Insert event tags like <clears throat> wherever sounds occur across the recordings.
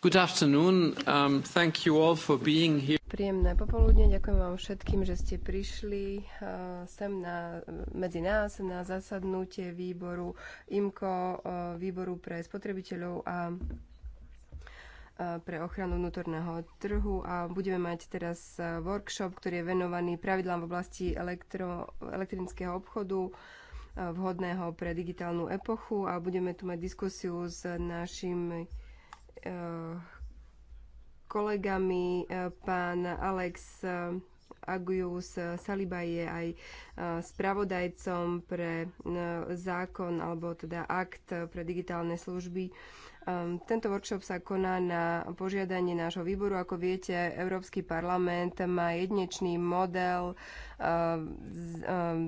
Good afternoon. Um, thank you all for being here. Príjemné popoludne, ďakujem vám všetkým, že ste prišli uh, sem na, medzi nás na zasadnutie výboru IMKO, uh, výboru pre spotrebiteľov a uh, pre ochranu vnútorného trhu a budeme mať teraz uh, workshop, ktorý je venovaný pravidlám v oblasti elektro, elektronického obchodu uh, vhodného pre digitálnu epochu a budeme tu mať diskusiu s našimi Eh, kolegami. Eh, pán Alex eh, Agius Saliba je aj spravodajcom pre zákon alebo teda akt pre digitálne služby. Ehm, tento workshop sa koná na požiadanie nášho výboru. Ako viete, Európsky parlament má jednečný model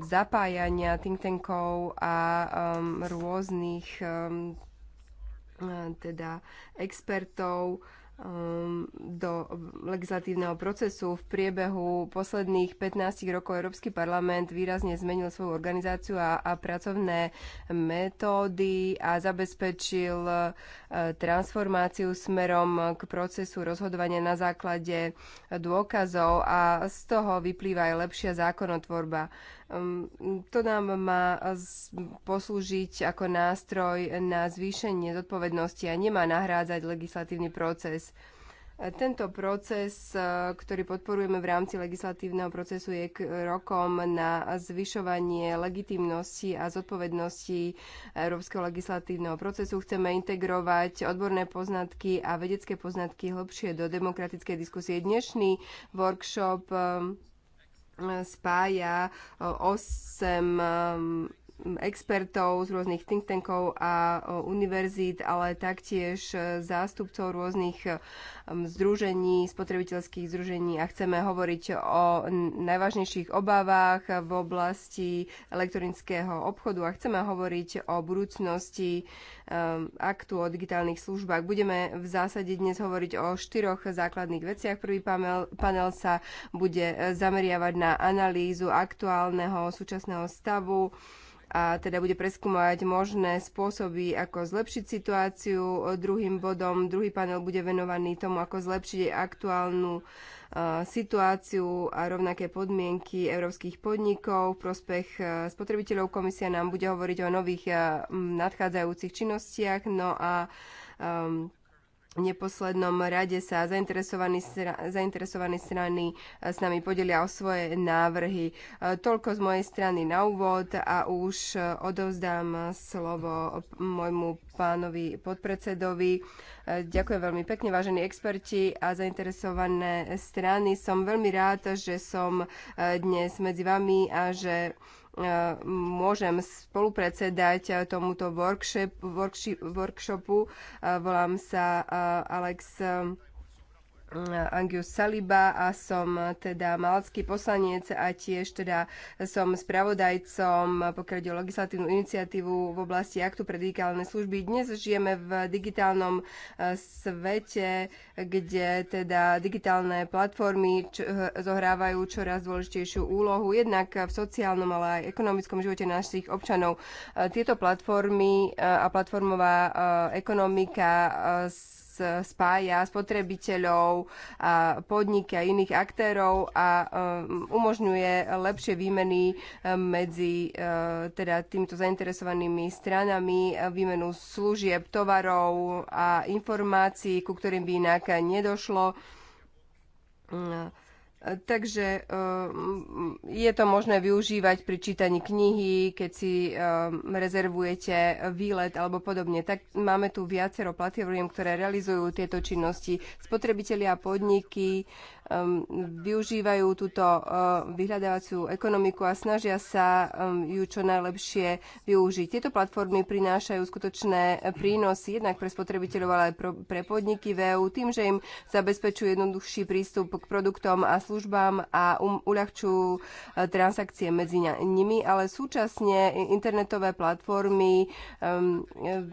zapájania think tankov a ehm, rôznych ehm, E, teda expertov e, do legislatívneho procesu. V priebehu posledných 15 rokov Európsky parlament výrazne zmenil svoju organizáciu a, a pracovné metódy a zabezpečil e, transformáciu smerom k procesu rozhodovania na základe dôkazov a z toho vyplýva aj lepšia zákonotvorba. Ehm, to nám má poslúžiť ako nástroj na zvýšenie zodpovednosti a nemá nahrádzať legislatívny proces. E, tento proces, e, ktorý podporujeme v rámci legislatívneho procesu, je rokom na zvyšovanie legitimnosti a zodpovednosti európskeho legislatívneho procesu. Chceme integrovať odborné poznatky a vedecké poznatky hlbšie do demokratickej diskusie. Dnešný workshop ehm, spája 8 eh, expertov z rôznych think tankov a univerzít, ale taktiež e, zástupcov rôznych e, združení, spotrebiteľských združení a chceme hovoriť o najvážnejších obávach v oblasti elektronického obchodu a chceme hovoriť o budúcnosti e, aktu o digitálnych službách. Budeme v zásade dnes hovoriť o štyroch základných veciach. Prvý panel, panel sa bude zameriavať na analýzu aktuálneho súčasného stavu, a teda bude preskúmať možné spôsoby, ako zlepšiť situáciu. Druhým bodom, druhý panel bude venovaný tomu, ako zlepšiť aktuálnu e, situáciu a rovnaké podmienky európskych podnikov v prospech e, spotrebiteľov. Komisia nám bude hovoriť o nových e, nadchádzajúcich činnostiach. No a um, v neposlednom rade sa zainteresovaní, zainteresovaní strany e, s nami podelia o svoje návrhy. E, toľko z mojej strany na úvod a už e, odovzdám slovo môjmu pánovi podpredsedovi. Ďakujem veľmi pekne, vážení experti a zainteresované strany. Som veľmi rád, že som dnes medzi vami a že môžem spolupredsedať tomuto workshop, workshopu. Volám sa eh, Alex eh, Angius Saliba a som teda malcký poslanec a tiež teda som spravodajcom pokiaľ ide o legislatívnu iniciatívu v oblasti aktu pre digitálne služby. Dnes žijeme v digitálnom e, svete, kde teda digitálne platformy e, zohrávajú čoraz dôležitejšiu úlohu, jednak v sociálnom, ale aj ekonomickom živote našich občanov. E, tieto platformy a platformová ekonomika spája spotrebiteľov, a podniky a iných aktérov a um, umožňuje lepšie výmeny um, medzi uh, teda týmto zainteresovanými stranami, uh, výmenu služieb, tovarov a informácií, ku ktorým by inak nedošlo. Uh, Takže eh, je to možné využívať pri čítaní knihy, keď si eh, rezervujete výlet alebo podobne. Tak máme tu viacero platform, ktoré realizujú tieto činnosti. Spotrebitelia a podniky Um, využívajú túto uh, vyhľadávaciu ekonomiku a snažia sa um, ju čo najlepšie využiť. Tieto platformy prinášajú skutočné prínosy jednak pre spotrebiteľov, ale aj pre podniky VEU tým, že im zabezpečujú jednoduchší prístup k produktom a službám a um, uľahčujú uh, transakcie medzi nimi, ale súčasne internetové platformy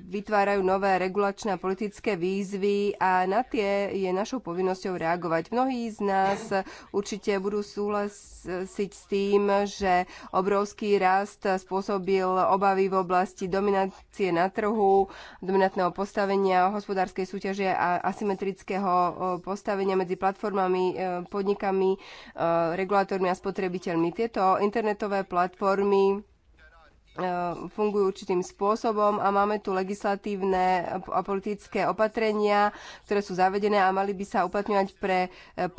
vytvárajú nové regulačné a politické výzvy a na tie je našou povinnosťou reagovať. Mnohí z nás určite budú súhlasiť s tým, že obrovský rast spôsobil obavy v oblasti dominácie na trhu, dominantného postavenia, hospodárskej súťaže a asymetrického eh, postavenia medzi platformami, eh, podnikami, eh, regulátormi a spotrebiteľmi. Tieto internetové platformy Ehm, fungujú určitým spôsobom a máme tu legislatívne a politické opatrenia, ktoré sú zavedené a mali by sa uplatňovať pre e,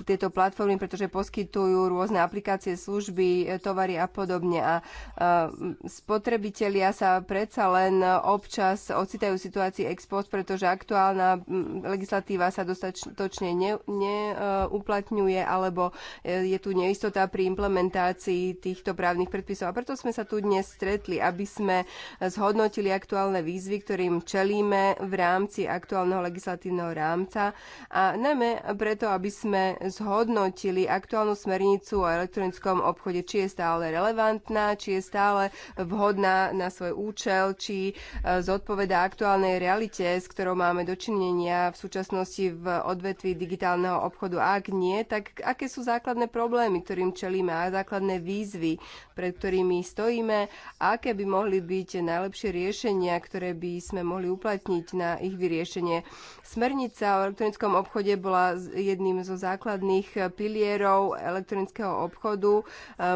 tieto platformy, pretože poskytujú rôzne aplikácie, služby, e, tovary a podobne. A ehm, spotrebitelia sa predsa len občas ocitajú v situácii ex post, pretože aktuálna legislatíva sa dostatočne neuplatňuje ne, e, alebo je tu neistota pri implementácii týchto právnych predpisov. A preto sme sa tu dnes stretli aby sme zhodnotili aktuálne výzvy, ktorým čelíme v rámci aktuálneho legislatívneho rámca a najmä preto, aby sme zhodnotili aktuálnu smernicu o elektronickom obchode, či je stále relevantná, či je stále vhodná na svoj účel, či e, zodpoveda aktuálnej realite, s ktorou máme dočinenia v súčasnosti v odvetví digitálneho obchodu. A ak nie, tak aké sú základné problémy, ktorým čelíme a základné výzvy, pred ktorými stojíme a aké by mohli byť najlepšie riešenia, ktoré by sme mohli uplatniť na ich vyriešenie. Smernica o elektronickom obchode bola jedným zo základných pilierov elektronického obchodu. E,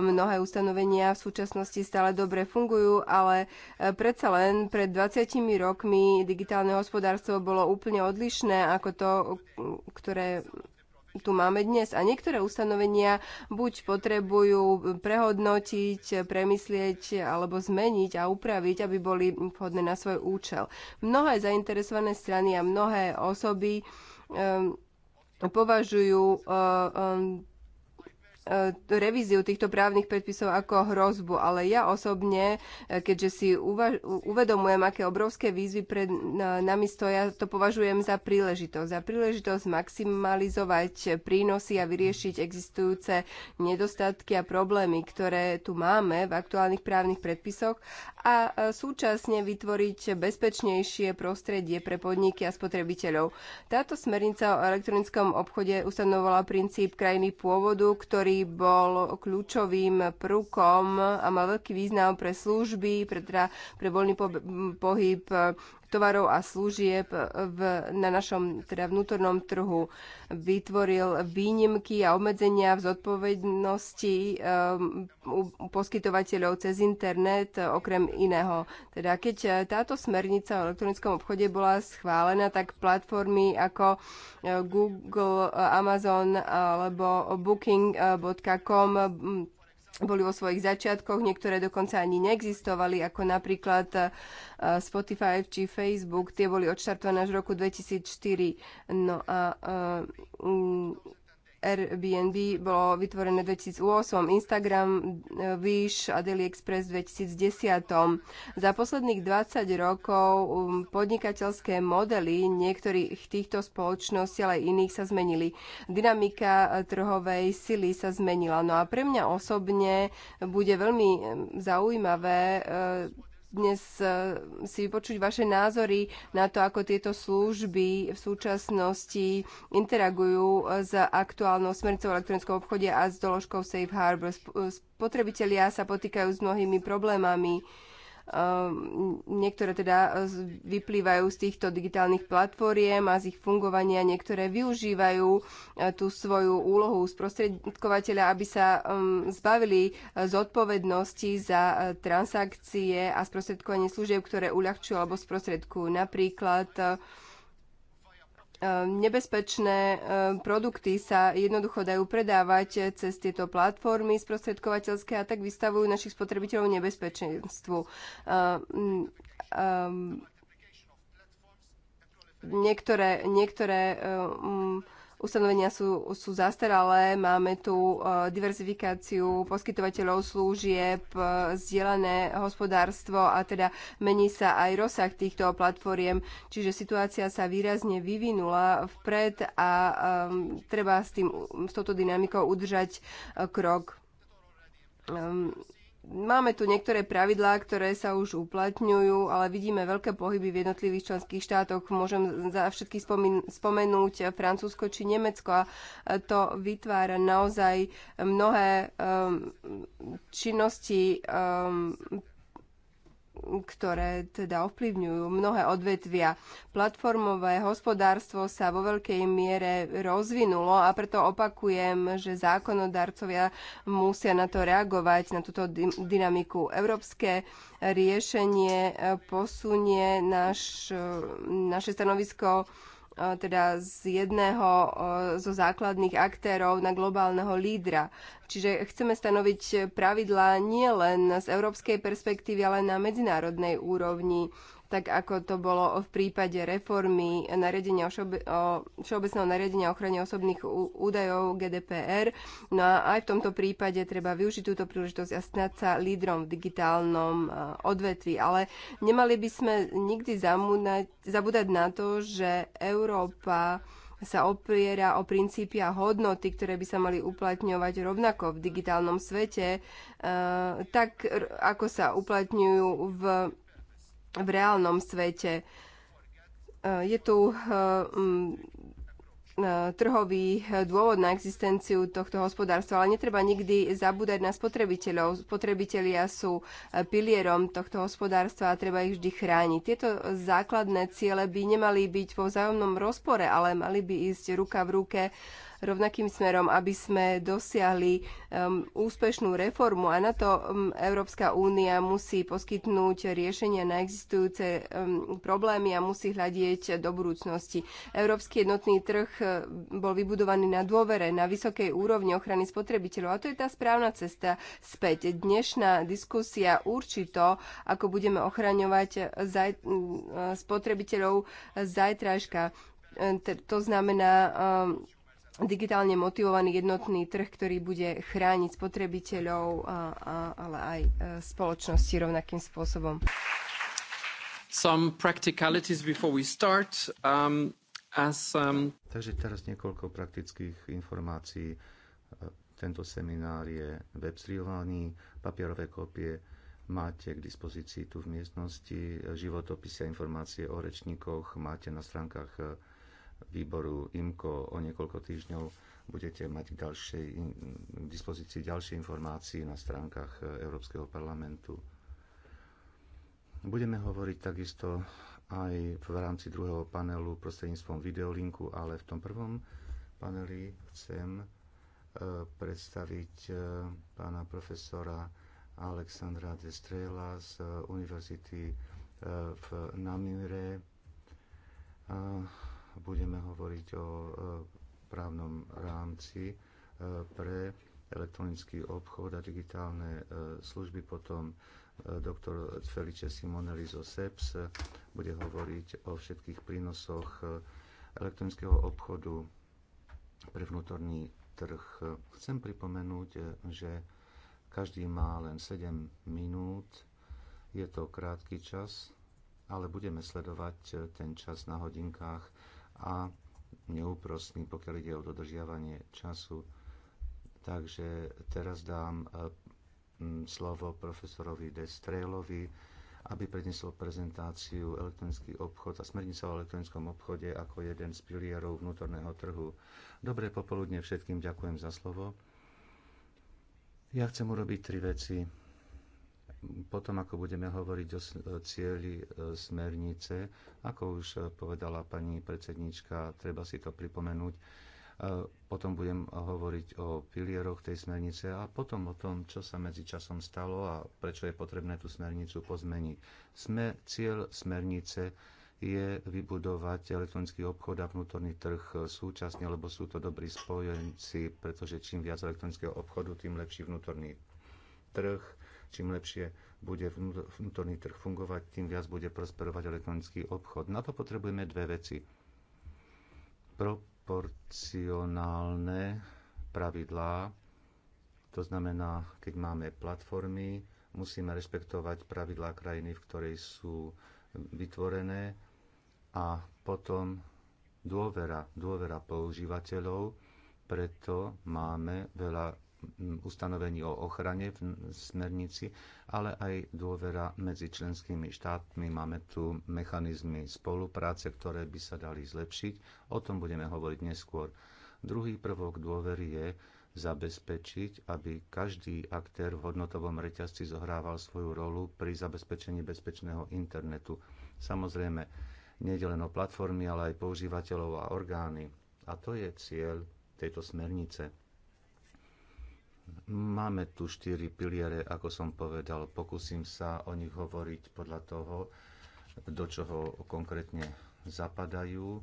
mnohé ustanovenia v súčasnosti stále dobre fungujú, ale e, predsa len pred 20 rokmi digitálne hospodárstvo bolo úplne odlišné ako to, ktoré tu máme dnes. A niektoré ustanovenia buď potrebujú prehodnotiť, premyslieť alebo zmeniť a upraviť, aby boli vhodné na svoj účel. Mnohé zainteresované strany a mnohé osoby um, považujú um, E, revíziu týchto právnych predpisov ako hrozbu, ale ja osobne, e, keďže si uvedomujem, aké obrovské výzvy pred nami stoja, to považujem za príležitosť. Za príležitosť maximalizovať prínosy a vyriešiť existujúce nedostatky a problémy, ktoré tu máme v aktuálnych právnych predpisoch a súčasne vytvoriť bezpečnejšie prostredie pre podniky a spotrebiteľov. Táto smernica o elektronickom obchode ustanovala princíp krajiny pôvodu, ktorý bol kľúčovým prúkom a mal veľký význam pre služby, pre, teda, pre voľný pohyb tovarov a služieb v, na našom teda vnútornom trhu. Vytvoril výnimky a obmedzenia v zodpovednosti um, u poskytovateľov cez internet, okrem iného. Teda keď eh, táto smernica o elektronickom obchode bola schválená, tak platformy ako eh, Google, eh, Amazon alebo booking.com boli vo svojich začiatkoch, niektoré dokonca ani neexistovali, ako napríklad e, Spotify či Facebook, tie boli odštartované až v roku 2004. No a e, Airbnb bolo vytvorené v 2008, Instagram, e, Wish a AliExpress v 2010. Za posledných 20 rokov um, podnikateľské modely niektorých týchto spoločností, ale aj iných sa zmenili. Dynamika e, trhovej sily sa zmenila. No a pre mňa osobne bude veľmi e, zaujímavé dnes e, si vypočuť vaše názory na to, ako tieto služby v súčasnosti interagujú e, s aktuálnou smernicou v elektronickom obchode a s doložkou Safe Harbor. E, spotrebitelia sa potýkajú s mnohými problémami Ehm, niektoré teda vyplývajú z týchto digitálnych platformiem a z ich fungovania, niektoré využívajú e, tú svoju úlohu sprostredkovateľa, aby sa ehm, zbavili e, zodpovednosti za e, transakcie a sprostredkovanie služieb, ktoré uľahčujú alebo sprostredkujú. Napríklad Ehm, nebezpečné ehm, produkty sa jednoducho dajú predávať cez tieto platformy sprostredkovateľské a tak vystavujú našich spotrebiteľov nebezpečenstvu. Ehm, niektoré, niektoré ustanovenia sú, sú zastaralé, máme tu e, diverzifikáciu poskytovateľov služieb, e, zdieľané hospodárstvo a teda mení sa aj rozsah týchto platformiem, čiže situácia sa výrazne vyvinula vpred a um, treba s, tým, s touto dynamikou udržať krok. Um, Máme tu niektoré pravidlá, ktoré sa už uplatňujú, ale vidíme veľké pohyby v jednotlivých členských štátoch. Môžem za všetky spomenúť Francúzsko či Nemecko a to vytvára naozaj mnohé um, činnosti um, ktoré teda ovplyvňujú mnohé odvetvia. Platformové hospodárstvo sa vo veľkej miere rozvinulo a preto opakujem, že zákonodarcovia musia na to reagovať, na túto dynamiku. Európske riešenie posunie naš, naše stanovisko teda z jedného zo základných aktérov na globálneho lídra. Čiže chceme stanoviť pravidlá nielen z európskej perspektívy, ale na medzinárodnej úrovni tak ako to bolo v prípade reformy nariadenia o, všeobe, o Všeobecného nariadenia ochrany ochrane osobných údajov GDPR. No a aj v tomto prípade treba využiť túto príležitosť a snať sa lídrom v digitálnom odvetvi. Ale nemali by sme nikdy zabúdať na to, že Európa sa opiera o princípy a hodnoty, ktoré by sa mali uplatňovať rovnako v digitálnom svete, e, tak ako sa uplatňujú v v reálnom svete. E, je tu e, e, trhový dôvod na existenciu tohto hospodárstva, ale netreba nikdy zabúdať na spotrebiteľov. Spotrebitelia sú pilierom tohto hospodárstva a treba ich vždy chrániť. Tieto základné ciele by nemali byť vo vzájomnom rozpore, ale mali by ísť ruka v ruke rovnakým smerom, aby sme dosiahli um, úspešnú reformu a na to um, Európska únia musí poskytnúť riešenia na existujúce um, problémy a musí hľadieť do budúcnosti. Európsky jednotný trh uh, bol vybudovaný na dôvere, na vysokej úrovni ochrany spotrebiteľov a to je tá správna cesta späť. Dnešná diskusia určito, ako budeme ochraňovať uh, zaj- uh, spotrebiteľov zajtrajška. To znamená um, digitálne motivovaný jednotný trh, ktorý bude chrániť spotrebiteľov, a, a, ale aj e, spoločnosti rovnakým spôsobom. Some practicalities before we start. Um, as, um... Takže teraz niekoľko praktických informácií. E, tento seminár je web streamovaný, papierové kopie máte k dispozícii tu v miestnosti, e, životopisy a informácie o rečníkoch máte na stránkach výboru IMKO o niekoľko týždňov budete mať k ďalšej, k dispozícii ďalšie informácie na stránkach e, Európskeho parlamentu. Budeme hovoriť takisto aj v rámci druhého panelu prostredníctvom videolinku, ale v tom prvom paneli chcem e, predstaviť e, pána profesora Alexandra Destrela z Univerzity v Namire budeme hovoriť o e, právnom rámci e, pre elektronický obchod a digitálne e, služby. Potom doktor Felice Simonelli zo SEPS bude hovoriť o všetkých prínosoch elektronického obchodu pre vnútorný trh. Chcem pripomenúť, že každý má len 7 minút. Je to krátky čas, ale budeme sledovať ten čas na hodinkách a neúprostný, pokiaľ ide o dodržiavanie času. Takže teraz dám e, slovo profesorovi Destrélovi, aby prednesol prezentáciu elektronický obchod a smernica o elektronickom obchode ako jeden z pilierov vnútorného trhu. Dobré popoludne všetkým, ďakujem za slovo. Ja chcem urobiť tri veci potom, ako budeme hovoriť o cieli e, smernice, ako už e, povedala pani predsednička, treba si to pripomenúť, e, potom budem hovoriť o pilieroch tej smernice a potom o tom, čo sa medzi časom stalo a prečo je potrebné tú smernicu pozmeniť. Sme, cieľ smernice je vybudovať elektronický obchod a vnútorný trh súčasne, lebo sú to dobrí spojenci, pretože čím viac elektronického obchodu, tým lepší vnútorný trh Čím lepšie bude vnútorný trh fungovať, tým viac bude prosperovať elektronický obchod. Na to potrebujeme dve veci. Proporcionálne pravidlá, to znamená, keď máme platformy, musíme rešpektovať pravidlá krajiny, v ktorej sú vytvorené a potom dôvera, dôvera používateľov, preto máme veľa ustanovení o ochrane v smernici, ale aj dôvera medzi členskými štátmi. Máme tu mechanizmy spolupráce, ktoré by sa dali zlepšiť. O tom budeme hovoriť neskôr. Druhý prvok dôvery je zabezpečiť, aby každý aktér v hodnotovom reťazci zohrával svoju rolu pri zabezpečení bezpečného internetu. Samozrejme, nie len o platformy, ale aj používateľov a orgány. A to je cieľ tejto smernice. Máme tu štyri piliere, ako som povedal. Pokúsim sa o nich hovoriť podľa toho, do čoho konkrétne zapadajú.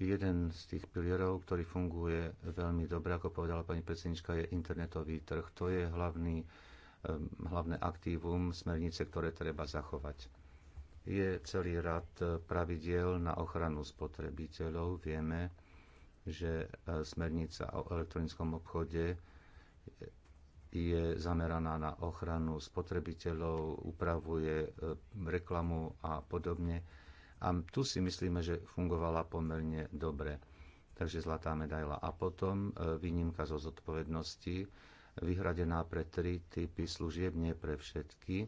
Jeden z tých pilierov, ktorý funguje veľmi dobre, ako povedala pani predsednička, je internetový trh. To je hlavný, hlavné aktívum smernice, ktoré treba zachovať. Je celý rad eh, pravidiel na ochranu spotrebiteľov. Vieme, že e, smernica o elektronickom obchode je zameraná na ochranu spotrebiteľov, upravuje e, reklamu a podobne. A tu si myslíme, že fungovala pomerne dobre. Takže zlatá medaila. A potom e, výnimka zo zodpovednosti, vyhradená pre tri typy služieb, nie pre všetky.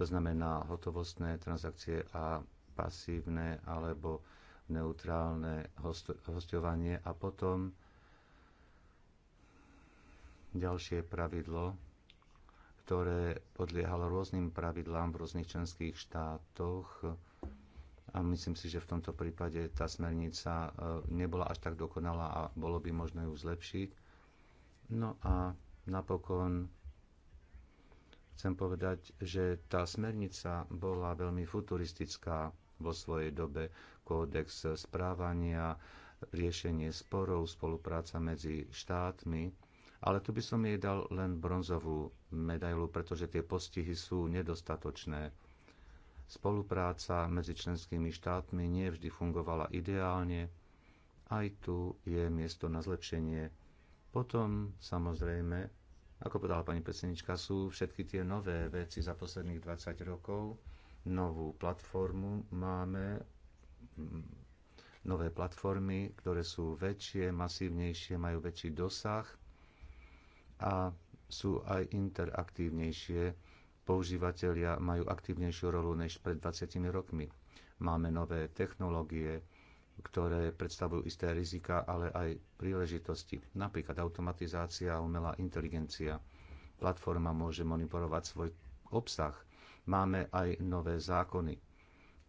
To znamená hotovostné transakcie a pasívne alebo neutrálne hostovanie a potom ďalšie pravidlo, ktoré podliehalo rôznym pravidlám v rôznych členských štátoch a myslím si, že v tomto prípade tá smernica e, nebola až tak dokonalá a bolo by možné ju zlepšiť. No a napokon chcem povedať, že tá smernica bola veľmi futuristická vo svojej dobe kódex správania, riešenie sporov, spolupráca medzi štátmi. Ale tu by som jej dal len bronzovú medailu, pretože tie postihy sú nedostatočné. Spolupráca medzi členskými štátmi nie vždy fungovala ideálne. Aj tu je miesto na zlepšenie. Potom, samozrejme, ako povedala pani predsednička, sú všetky tie nové veci za posledných 20 rokov. Novú platformu máme nové platformy, ktoré sú väčšie, masívnejšie, majú väčší dosah a sú aj interaktívnejšie. Používateľia majú aktívnejšiu rolu než pred 20 rokmi. Máme nové technológie, ktoré predstavujú isté rizika, ale aj príležitosti. Napríklad automatizácia a umelá inteligencia. Platforma môže monitorovať svoj obsah. Máme aj nové zákony,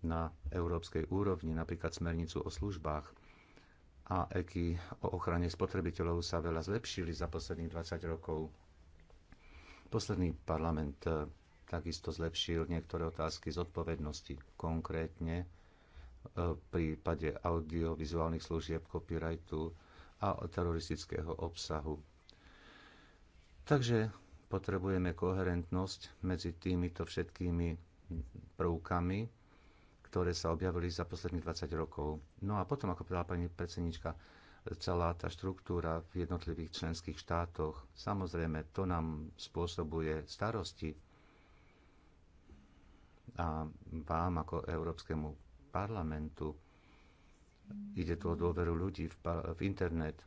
na európskej úrovni, napríklad smernicu o službách a eky o ochrane spotrebiteľov sa veľa zlepšili za posledných 20 rokov. Posledný parlament e, takisto zlepšil niektoré otázky zodpovednosti, konkrétne e, v prípade audiovizuálnych služieb, copyrightu a teroristického obsahu. Takže potrebujeme koherentnosť medzi týmito všetkými prvkami, ktoré sa objavili za posledných 20 rokov. No a potom, ako povedala pani predsednička, celá tá štruktúra v jednotlivých členských štátoch, samozrejme, to nám spôsobuje starosti a vám ako Európskemu parlamentu. Ide tu o dôveru ľudí v, v internet.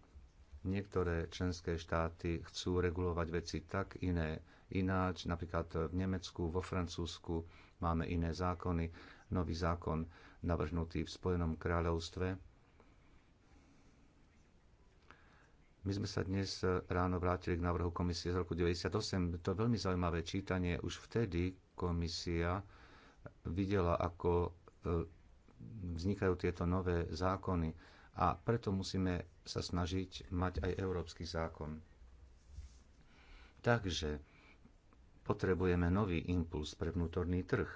Niektoré členské štáty chcú regulovať veci tak iné, ináč, napríklad v Nemecku, vo Francúzsku máme iné zákony nový zákon navrhnutý v Spojenom kráľovstve. My sme sa dnes ráno vrátili k návrhu komisie z roku 1998. To je veľmi zaujímavé čítanie. Už vtedy komisia videla, ako e, vznikajú tieto nové zákony a preto musíme sa snažiť mať aj európsky zákon. Takže potrebujeme nový impuls pre vnútorný trh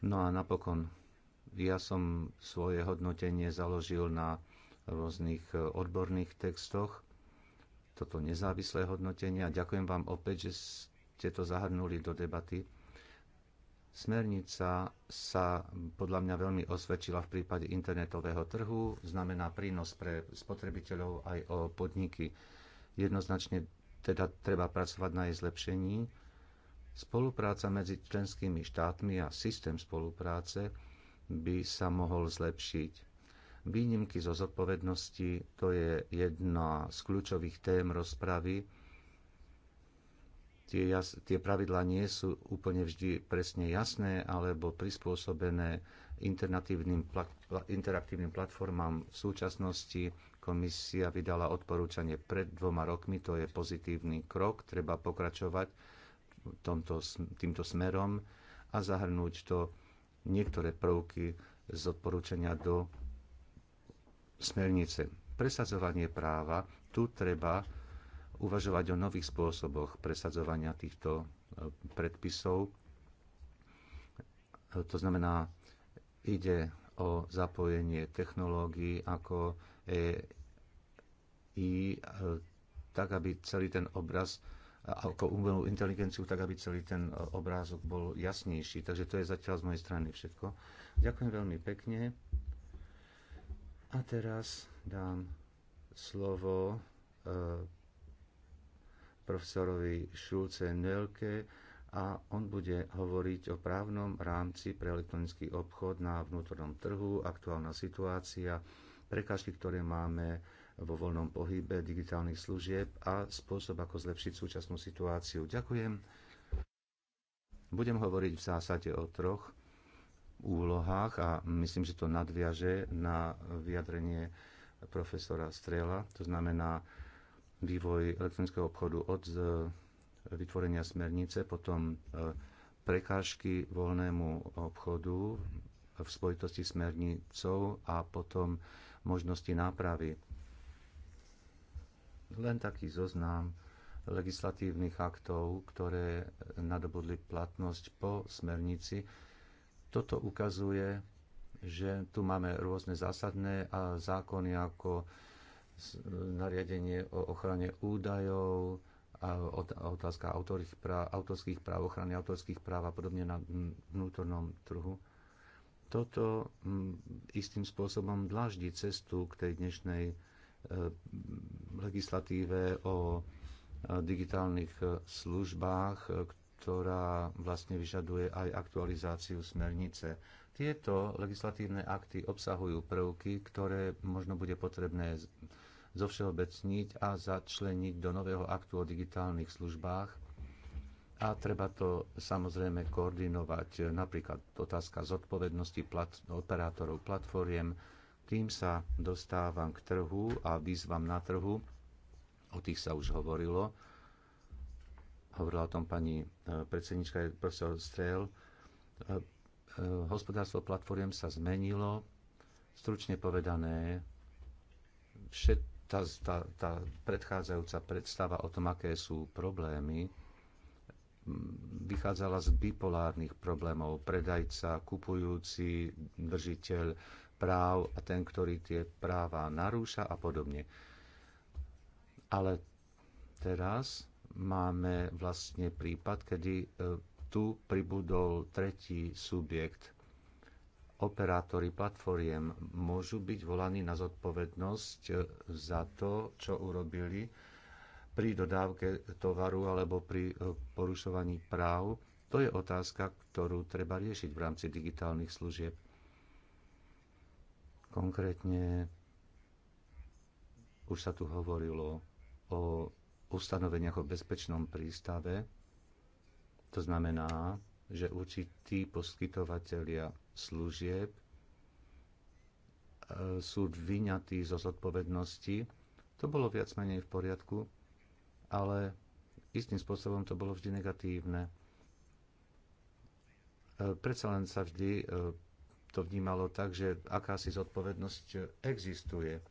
No a napokon, ja som svoje hodnotenie založil na rôznych e, odborných textoch, toto nezávislé hodnotenie a ďakujem vám opäť, že ste to zahrnuli do debaty. Smernica sa podľa mňa veľmi osvedčila v prípade internetového trhu, znamená prínos pre spotrebiteľov aj o podniky. Jednoznačne teda treba pracovať na jej zlepšení Spolupráca medzi členskými štátmi a systém spolupráce by sa mohol zlepšiť. Výnimky zo zodpovednosti to je jedna z kľúčových tém rozpravy. Tie, jas, tie pravidlá nie sú úplne vždy presne jasné alebo prispôsobené interaktívnym platformám. V súčasnosti komisia vydala odporúčanie pred dvoma rokmi, to je pozitívny krok, treba pokračovať tomto, týmto smerom a zahrnúť to niektoré prvky z odporúčania do smernice. Presadzovanie práva, tu treba uvažovať o nových spôsoboch presadzovania týchto e, predpisov. E, to znamená, ide o zapojenie technológií ako EI, e, tak aby celý ten obraz ako umelú inteligenciu, tak aby celý ten e, obrázok bol jasnejší. Takže to je zatiaľ z mojej strany všetko. Ďakujem veľmi pekne. A teraz dám slovo e, profesorovi Šulce Nelke a on bude hovoriť o právnom rámci pre elektronický obchod na vnútornom trhu, aktuálna situácia, prekážky, ktoré máme, vo voľnom pohybe digitálnych služieb a spôsob, ako zlepšiť súčasnú situáciu. Ďakujem. Budem hovoriť v zásade o troch úlohách a myslím, že to nadviaže na vyjadrenie profesora Strela, to znamená vývoj elektronického obchodu od vytvorenia smernice, potom e, prekážky voľnému obchodu v spojitosti smernicou a potom možnosti nápravy len taký zoznam legislatívnych aktov, ktoré nadobudli platnosť po smernici. Toto ukazuje, že tu máme rôzne zásadné zákony ako nariadenie o ochrane údajov, a otázka autorských práv, autorských práv, ochrany autorských práv a podobne na vnútornom trhu. Toto mm, istým spôsobom dláždi cestu k tej dnešnej Eh, legislatíve o eh, digitálnych eh, službách, ktorá vlastne vyžaduje aj aktualizáciu smernice. Tieto legislatívne akty obsahujú prvky, ktoré možno bude potrebné zovšeobecniť a začleniť do nového aktu o digitálnych službách. A treba to samozrejme koordinovať, napríklad otázka zodpovednosti plat- operátorov platformiem, tým sa dostávam k trhu a výzvam na trhu. O tých sa už hovorilo. Hovorila o tom pani e, predsednička profesor Strel. E, e, hospodárstvo platform sa zmenilo. Stručne povedané, všet, tá, tá, tá predchádzajúca predstava o tom, aké sú problémy, vychádzala z bipolárnych problémov. Predajca, kupujúci, držiteľ práv a ten, ktorý tie práva narúša a podobne. Ale teraz máme vlastne prípad, kedy e, tu pribudol tretí subjekt. Operátori platformiem môžu byť volaní na zodpovednosť e, za to, čo urobili pri dodávke tovaru alebo pri e, porušovaní práv. To je otázka, ktorú treba riešiť v rámci digitálnych služieb. Konkrétne už sa tu hovorilo o ustanoveniach o bezpečnom prístave. To znamená, že určití poskytovateľia služieb e, sú vyňatí zo zodpovednosti. To bolo viac menej v poriadku, ale istým spôsobom to bolo vždy negatívne. E, predsa len sa vždy e, to vnímalo tak, že akási zodpovednosť existuje,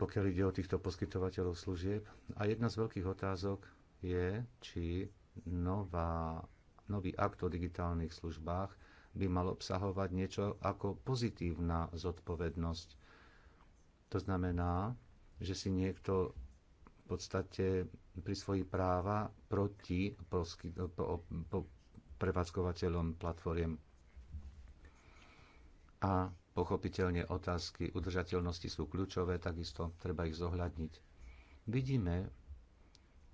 pokiaľ ide o týchto poskytovateľov služieb. A jedna z veľkých otázok je, či nová, nový akt o digitálnych službách by mal obsahovať niečo ako pozitívna zodpovednosť. To znamená, že si niekto v podstate prisvojí práva proti prevádzkovateľom platformiem a pochopiteľne otázky udržateľnosti sú kľúčové, takisto treba ich zohľadniť. Vidíme,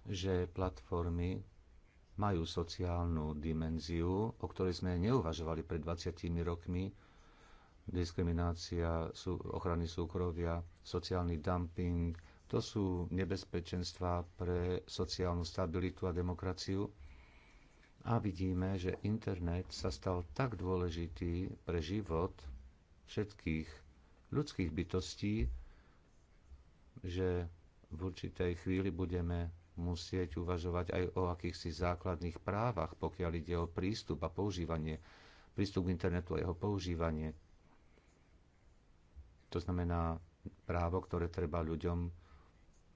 že platformy majú sociálnu dimenziu, o ktorej sme neuvažovali pred 20 rokmi, diskriminácia, sú, ochrany súkrovia, sociálny dumping, to sú nebezpečenstva pre sociálnu stabilitu a demokraciu. A vidíme, že internet sa stal tak dôležitý pre život všetkých ľudských bytostí, že v určitej chvíli budeme musieť uvažovať aj o akýchsi základných právach, pokiaľ ide o prístup a používanie, prístup k internetu a jeho používanie. To znamená právo, ktoré treba ľuďom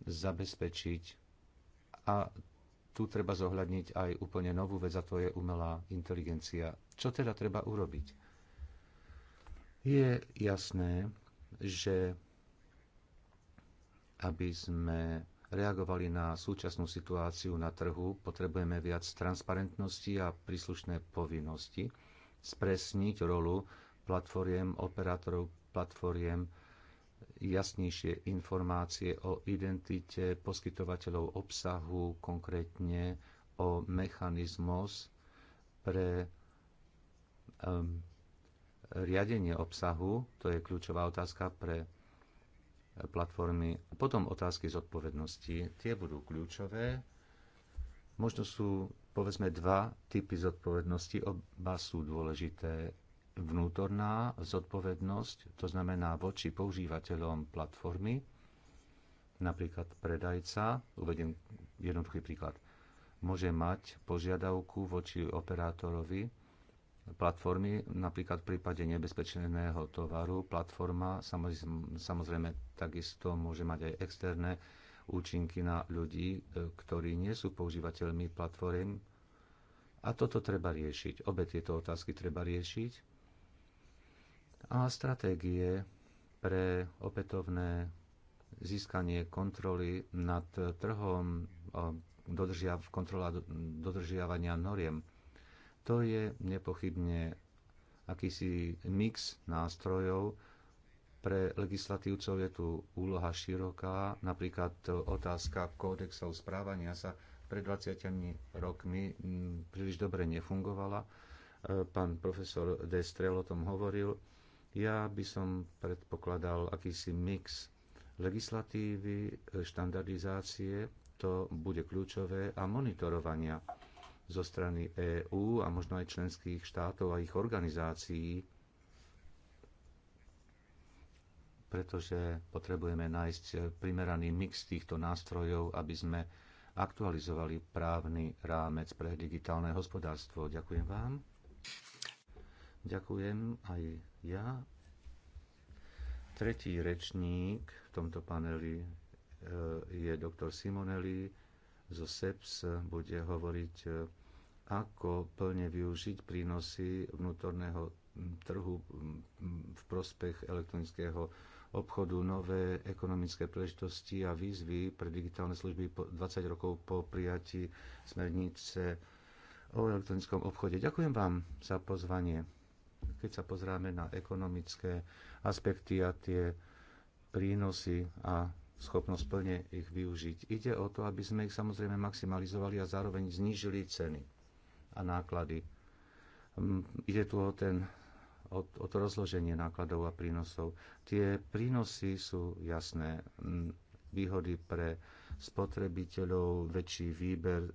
zabezpečiť. A tu treba zohľadniť aj úplne novú vec, a to je umelá inteligencia. Čo teda treba urobiť? Je jasné, že aby sme reagovali na súčasnú situáciu na trhu, potrebujeme viac transparentnosti a príslušné povinnosti, spresniť rolu platformiem, operátorov platformiem, jasnejšie informácie o identite poskytovateľov obsahu, konkrétne o mechanizmus pre um, riadenie obsahu, to je kľúčová otázka pre platformy. Potom otázky zodpovednosti, tie budú kľúčové. Možno sú, povedzme, dva typy zodpovednosti, oba sú dôležité. Vnútorná zodpovednosť, to znamená voči používateľom platformy, napríklad predajca, uvediem jednoduchý príklad, môže mať požiadavku voči operátorovi, platformy, napríklad v prípade nebezpečeného tovaru. Platforma samozrejme takisto môže mať aj externé účinky na ľudí, e, ktorí nie sú používateľmi platform. A toto treba riešiť. Obe tieto otázky treba riešiť. A stratégie pre opätovné získanie kontroly nad trhom, dodržiav, kontrola dodržiavania noriem to je nepochybne akýsi mix nástrojov. Pre legislatívcov je tu úloha široká, napríklad otázka kódexov správania sa pred 20 rokmi mm, príliš dobre nefungovala. E, pán profesor Destrel o tom hovoril. Ja by som predpokladal akýsi mix legislatívy, e, štandardizácie, to bude kľúčové, a monitorovania zo strany EÚ a možno aj členských štátov a ich organizácií, pretože potrebujeme nájsť primeraný mix týchto nástrojov, aby sme aktualizovali právny rámec pre digitálne hospodárstvo. Ďakujem vám. Ďakujem aj ja. Tretí rečník v tomto paneli e, je doktor Simonelli zo SEPS. Bude hovoriť e, ako plne využiť prínosy vnútorného trhu v prospech elektronického obchodu, nové ekonomické príležitosti a výzvy pre digitálne služby 20 rokov po prijatí smernice o elektronickom obchode. Ďakujem vám za pozvanie. Keď sa pozráme na ekonomické aspekty a tie prínosy a schopnosť plne ich využiť. Ide o to, aby sme ich samozrejme maximalizovali a zároveň znížili ceny a náklady. Hm, ide tu o, ten, o, o to rozloženie nákladov a prínosov. Tie prínosy sú jasné. Hm, výhody pre spotrebiteľov, väčší výber, e,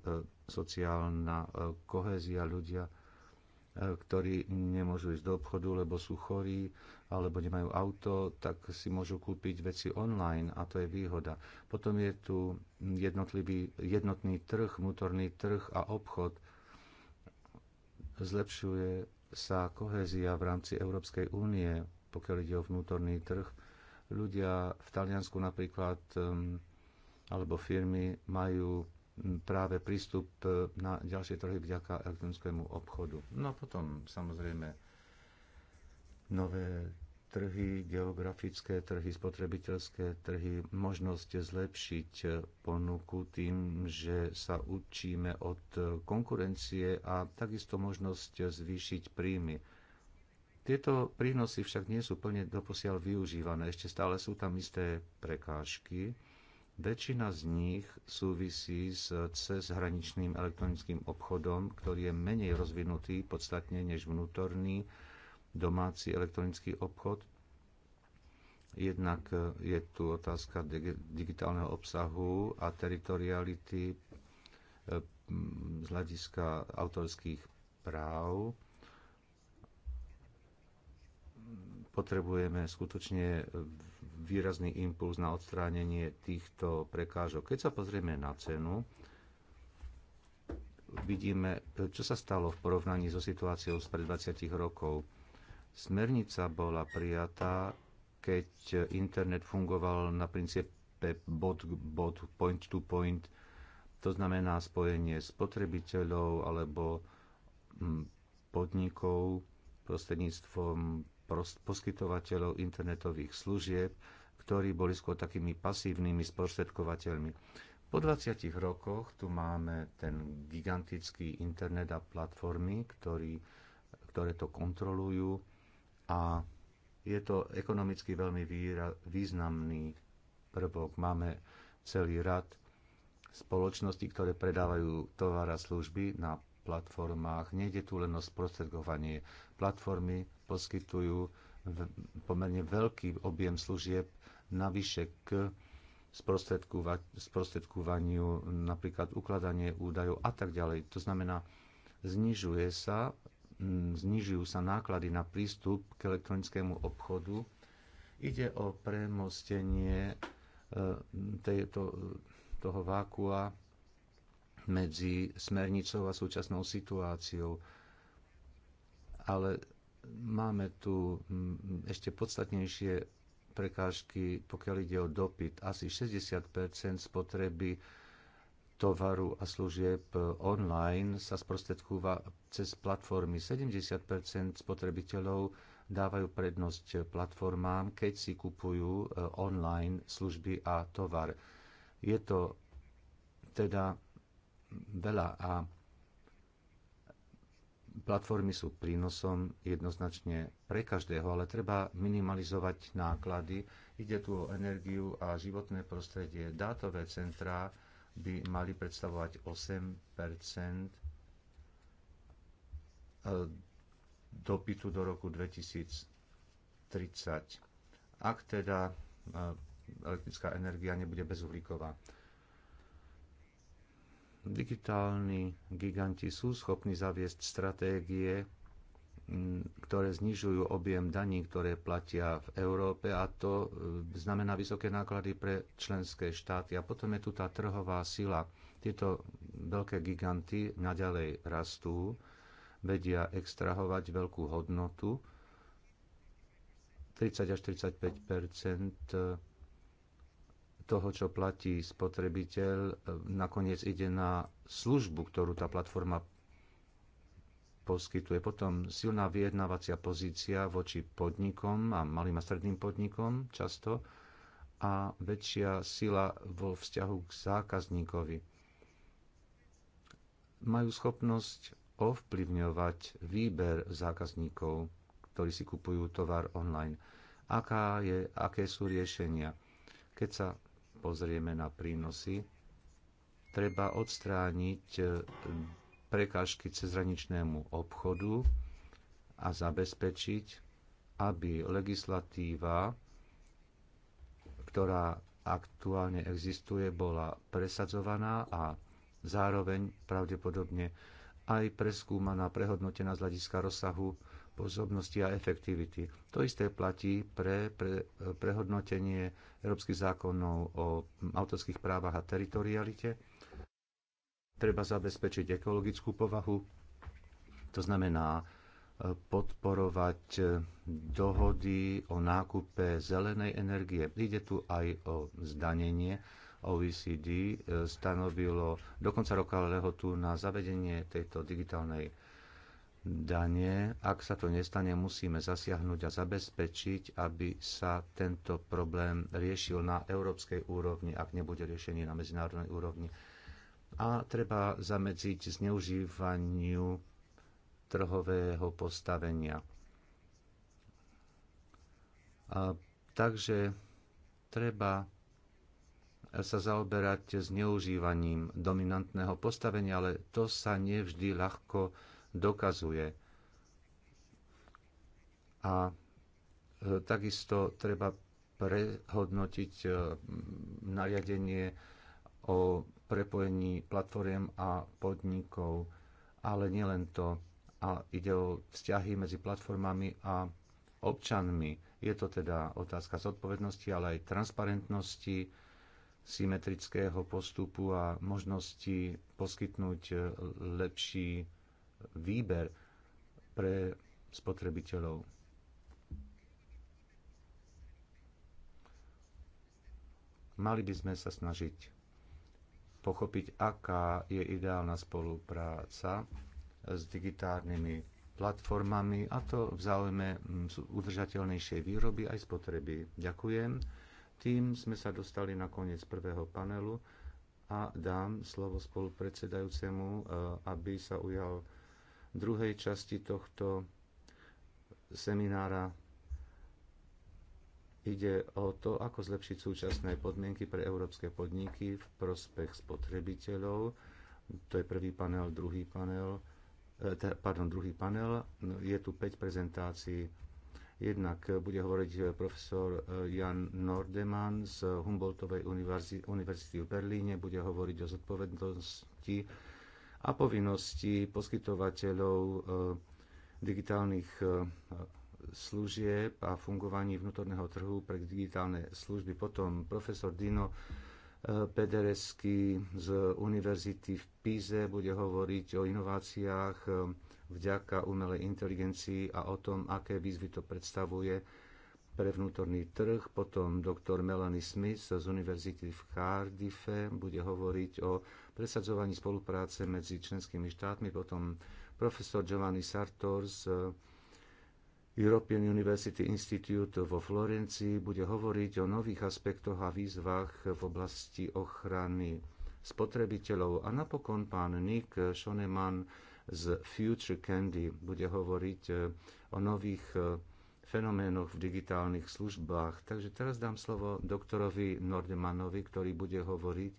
sociálna e, kohézia ľudia, e, ktorí nemôžu ísť do obchodu, lebo sú chorí alebo nemajú auto, tak si môžu kúpiť veci online a to je výhoda. Potom je tu jednotlivý, jednotný trh, vnútorný trh a obchod zlepšuje sa kohézia v rámci Európskej únie, pokiaľ ide o vnútorný trh. Ľudia v Taliansku napríklad um, alebo firmy majú práve prístup e, na ďalšie trhy vďaka elektronickému obchodu. No a potom samozrejme nové trhy, geografické trhy, spotrebiteľské trhy, možnosť zlepšiť ponuku tým, že sa učíme od konkurencie a takisto možnosť zvýšiť príjmy. Tieto prínosy však nie sú plne doposiaľ využívané, ešte stále sú tam isté prekážky. Väčšina z nich súvisí s cezhraničným elektronickým obchodom, ktorý je menej rozvinutý podstatne než vnútorný domáci elektronický obchod. Jednak eh, je tu otázka digitálneho obsahu a teritoriality eh, z hľadiska autorských práv. Potrebujeme skutočne výrazný impuls na odstránenie týchto prekážok. Keď sa pozrieme na cenu, vidíme, čo sa stalo v porovnaní so situáciou spred 20 rokov Smernica bola prijatá, keď internet fungoval na princípe bod, bod, point to point, to znamená spojenie spotrebiteľov alebo mm, podnikov prostredníctvom poskytovateľov internetových služieb, ktorí boli skôr takými pasívnymi sprostredkovateľmi. Po 20 rokoch tu máme ten gigantický internet a platformy, ktorý, ktoré to kontrolujú a je to ekonomicky veľmi významný prvok. Máme celý rad spoločností, ktoré predávajú tovar a služby na platformách. Nejde tu len o sprostredkovanie. Platformy poskytujú pomerne veľký objem služieb navyše k sprostredkovaniu, napríklad ukladanie údajov a tak ďalej. To znamená, znižuje sa Mm, znižujú sa náklady na prístup k elektronickému obchodu. Ide o premostenie e, tejto, toho vákua medzi smernicou a súčasnou situáciou. Ale máme tu mm, ešte podstatnejšie prekážky, pokiaľ ide o dopyt. Asi 60 spotreby tovaru a služieb e, online sa sprostredkúva cez platformy. 70 spotrebiteľov dávajú prednosť platformám, keď si kupujú e, online služby a tovar. Je to teda veľa a platformy sú prínosom jednoznačne pre každého, ale treba minimalizovať náklady. Ide tu o energiu a životné prostredie, dátové centrá, by mali predstavovať 8 eh, dopytu do roku 2030. Ak teda eh, elektrická energia nebude bezuhlíková. Digitálni giganti sú schopní zaviesť stratégie ktoré znižujú objem daní, ktoré platia v Európe a to znamená vysoké náklady pre členské štáty. A potom je tu tá trhová sila. Tieto veľké giganty naďalej rastú, vedia extrahovať veľkú hodnotu. 30 až 35 e, toho, čo platí spotrebiteľ, e, nakoniec ide na službu, ktorú tá platforma poskytuje. Potom silná vyjednávacia pozícia voči podnikom a malým a stredným podnikom často a väčšia sila vo vzťahu k zákazníkovi. Majú schopnosť ovplyvňovať výber zákazníkov, ktorí si kupujú tovar online. Aká je, aké sú riešenia? Keď sa pozrieme na prínosy, treba odstrániť eh, prekážky cezhraničnému obchodu a zabezpečiť, aby legislatíva, ktorá aktuálne existuje, bola presadzovaná a zároveň pravdepodobne aj preskúmaná, prehodnotená z hľadiska rozsahu pozornosti a efektivity. To isté platí pre, pre prehodnotenie európskych zákonov o autorských právach a teritorialite Treba zabezpečiť ekologickú povahu, to znamená e, podporovať e, dohody o nákupe zelenej energie. Ide tu aj o zdanenie. OECD e, stanovilo do konca roka lehotu na zavedenie tejto digitálnej dane. Ak sa to nestane, musíme zasiahnuť a zabezpečiť, aby sa tento problém riešil na európskej úrovni, ak nebude riešenie na medzinárodnej úrovni a treba zamedziť zneužívaniu trhového postavenia. A, takže treba sa zaoberať zneužívaním dominantného postavenia, ale to sa nevždy ľahko dokazuje. A e, takisto treba prehodnotiť e, nariadenie o prepojení platformiem a podnikov, ale nielen to, a ide o vzťahy medzi platformami a občanmi. Je to teda otázka zodpovednosti, ale aj transparentnosti, symetrického postupu a možnosti poskytnúť lepší výber pre spotrebiteľov. Mali by sme sa snažiť pochopiť, aká je ideálna spolupráca s digitálnymi platformami a to v záujme mm, udržateľnejšej výroby aj spotreby. Ďakujem. Tým sme sa dostali na koniec prvého panelu a dám slovo spolupredsedajúcemu, e, aby sa ujal druhej časti tohto seminára Ide o to, ako zlepšiť súčasné podmienky pre európske podniky v prospech spotrebiteľov. To je prvý panel, druhý panel, e, pardon, druhý panel. Je tu 5 prezentácií. Jednak bude hovoriť profesor e, Jan Nordeman z Humboldtovej univerzity v Berlíne, bude hovoriť o zodpovednosti a povinnosti poskytovateľov e, digitálnych služieb a fungovaní vnútorného trhu pre digitálne služby. Potom profesor Dino eh, Pederesky z Univerzity v Pize bude hovoriť o inováciách eh, vďaka umelej inteligencii a o tom, aké výzvy to predstavuje pre vnútorný trh. Potom doktor Melanie Smith z Univerzity v Cardiffe bude hovoriť o presadzovaní spolupráce medzi členskými štátmi. Potom profesor Giovanni Sartor z eh, European University Institute vo Florencii bude hovoriť o nových aspektoch a výzvach v oblasti ochrany spotrebiteľov. A napokon pán Nick Schoneman z Future Candy bude hovoriť eh, o nových eh, fenoménoch v digitálnych službách. Takže teraz dám slovo doktorovi Nordemanovi, ktorý bude hovoriť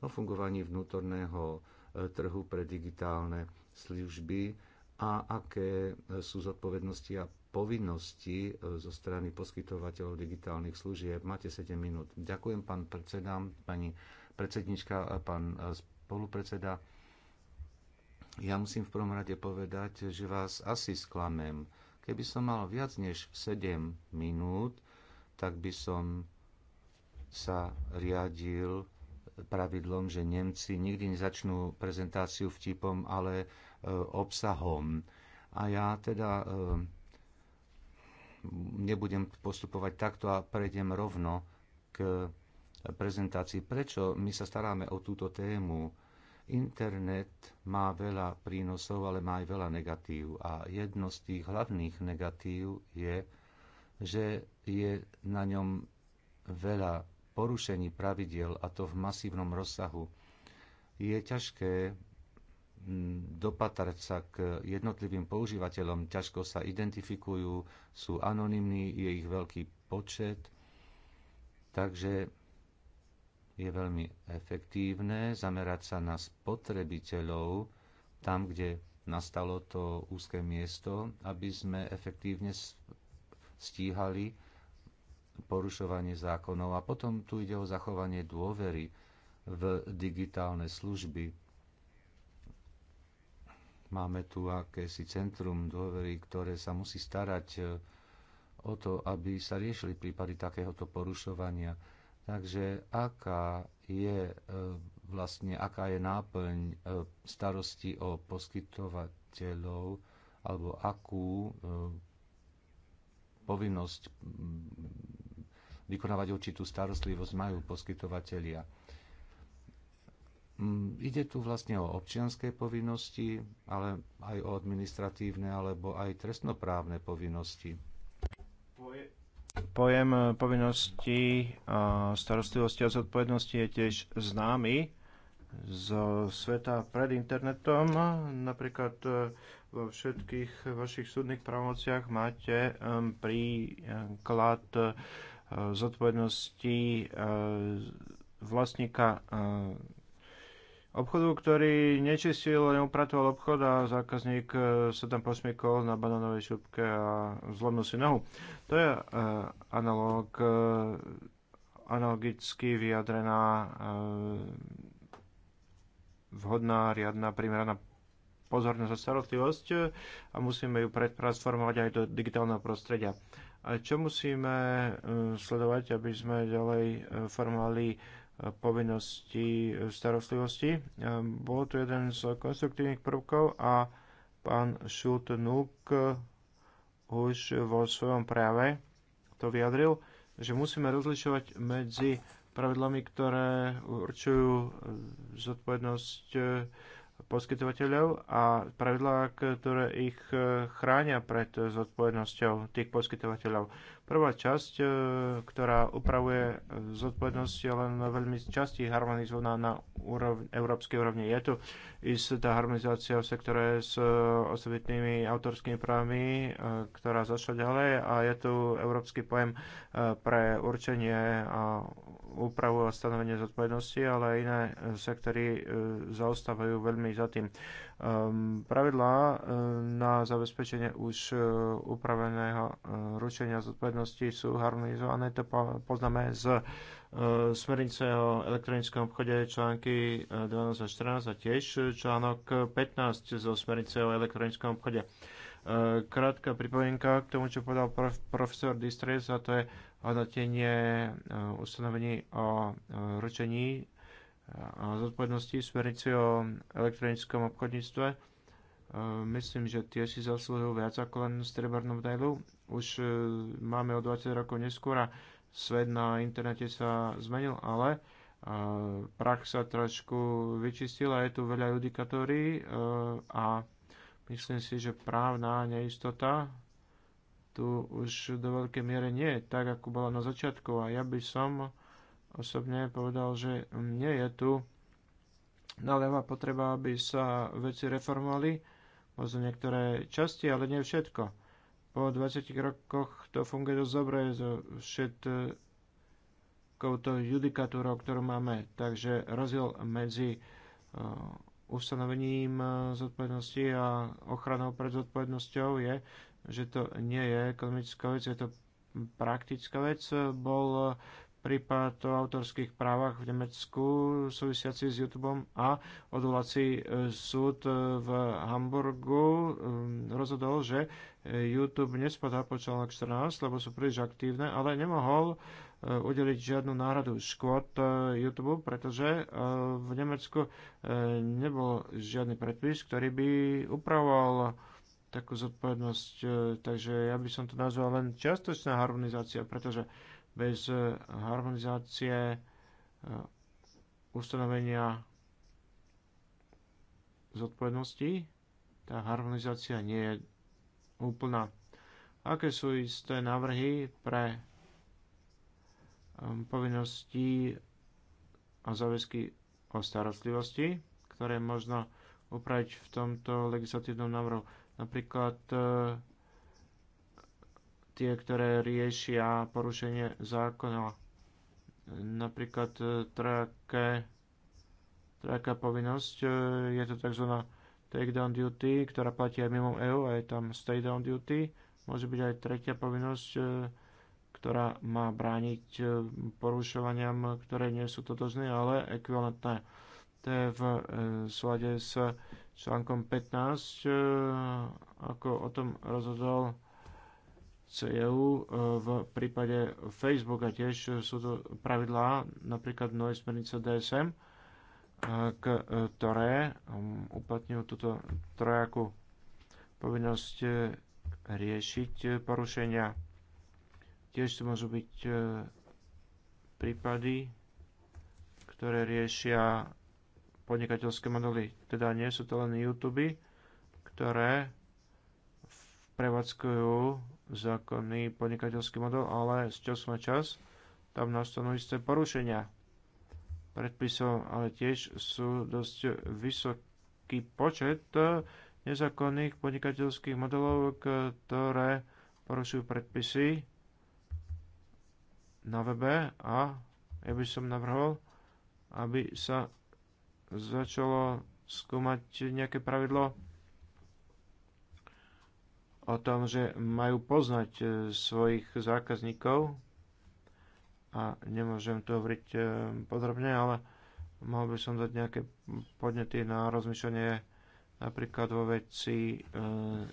o fungovaní vnútorného eh, trhu pre digitálne služby a aké sú zodpovednosti a povinnosti e, zo strany poskytovateľov digitálnych služieb. Máte 7 minút. Ďakujem, pán predseda, pani predsednička, e, pán e, spolupredseda. Ja musím v prvom rade povedať, že vás asi sklamem. Keby som mal viac než 7 minút, tak by som sa riadil pravidlom, že Nemci nikdy nezačnú prezentáciu vtipom, ale obsahom. A ja teda nebudem postupovať takto a prejdem rovno k prezentácii. Prečo my sa staráme o túto tému? Internet má veľa prínosov, ale má aj veľa negatív. A jedno z tých hlavných negatív je, že je na ňom veľa porušení pravidiel, a to v masívnom rozsahu. Je ťažké dopatrať sa k jednotlivým používateľom, ťažko sa identifikujú, sú anonymní, je ich veľký počet, takže je veľmi efektívne zamerať sa na spotrebiteľov tam, kde nastalo to úzke miesto, aby sme efektívne stíhali porušovanie zákonov. A potom tu ide o zachovanie dôvery v digitálne služby Máme tu akési centrum dôvery, ktoré sa musí starať e, o to, aby sa riešili prípady takéhoto porušovania. Takže aká je e, vlastne, aká je náplň e, starosti o poskytovateľov alebo akú povinnosť vykonávať určitú starostlivosť majú poskytovateľia. Mm, ide tu vlastne o občianské povinnosti, ale aj o administratívne alebo aj trestnoprávne povinnosti. Pojem eh, povinnosti eh, starostlivosti a zodpovednosti je tiež známy zo sveta pred internetom. Napríklad eh, vo všetkých vašich súdnych pravomociach máte príklad zodpovednosti vlastníka obchodu, ktorý nečistil, neupratoval obchod a zákazník e, sa tam posmiekol na banánovej šupke a zlomil si nohu. To je e, analog, e, analogicky vyjadrená vhodná, riadna, primeraná pozornosť a starostlivosť a musíme ju pretransformovať aj do digitálneho prostredia. A čo musíme sledovať, aby sme ďalej formovali povinnosti e, starostlivosti. E, bol to jeden z konstruktívnych prvkov a pán Šultnúk e, už vo svojom práve to vyjadril, že musíme rozlišovať medzi pravidlami, ktoré určujú zodpovednosť poskytovateľov a pravidlá, ktoré ich chránia pred zodpovednosťou tých poskytovateľov. Prvá časť, e, ktorá upravuje e, zodpovednosť len veľmi časti harmonizovaná na úrovni, európskej úrovni. Je tu istá harmonizácia v sektore s e, osobitnými autorskými právami, ktorá zašla ďalej a je tu európsky pojem pre určenie a úpravu a stanovenie zodpovednosti, ale iné sektory zaostávajú veľmi za tým. Ehm, pravidlá ehm, na zabezpečenie už e, upraveného e, ručenia zodpovednosti sú harmonizované. To poznáme z e, smernice o elektronickom obchode články 12 a 14 a tiež článok 15 zo smernice o elektronickom obchode. Krátka pripomienka k tomu, čo povedal prof, profesor Distres, a to je hodnotenie ustanovení o ručení a zodpovednosti smernici o elektronickom obchodníctve. E, myslím, že tie si zaslúhujú viac ako len strebarnú medailu. Už e, máme o 20 rokov neskôr a svet na internete sa zmenil, ale e, prach sa trošku vyčistil a je tu veľa judikatórií a myslím si, že právna neistota tu už do veľkej miere nie je tak, ako bola na začiatku a ja by som osobne povedal, že nie je tu naleva potreba, aby sa veci reformovali, možno niektoré časti, ale nie všetko. Po 20 rokoch to funguje dosť dobre so všetkou to judikatúrou, ktorú máme. Takže rozdiel medzi e, ustanovením e, zodpovednosti a ochranou pred zodpovednosťou je, že to nie je ekonomická vec, je to praktická vec. Bol prípad o autorských právach v Nemecku súvisiaci s YouTube a odvolací e, súd e, v Hamburgu e, rozhodol, že YouTube nespadá po článok 14, lebo sú príliš aktívne, ale nemohol udeliť žiadnu náhradu škôd YouTube, pretože v Nemecku nebol žiadny predpis, ktorý by upravoval takú zodpovednosť. Takže ja by som to nazval len čiastočná harmonizácia, pretože bez eh, harmonizácie eh, ustanovenia zodpovednosti, tá harmonizácia nie je úplná. Aké sú isté návrhy pre eh, povinnosti a záväzky o starostlivosti, ktoré možno upraviť v tomto legislatívnom návrhu. Napríklad tie, ktoré riešia porušenie zákona. Napríklad trake, traka povinnosť, e, je to tzv. takedown duty, ktorá platí aj mimo EU a je tam stay down duty. Môže byť aj tretia povinnosť, e, ktorá má brániť e, porušovaniam, ktoré nie sú totožné, ale ekvivalentné. To je v slade s článkom 15, ako o tom rozhodol CEU e, v prípade Facebooka tiež sú to pravidlá, napríklad nové smernice DSM, e, e, ktoré um, uplatňujú túto trojakú povinnosť riešiť porušenia. Tiež to môžu byť prípady, ktoré riešia podnikateľské modely. Teda nie sú to len YouTube, ktoré prevádzkujú zákonný podnikateľský model, ale z času na čas tam nastanú isté porušenia predpisov, ale tiež sú dosť vysoký počet nezákonných podnikateľských modelov, ktoré porušujú predpisy na webe a ja by som navrhol, aby sa začalo skúmať nejaké pravidlo o tom, že majú poznať e, svojich zákazníkov a nemôžem to hovoriť e, podrobne, ale mohol by som dať nejaké podnety na rozmýšľanie napríklad vo veci uh,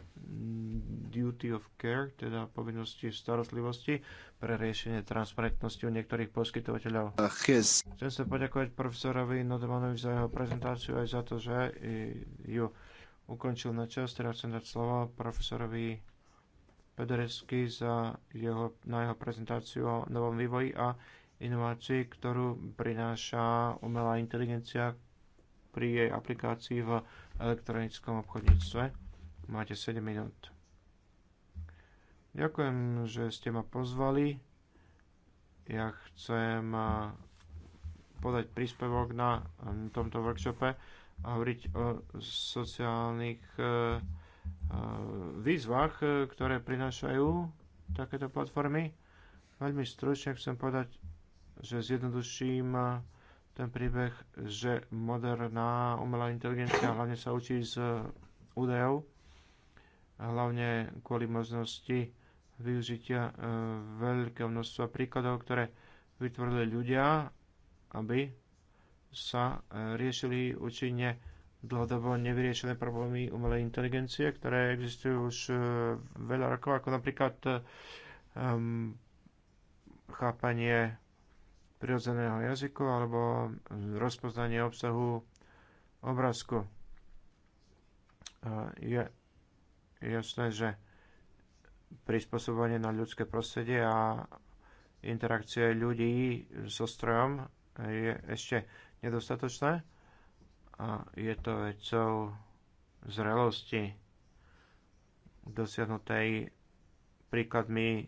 duty of care, teda povinnosti starostlivosti pre riešenie transparentnosti u niektorých poskytovateľov. Chcem sa poďakovať profesorovi Nodemanovi za jeho prezentáciu aj za to, že ju ukončil na čas. Teraz chcem dať slovo profesorovi Pederecky za jeho, na jeho prezentáciu o novom vývoji a inovácii, ktorú prináša umelá inteligencia pri jej aplikácii v elektronickom obchodníctve. Máte 7 minút. Ďakujem, že ste ma pozvali. Ja chcem eh, podať príspevok na eh, tomto workshope hovoriť o sociálnych e, e, výzvach, e, ktoré prinášajú takéto platformy. Veľmi stručne chcem povedať, že zjednoduším ten príbeh, že moderná umelá inteligencia hlavne sa učí z údajov, hlavne kvôli možnosti využitia veľkého množstva príkladov, ktoré vytvorili ľudia, aby sa e, riešili účinne dlhodobo nevyriešené problémy umelej inteligencie, ktoré existujú už e, veľa rokov, ako napríklad um, chápanie prirodzeného jazyku alebo rozpoznanie obsahu obrázku. Je jasné, že prispôsobovanie na ľudské prostredie a interakcie ľudí so strojom je ešte nedostatočné a je to vecou zrelosti dosiahnutej príkladmi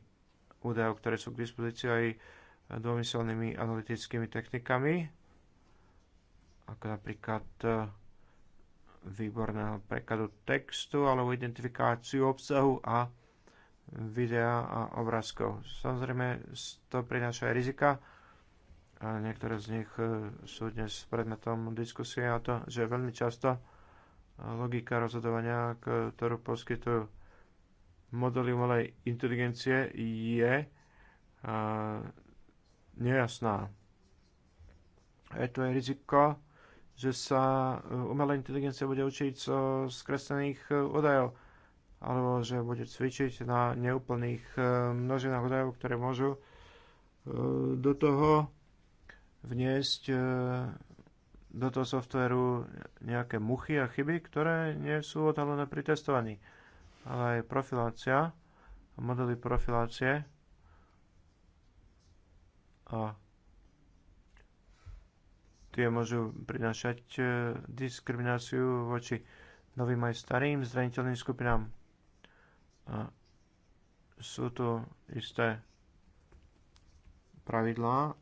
údajov, ktoré sú k dispozícii aj dômyselnými analytickými technikami, ako napríklad e, výborného prekladu textu alebo identifikáciu obsahu a videa a obrázkov. Samozrejme, to prináša aj rizika, a niektoré z nich e, sú dnes predmetom diskusie a to, že veľmi často logika rozhodovania, ktorú poskytujú modely umelej inteligencie, je e, nejasná. Je tu aj riziko, že sa e, umelá inteligencia bude učiť zo skreslených údajov alebo že bude cvičiť na neúplných množinách údajov, ktoré môžu do toho vniesť e, do toho softveru nejaké muchy a chyby, ktoré nie sú odhalené pri testovaní. Ale aj profilácia, modely profilácie a tie môžu prinášať e, diskrimináciu voči novým aj starým zraniteľným skupinám. A sú tu isté pravidlá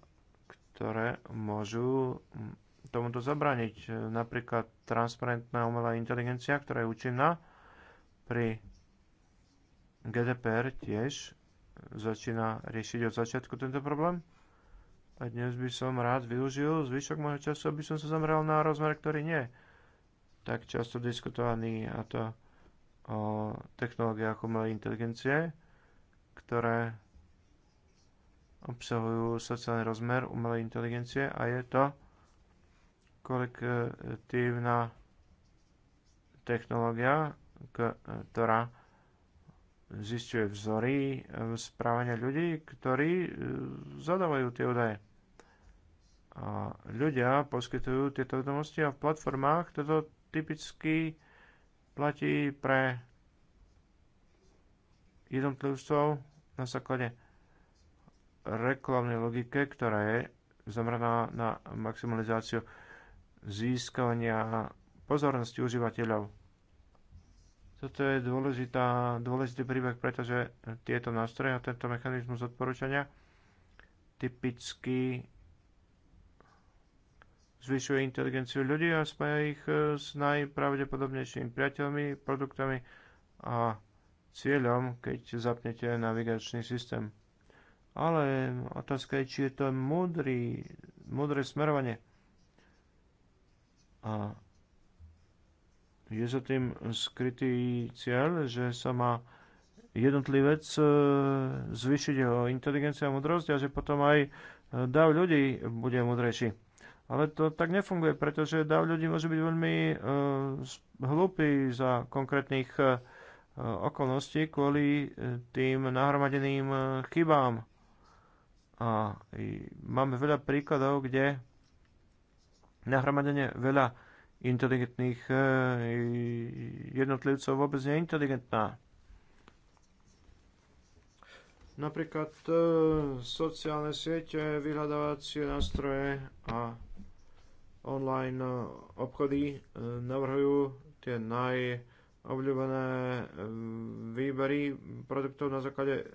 ktoré môžu mm, tomuto zabrániť. Napríklad transparentná umelá inteligencia, ktorá je účinná pri GDPR tiež začína riešiť od začiatku tento problém. A dnes by som rád využil zvyšok môjho času, aby som sa zameral na rozmer, ktorý nie tak často diskutovaný, a to o technológiách umelej inteligencie, ktoré obsahujú sociálny rozmer umelej inteligencie a je to kolektívna technológia, ktorá zistuje vzory e, správania ľudí, ktorí e, zadávajú tie údaje. A ľudia poskytujú tieto vedomosti a v platformách toto typicky platí pre jednotlivstvo na základe reklamnej logike, ktorá je zameraná na maximalizáciu získavania pozornosti užívateľov. Toto je dôležitá, dôležitý príbeh, pretože tieto nástroje a tento mechanizmus odporúčania typicky zvyšuje inteligenciu ľudí a spája ich e, s najpravdepodobnejšími priateľmi, produktami a cieľom, keď zapnete navigačný systém. Ale otázka je, či je to múdry, múdre smerovanie. A je za tým skrytý cieľ, že sa má jednotlivec e, zvýšiť jeho inteligencia a múdrosť a že potom aj e, dáv ľudí bude múdrejší. Ale to tak nefunguje, pretože dáv ľudí môže byť veľmi e, hlúpy za konkrétnych okolností kvôli tým nahromadeným chybám. A máme veľa príkladov, kde nahromadenie veľa inteligentných e, jednotlivcov vôbec nie je inteligentná. Napríklad e, sociálne siete, vyhľadávacie nástroje a online obchody e, navrhujú tie najobľúbené výbery produktov na základe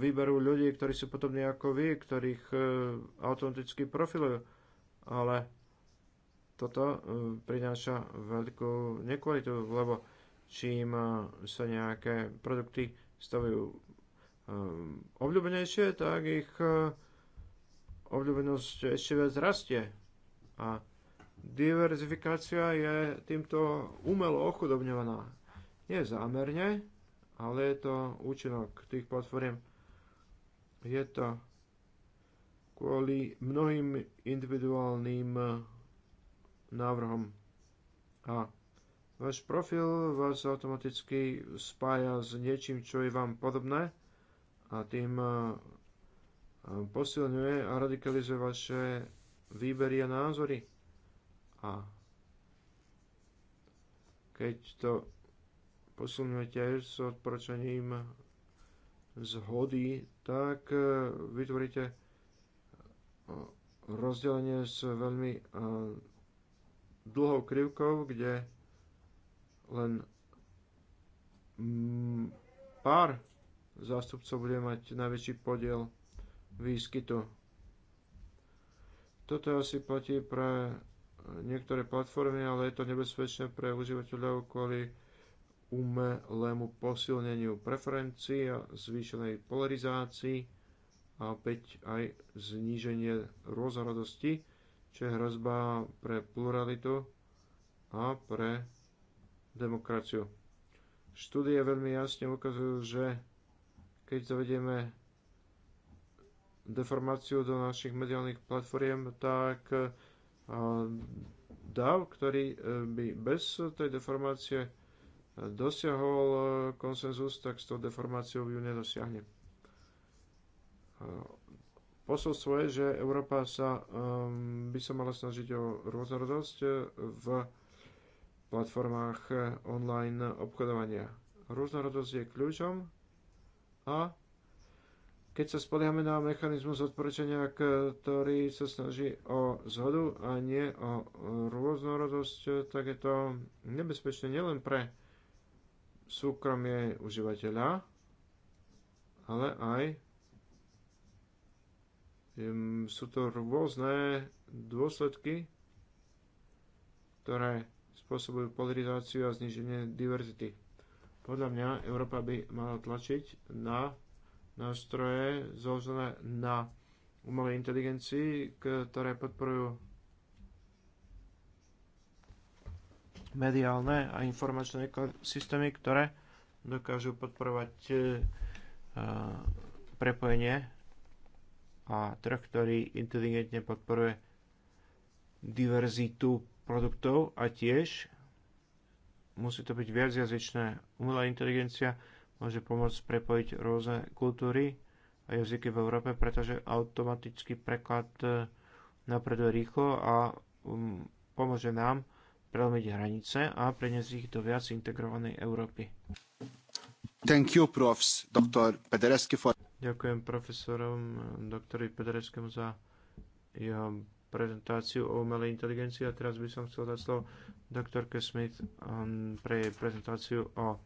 vyberú ľudí, ktorí sú podobní ako vy, ktorých e, automaticky profilujú. Ale toto e, prináša veľkú nekvalitu, lebo čím e, sa nejaké produkty stavujú obľúbenejšie, tak ich obľúbenosť ešte viac rastie. A diverzifikácia je týmto umelo ochudobňovaná. Nie zámerne, ale je to účinok tých platform. Je to kvôli mnohým individuálnym eh, návrhom. A váš profil vás automaticky spája s niečím, čo je vám podobné a tým eh, posilňuje a radikalizuje vaše výbery a názory. A keď to posilňuje tiež s odporúčaním zhody, tak e, vytvoríte e, rozdelenie s veľmi e, dlhou krivkou, kde len mm, pár zástupcov bude mať najväčší podiel výskytu. Toto asi platí pre niektoré platformy, ale je to nebezpečné pre užívateľov kvôli umelému posilneniu preferencií a zvýšenej polarizácii a opäť aj zníženie rôznorodosti, čo je hrozba pre pluralitu a pre demokraciu. Štúdie veľmi jasne ukazujú, že keď zavedieme deformáciu do našich mediálnych platform, tak dáv, ktorý e, by bez tej deformácie dosiahol e, konsenzus, tak s tou deformáciou ju nedosiahne. E, posolstvo je, že Európa sa by sa mala snažiť o rôznorodosť e, v platformách online obchodovania. Rôznorodosť je kľúčom a keď sa spoliehame na mechanizmus odporúčania, ktorý sa snaží o zhodu a nie o rôznorodosť, tak je to nebezpečné nielen pre súkromie užívateľa, ale aj sú to rôzne dôsledky, ktoré spôsobujú polarizáciu a zniženie diverzity. Podľa mňa Európa by mala tlačiť na nástroje založené na umelej inteligencii, ktoré podporujú mediálne a informačné systémy, ktoré dokážu podporovať e, e, prepojenie a trh, ktorý inteligentne podporuje diverzitu produktov a tiež musí to byť viacjazyčné. Umelá inteligencia môže pomôcť prepojiť rôzne kultúry a jazyky v Európe, pretože automatický preklad e, napreduje rýchlo a mm, pomôže nám prelomiť hranice a preniesť ich do viac integrovanej Európy. Thank you, profs. Dr. Pederesky for... Ďakujem profesorom eh, doktori Pedereskému za jeho prezentáciu o umelej inteligencii a teraz by som chcel dať slovo doktorke Smith ehm, pre jej prezentáciu o eh,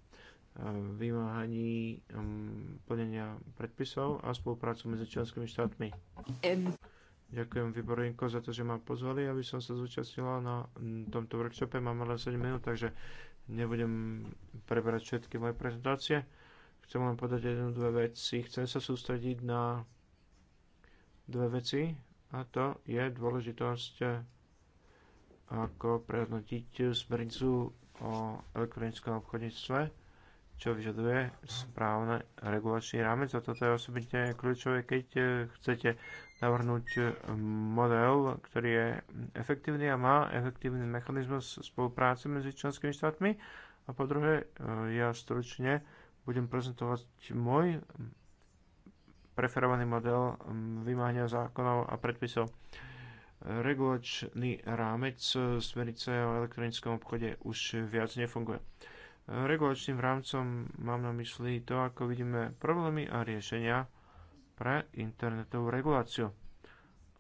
vymáhaní ehm, plnenia predpisov a spoluprácu medzi členskými štátmi. Um. Ďakujem Vyborenko za to, že ma pozvali, aby som sa zúčastnila na tomto workshope. Mám len 7 minút, takže nebudem prebrať všetky moje prezentácie. Chcem len podať jednu, dve veci. Chcem sa sústrediť na dve veci a to je dôležitosť eh, ako prehodnotiť smernicu o elektronickom obchodníctve, čo vyžaduje správne regulačný rámec a toto je osobitne kľúčové, keď eh, chcete navrhnúť e, model, ktorý je efektívny a má efektívny mechanizmus spolupráce medzi členskými štátmi. A po druhé, e, ja stručne budem prezentovať môj preferovaný model vymáhania zákonov a predpisov. Regulačný rámec e, smerice o elektronickom obchode už viac nefunguje. Regulačným rámcom mám na mysli to, ako vidíme problémy a riešenia, pre internetovú reguláciu.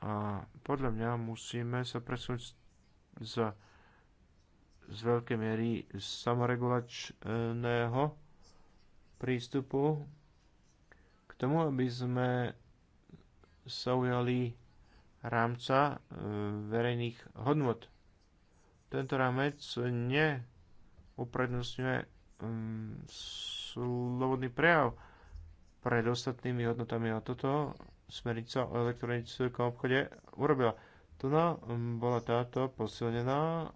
A podľa mňa musíme sa presunúť z, z veľkej miery samoregulačného prístupu k tomu, aby sme sa ujali rámca e, verejných hodnot. Tento rámec neuprednostňuje um, slobodný prejav, pred ostatnými hodnotami a toto smernica o elektronickom obchode urobila. Tu mm, bola táto posilnená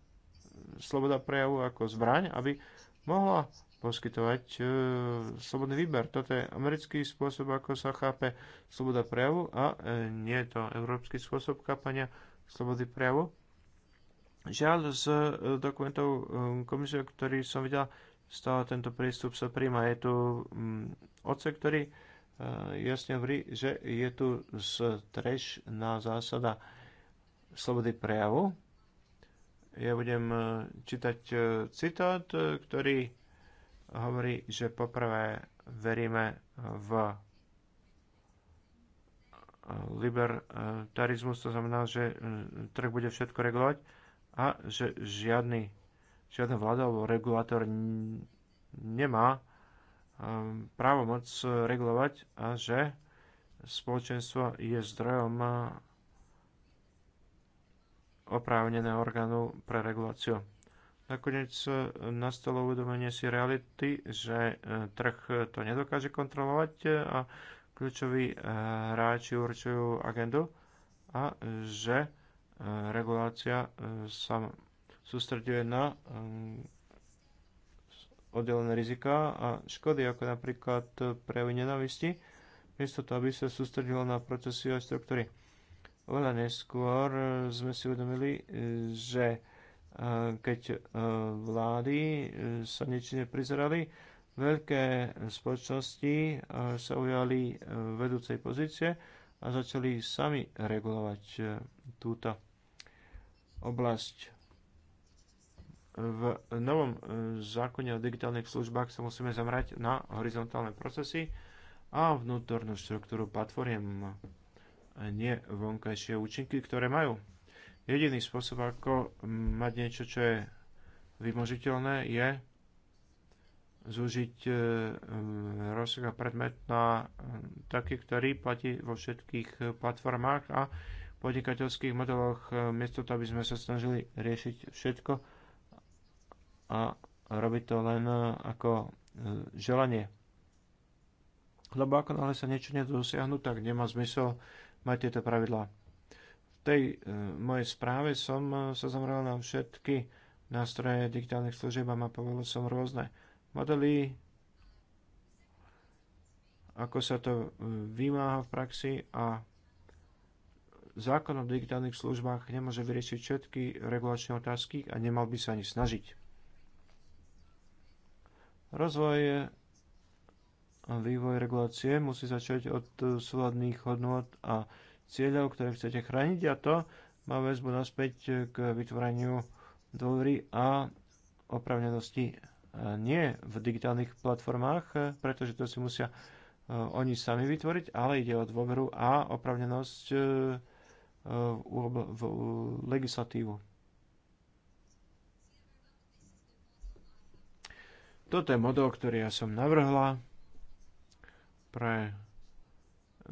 sloboda prejavu ako zbraň, aby mohla poskytovať e, slobodný výber. Toto je americký spôsob, ako sa chápe sloboda prejavu a e, nie je to európsky spôsob chápania slobody prejavu. Žiaľ, z e, dokumentov e, komisie, ktorý som videla, e, z toho tento prístup sa príjma. Je tu mm, odsek, ktorý e, jasne hovorí, že je tu na zásada slobody prejavu. Ja budem e, čítať e, citát, ktorý hovorí, že poprvé veríme v libertarizmus, to znamená, že trh bude všetko regulovať a že žiadny žiadna vláda alebo regulátor nemá um, právo moc regulovať a že spoločenstvo je zdrojom uh, oprávnené orgánu pre reguláciu. Nakoniec uh, nastalo uvedomenie si reality, že uh, trh to nedokáže kontrolovať a kľúčoví hráči určujú agendu a že regulácia sa sústreďuje na um, oddelené rizika a škody, ako napríklad prejavy nenávisti, miesto toho, aby sa sústredilo na procesy a struktúry. Oveľa neskôr eh, sme si uvedomili, eh, že eh, keď vlády sa niečo neprizerali, veľké spoločnosti sa ujali vedúcej pozície a začali sami regulovať túto oblasť v novom e, zákone o digitálnych službách sa musíme zamrať na horizontálne procesy a vnútornú štruktúru platformiem, nie vonkajšie účinky, ktoré majú. Jediný spôsob, ako mať niečo, čo je vymožiteľné, je zúžiť e, rozsah a predmet na taký, ktorý platí vo všetkých platformách a podnikateľských modeloch, e, miesto to, aby sme sa snažili riešiť všetko, a robiť to len e, ako e, želanie. Lebo ako náhle sa niečo nedosiahnu, tak nemá zmysel mať tieto pravidlá. V tej e, mojej správe som sa zameral na všetky nástroje digitálnych služieb a mapoval som rôzne modely, ako sa to vymáha v praxi a zákon o digitálnych službách nemôže vyriešiť všetky regulačné otázky a nemal by sa ani snažiť. Rozvoj a vývoj regulácie musí začať od súladných hodnot a cieľov, ktoré chcete chrániť a to má väzbu naspäť k vytvoreniu dôvery a opravnenosti nie v digitálnych platformách, pretože to si musia e, oni sami vytvoriť, ale ide o dôveru a opravnenosť e, e, v legislatívu. Toto je model, ktorý ja som navrhla pre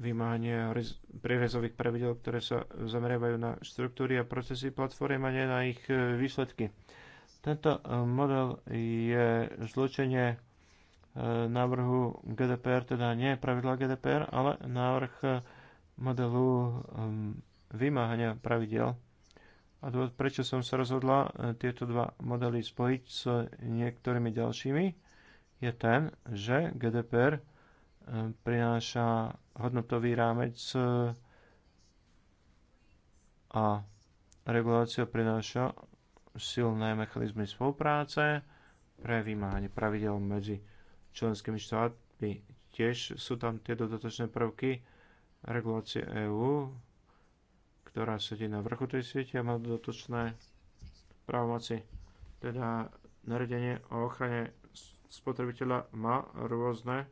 vymáhanie prirezových pravidel, ktoré sa zameriavajú na štruktúry a procesy platform a nie na ich e, výsledky. Tento e, model je zločenie e, návrhu GDPR, teda nie pravidla GDPR, ale návrh modelu vymáhania pravidel a dôvod, prečo som sa rozhodla e, tieto dva modely spojiť s niektorými ďalšími, je ten, že GDPR e, prináša hodnotový rámec e, a regulácia prináša silné mechanizmy spolupráce pre vymáhanie pravidel medzi členskými štátmi. Tiež sú tam tie dodatočné prvky regulácie EÚ, ktorá sedí na vrchu tej siete a má dotočné právomoci. Teda nariadenie o ochrane spotrebiteľa má rôzne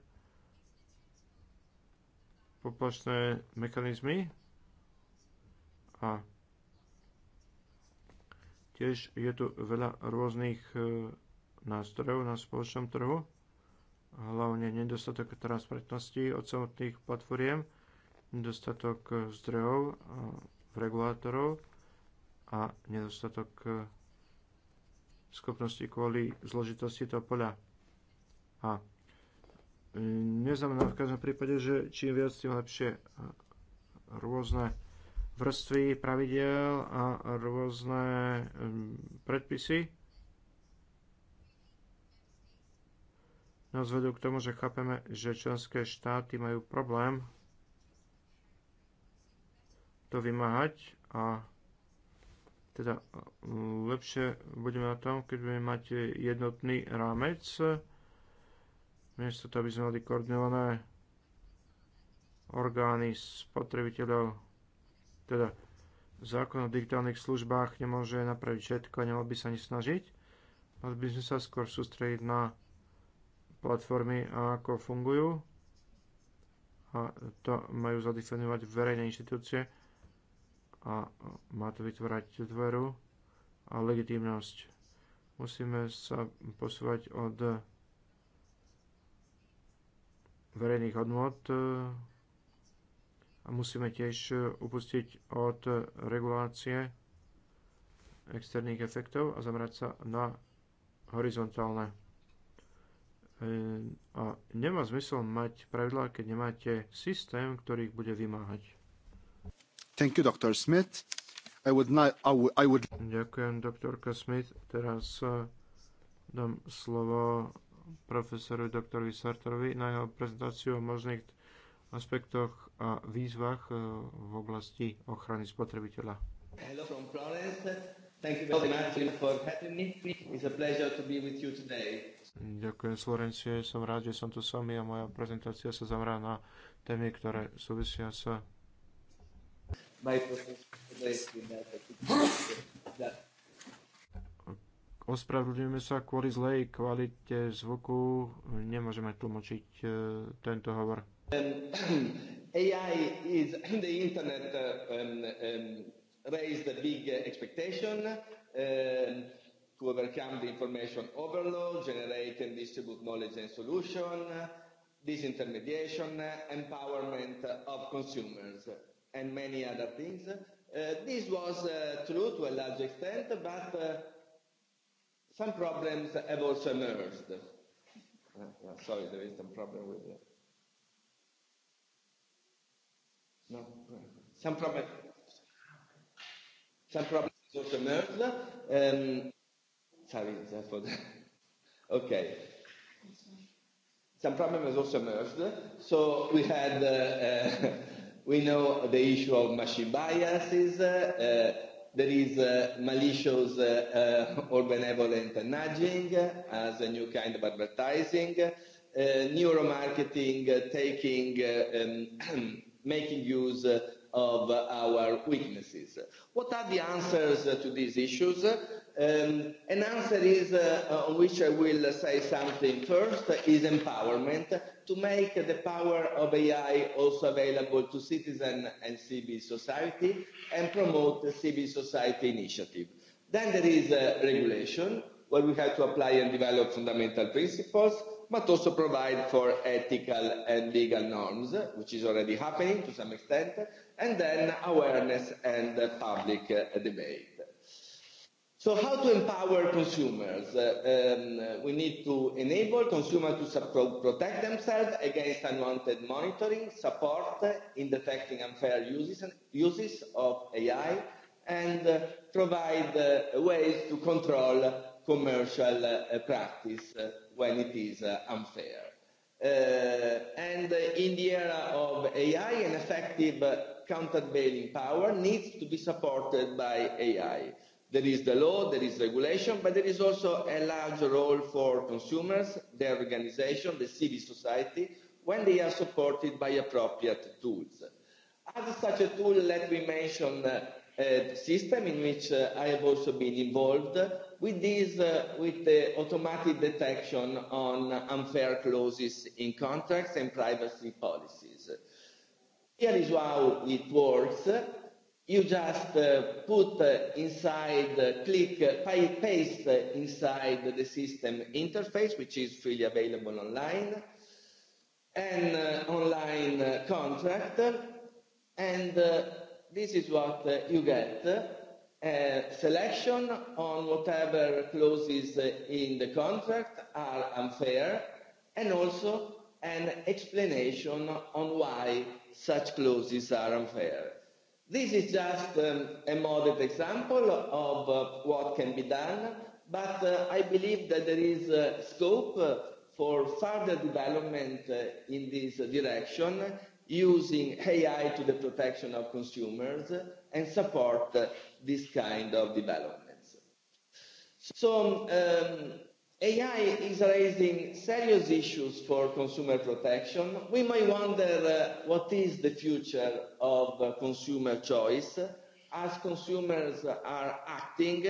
poplačné mechanizmy a tiež je tu veľa rôznych e, nástrojov na spoločnom trhu, hlavne nedostatok transparentnosti od samotných platformiem, nedostatok e, zdrojov, regulátorov a nedostatok e, schopnosti kvôli zložitosti toho poľa. A e, neznamená v každom prípade, že čím viac, tým lepšie rôzne vrstvy pravidel a rôzne e, predpisy nás vedú k tomu, že chápeme, že členské štáty majú problém to vymáhať a teda e, lepšie budeme na tom, keď budeme mať jednotný rámec, miesto to, aby sme mali koordinované orgány spotrebiteľov, teda zákon o digitálnych službách nemôže napraviť všetko, nemal by sa ani snažiť. Mali by sme sa skôr sústrediť na platformy a ako fungujú. A to majú zadefinovať verejné inštitúcie, a má to vytvárať dveru a legitimnosť. Musíme sa posúvať od verejných hodnot e, a musíme tiež upustiť od regulácie externých efektov a zamerať sa na horizontálne. E, a nemá zmysel mať pravidlá, keď nemáte systém, ktorý ich bude vymáhať. Thank you, Dr. Smith. I would not, I would, I would... Ďakujem, doktorka Smith. Teraz e, dám slovo profesorovi doktorovi Sartorovi na jeho prezentáciu o možných aspektoch a výzvach e, v oblasti ochrany spotrebiteľa. Hello from Florence. Thank you very much for having me. It's a pleasure to be with you today. Ďakujem Florencie, som rád, že som tu s vami a moja prezentácia sa zamerá na témy, ktoré súvisia sa Ospravedlňujeme sa kvôli zlej kvalite zvuku, nemôžeme tlmočiť e, tento hovor. AI <clears throat> is the internet um, uh, um, raised a big expectation um, to overcome the information overload, generate and distribute knowledge and solution, disintermediation, empowerment of consumers and many other things. Uh, this was uh, true to a large extent, but uh, some problems have also emerged. Uh, yeah, sorry, there is some problem with that. No, some problem. Some problems also emerged. Um, sorry, just for that. <laughs> Okay some problem has also emerged. So we had uh, uh, We know the issue of machine biases. Uh, there is uh, malicious uh, uh, or benevolent nudging as a new kind of advertising. Uh, neuromarketing uh, taking, uh, um, <clears throat> making use uh, of our weaknesses. What are the answers to these issues? Um, an answer is, uh, on which I will say something first, is empowerment to make the power of AI also available to citizens and civil society and promote the civil society initiative. Then there is uh, regulation, where we have to apply and develop fundamental principles, but also provide for ethical and legal norms, which is already happening to some extent, and then awareness and uh, public uh, debate. So how to empower consumers? Uh, um, we need to enable consumers to pro- protect themselves against unwanted monitoring, support in detecting unfair uses, and uses of AI, and uh, provide uh, ways to control commercial uh, practice uh, when it is uh, unfair. Uh, and uh, in the era of AI, an effective uh, countervailing power needs to be supported by AI There is the law, there is regulation, but there is also a large role for consumers, their organization, the civil society, when they are supported by appropriate tools. As such a tool, let me mention uh, a system in which uh, I have also been involved with this, uh, with the automatic detection on unfair clauses in contracts and privacy policies. Here is how it works you just uh, put uh, inside, uh, click, uh, paste uh, inside the system interface, which is freely available online, an uh, online uh, contract, and uh, this is what uh, you get. Uh, selection on whatever clauses uh, in the contract are unfair, and also an explanation on why such clauses are unfair This is just um, a modest example of uh, what can be done, but uh, I believe that there is uh, scope uh, for further development uh, in this direction using AI to the protection of consumers uh, and support uh, this kind of developments. So um, AI is raising serious issues for consumer protection. We may wonder uh, what is the future of uh, consumer choice as consumers are acting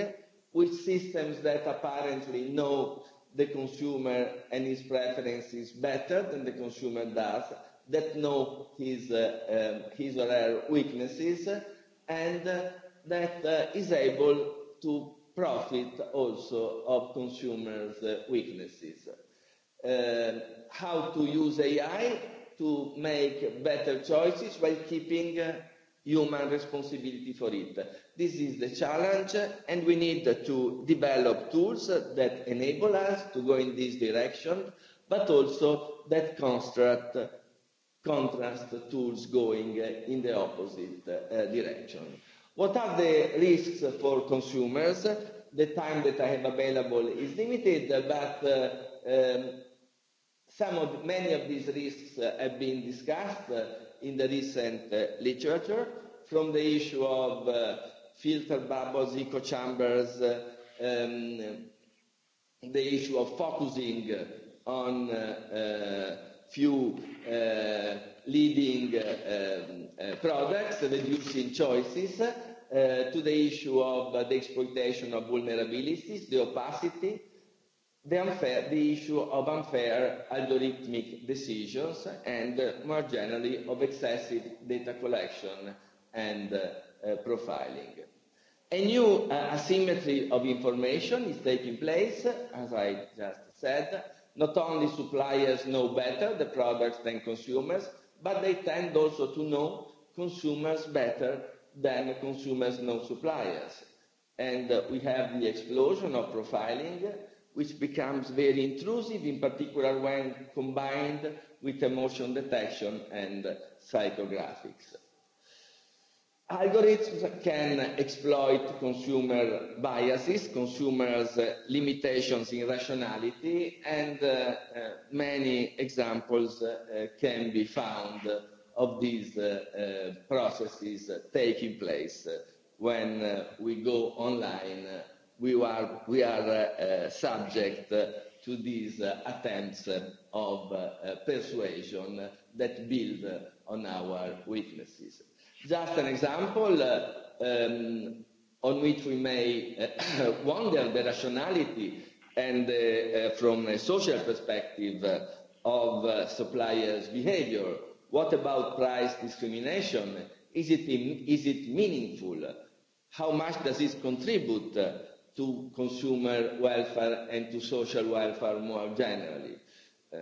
with systems that apparently know the consumer and his preferences better than the consumer does, that know his, uh, um, his or her weaknesses, and uh, that uh, is able to profit also of consumers' weaknesses. Uh, how to use AI to make better choices while keeping uh, human responsibility for it. This is the challenge, and we need to develop tools that enable us to go in this direction, but also that construct contrast tools going in the opposite uh, direction. What are the risks for consumers? The time that I have available is limited, but uh, um, some of, many of these risks have been discussed in the recent uh, literature, from the issue of uh, filter bubbles, echo chambers, uh, um, the issue of focusing on uh, uh, few uh, leading uh, uh, products, reducing choices, uh, to the issue of uh, the exploitation of vulnerabilities, the opacity, the, unfair, the issue of unfair algorithmic decisions, and uh, more generally of excessive data collection and uh, uh, profiling. A new uh, asymmetry of information is taking place, as I just said. Not only suppliers know better the products than consumers, but they tend also to know consumers better than consumers, non suppliers. And uh, we have the explosion of profiling, which becomes very intrusive, in particular when combined with emotion detection and psychographics. Algorithms can exploit consumer biases, consumers' uh, limitations in rationality, and uh, uh, many examples uh, uh can be found of these uh, uh, processes uh, taking place uh, when uh, we go online. Uh, we are, we are uh, uh, subject uh, to these uh, attempts uh, of uh, uh, persuasion uh, that build uh, on our weaknesses. Just an example uh, um, on which we may uh, <coughs> wonder the rationality and uh, uh, from a social perspective uh, of uh, suppliers' behavior What about price discrimination? Is it, is it meaningful? How much does it contribute to consumer welfare and to social welfare more generally? Uh,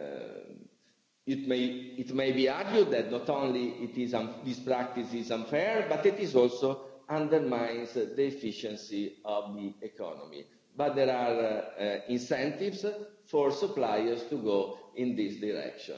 it, may, it may be argued that not only it is un, um, this practice is unfair, but it is also undermines the efficiency of the economy. But there are uh, uh incentives for suppliers to go in this direction.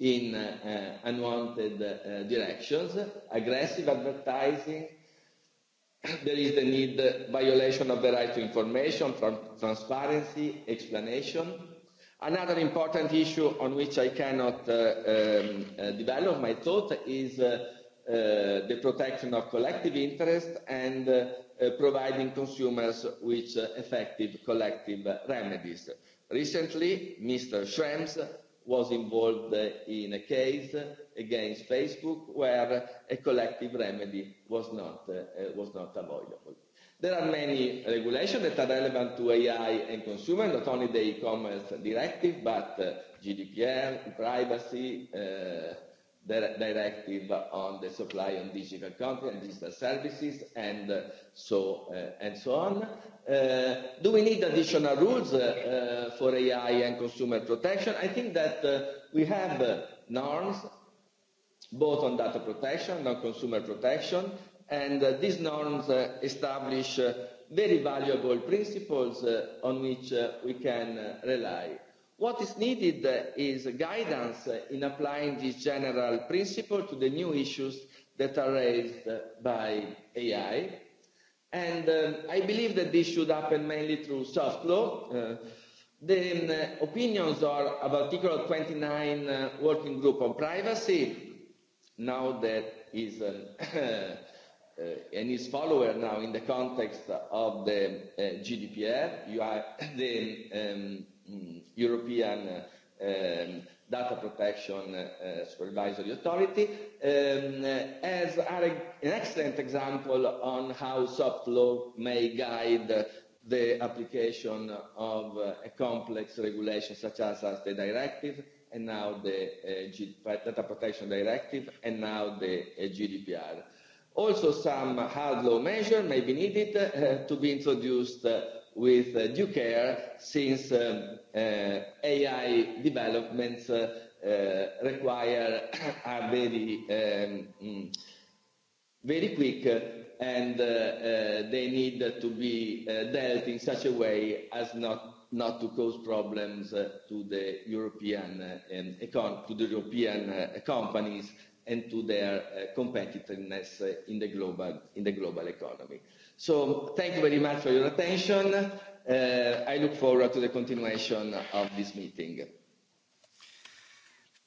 in uh, unwanted uh, directions, aggressive advertising, there is the need, uh, violation of the right to information, tran transparency, explanation. Another important issue on which I cannot uh, um, uh, develop my thought is uh, uh, the protection of collective interest and uh, uh, providing consumers with uh, effective collective remedies. Recently, Mr. Schrems was involved in a case against Facebook where a collective remedy was not, uh, was not avoidable. There are many regulations that are relevant to AI and consumer, not only the e-commerce directive, but uh, GDPR, privacy, uh, directive on the supply on digital content and digital services and uh, so uh, and so on. Uh, do we need additional rules uh, uh, for AI and consumer protection? I think that uh, we have uh, norms both on data protection and on consumer protection, and uh, these norms uh, establish uh, very valuable principles uh, on which uh, we can uh, rely What is needed is guidance in applying this general principle to the new issues that are raised by AI. And uh, I believe that this should happen mainly through soft law. Uh, the uh, opinions are of Article 29 uh, Working Group on Privacy, now that is an, uh, <coughs> uh, and his follower now in the context of the uh, GDPR, you are <coughs> the um, Mm, European um, Data Protection uh, Supervisory Authority, um, as are a, an excellent example on how soft law may guide the application of uh, a complex regulation such as, as the directive and now the uh, Data Protection Directive and now the uh, GDPR. Also some hard law measure may be needed uh, to be introduced uh, with uh, due care since um, uh, AI developments uh, uh, require <coughs> are very um, mm, very quick uh, and uh, uh, they need to be uh, dealt in such a way as not not to cause problems uh, to the European uh, and econ- to the European uh, companies and to their uh, competitiveness uh, in the global in the global economy. Uh, so thank you very much for your attention. Uh, I look forward to the continuation of this meeting.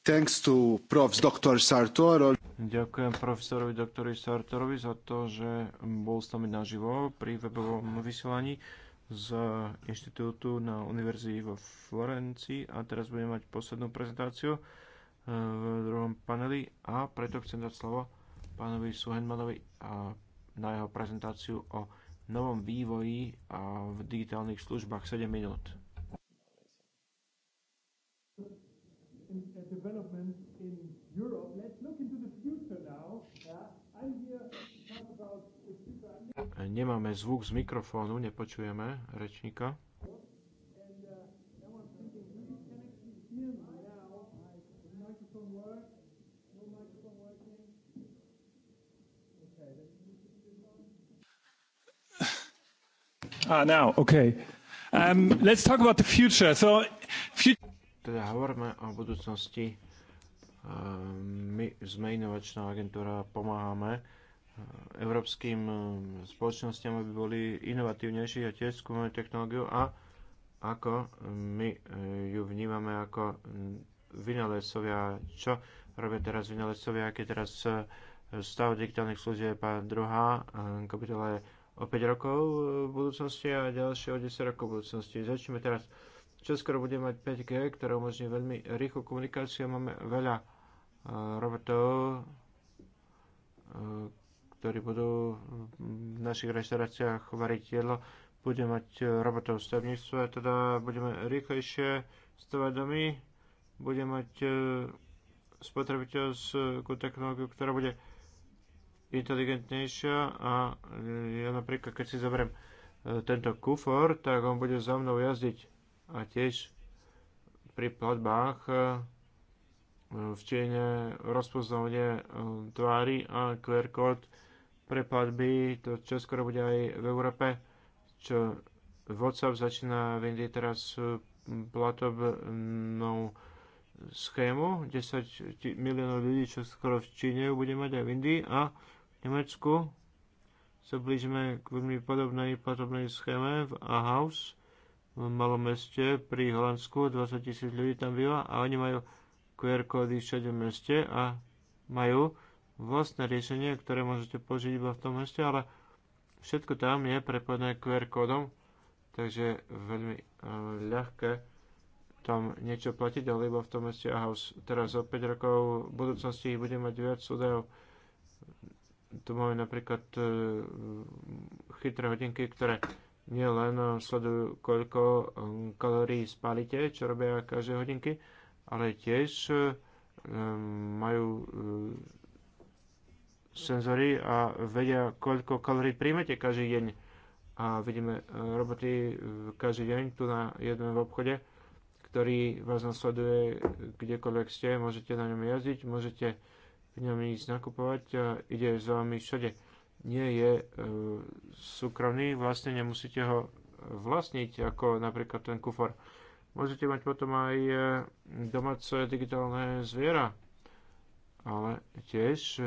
Thanks to Prof. Dr. Sartor. Ďakujem profesorovi doktori Sartorovi za to, že bol s nami naživo pri webovom vysielaní z inštitútu na univerzii vo Florencii a teraz budeme mať poslednú prezentáciu eh, v druhom paneli a preto chcem dať slovo pánovi Suhenmanovi a na jeho prezentáciu o novom vývoji a v digitálnych službách 7 minút. Nemáme zvuk z mikrofónu, nepočujeme rečníka. Ah, now, okay. Um, let's talk about the future. So, future... Teda hovoríme o budúcnosti. Um, my sme inovačná agentúra, pomáhame uh, európskym um, spoločnostiam, aby boli inovatívnejší a tiež skúmame technológiu a ako my uh, ju vnímame ako mm, vynálezcovia, čo robia teraz vynálezcovia, aký teraz uh, stav digitálnych služieb a druhá um, kapitola je o 5 rokov e, v budúcnosti a ďalšie o 10 rokov v budúcnosti. Začneme teraz. Čoskoro budeme mať 5G, ktoré umožní veľmi rýchlu komunikáciu. Máme veľa e, robotov, e, ktorí budú v našich reštauráciách variť jedlo. Budeme mať robotov v stavníctve, teda budeme rýchlejšie stavať domy, budeme mať spotrebiteľskú technológiu, ktorá bude inteligentnejšia a ja napríklad, keď si zoberiem e, tento kufor, tak on bude za mnou jazdiť a tiež pri platbách e, v Číne rozpoznanie e, tvári a QR kód pre platby, to čo skoro bude aj v Európe, čo WhatsApp začína v Indii teraz platobnou schému, 10 miliónov ľudí, čo skoro v Číne bude mať aj v Indii a Nemecku sa blížime k veľmi podobnej platobnej schéme v Ahaus, v malom meste pri Holandsku, 20 tisíc ľudí tam býva a oni majú QR kódy všade v meste a majú vlastné riešenie, ktoré môžete použiť iba v tom meste, ale všetko tam je prepojené QR kódom, takže veľmi eh, ľahké tam niečo platiť, ale iba v tom meste Ahaus. Teraz o 5 rokov v budúcnosti ich bude mať viac údajov tu máme napríklad e, chytré hodinky, ktoré nie len sledujú, koľko e, kalórií spálite, čo robia každé hodinky, ale tiež e, majú senzory a vedia, koľko kalórií príjmete každý deň. A vidíme roboty každý deň, tu na jednom v obchode, ktorý vás nasleduje kdekoľvek ste, môžete na ňom jazdiť, môžete v ňom ísť nakupovať a ide s vami všade. Nie je e, súkromný, vlastne nemusíte ho vlastniť, ako napríklad ten kufor. Môžete mať potom aj e, domáce digitálne zviera, ale tiež e,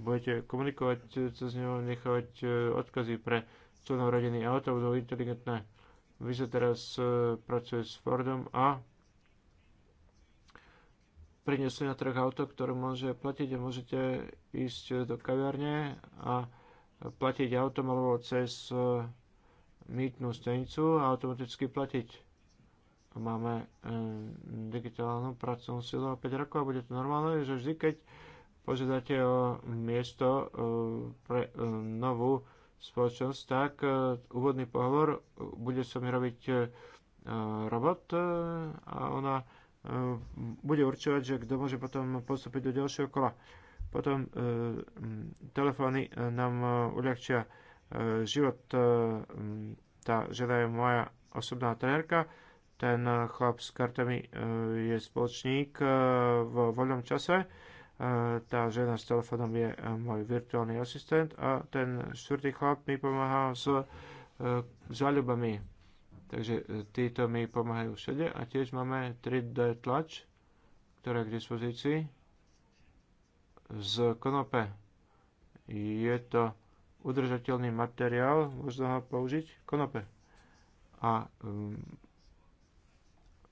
budete komunikovať e, cez neho, nechávať odkazy pre členov rodiny a to budú inteligentné. Vy sa teraz pracuje s Fordom a priniesli na trh auto, ktoré môže platiť a môžete ísť do kaviarne a platiť autom alebo cez e, mýtnú stanicu a automaticky platiť. Máme e, digitálnu pracovnú silu o 5 rokov a bude to normálne, že vždy, keď požiadate o miesto e, pre novú spoločnosť, tak úvodný pohovor bude sa mi robiť robot a ona Ehm, bude určovať, že kto môže potom postúpiť do ďalšieho kola. Potom ehm, telefóny ehm, nám uľahčia život. Tá žena je moja osobná trenérka, ten chlap s kartami je spoločník v voľnom čase, tá žena s telefónom je môj virtuálny asistent a ten štvrtý chlap mi pomáha s záľubami Takže e, títo mi pomáhajú všade a tiež máme 3D tlač, ktorá je k dispozícii z konope. Je to udržateľný materiál, možno ho použiť, konope. A um,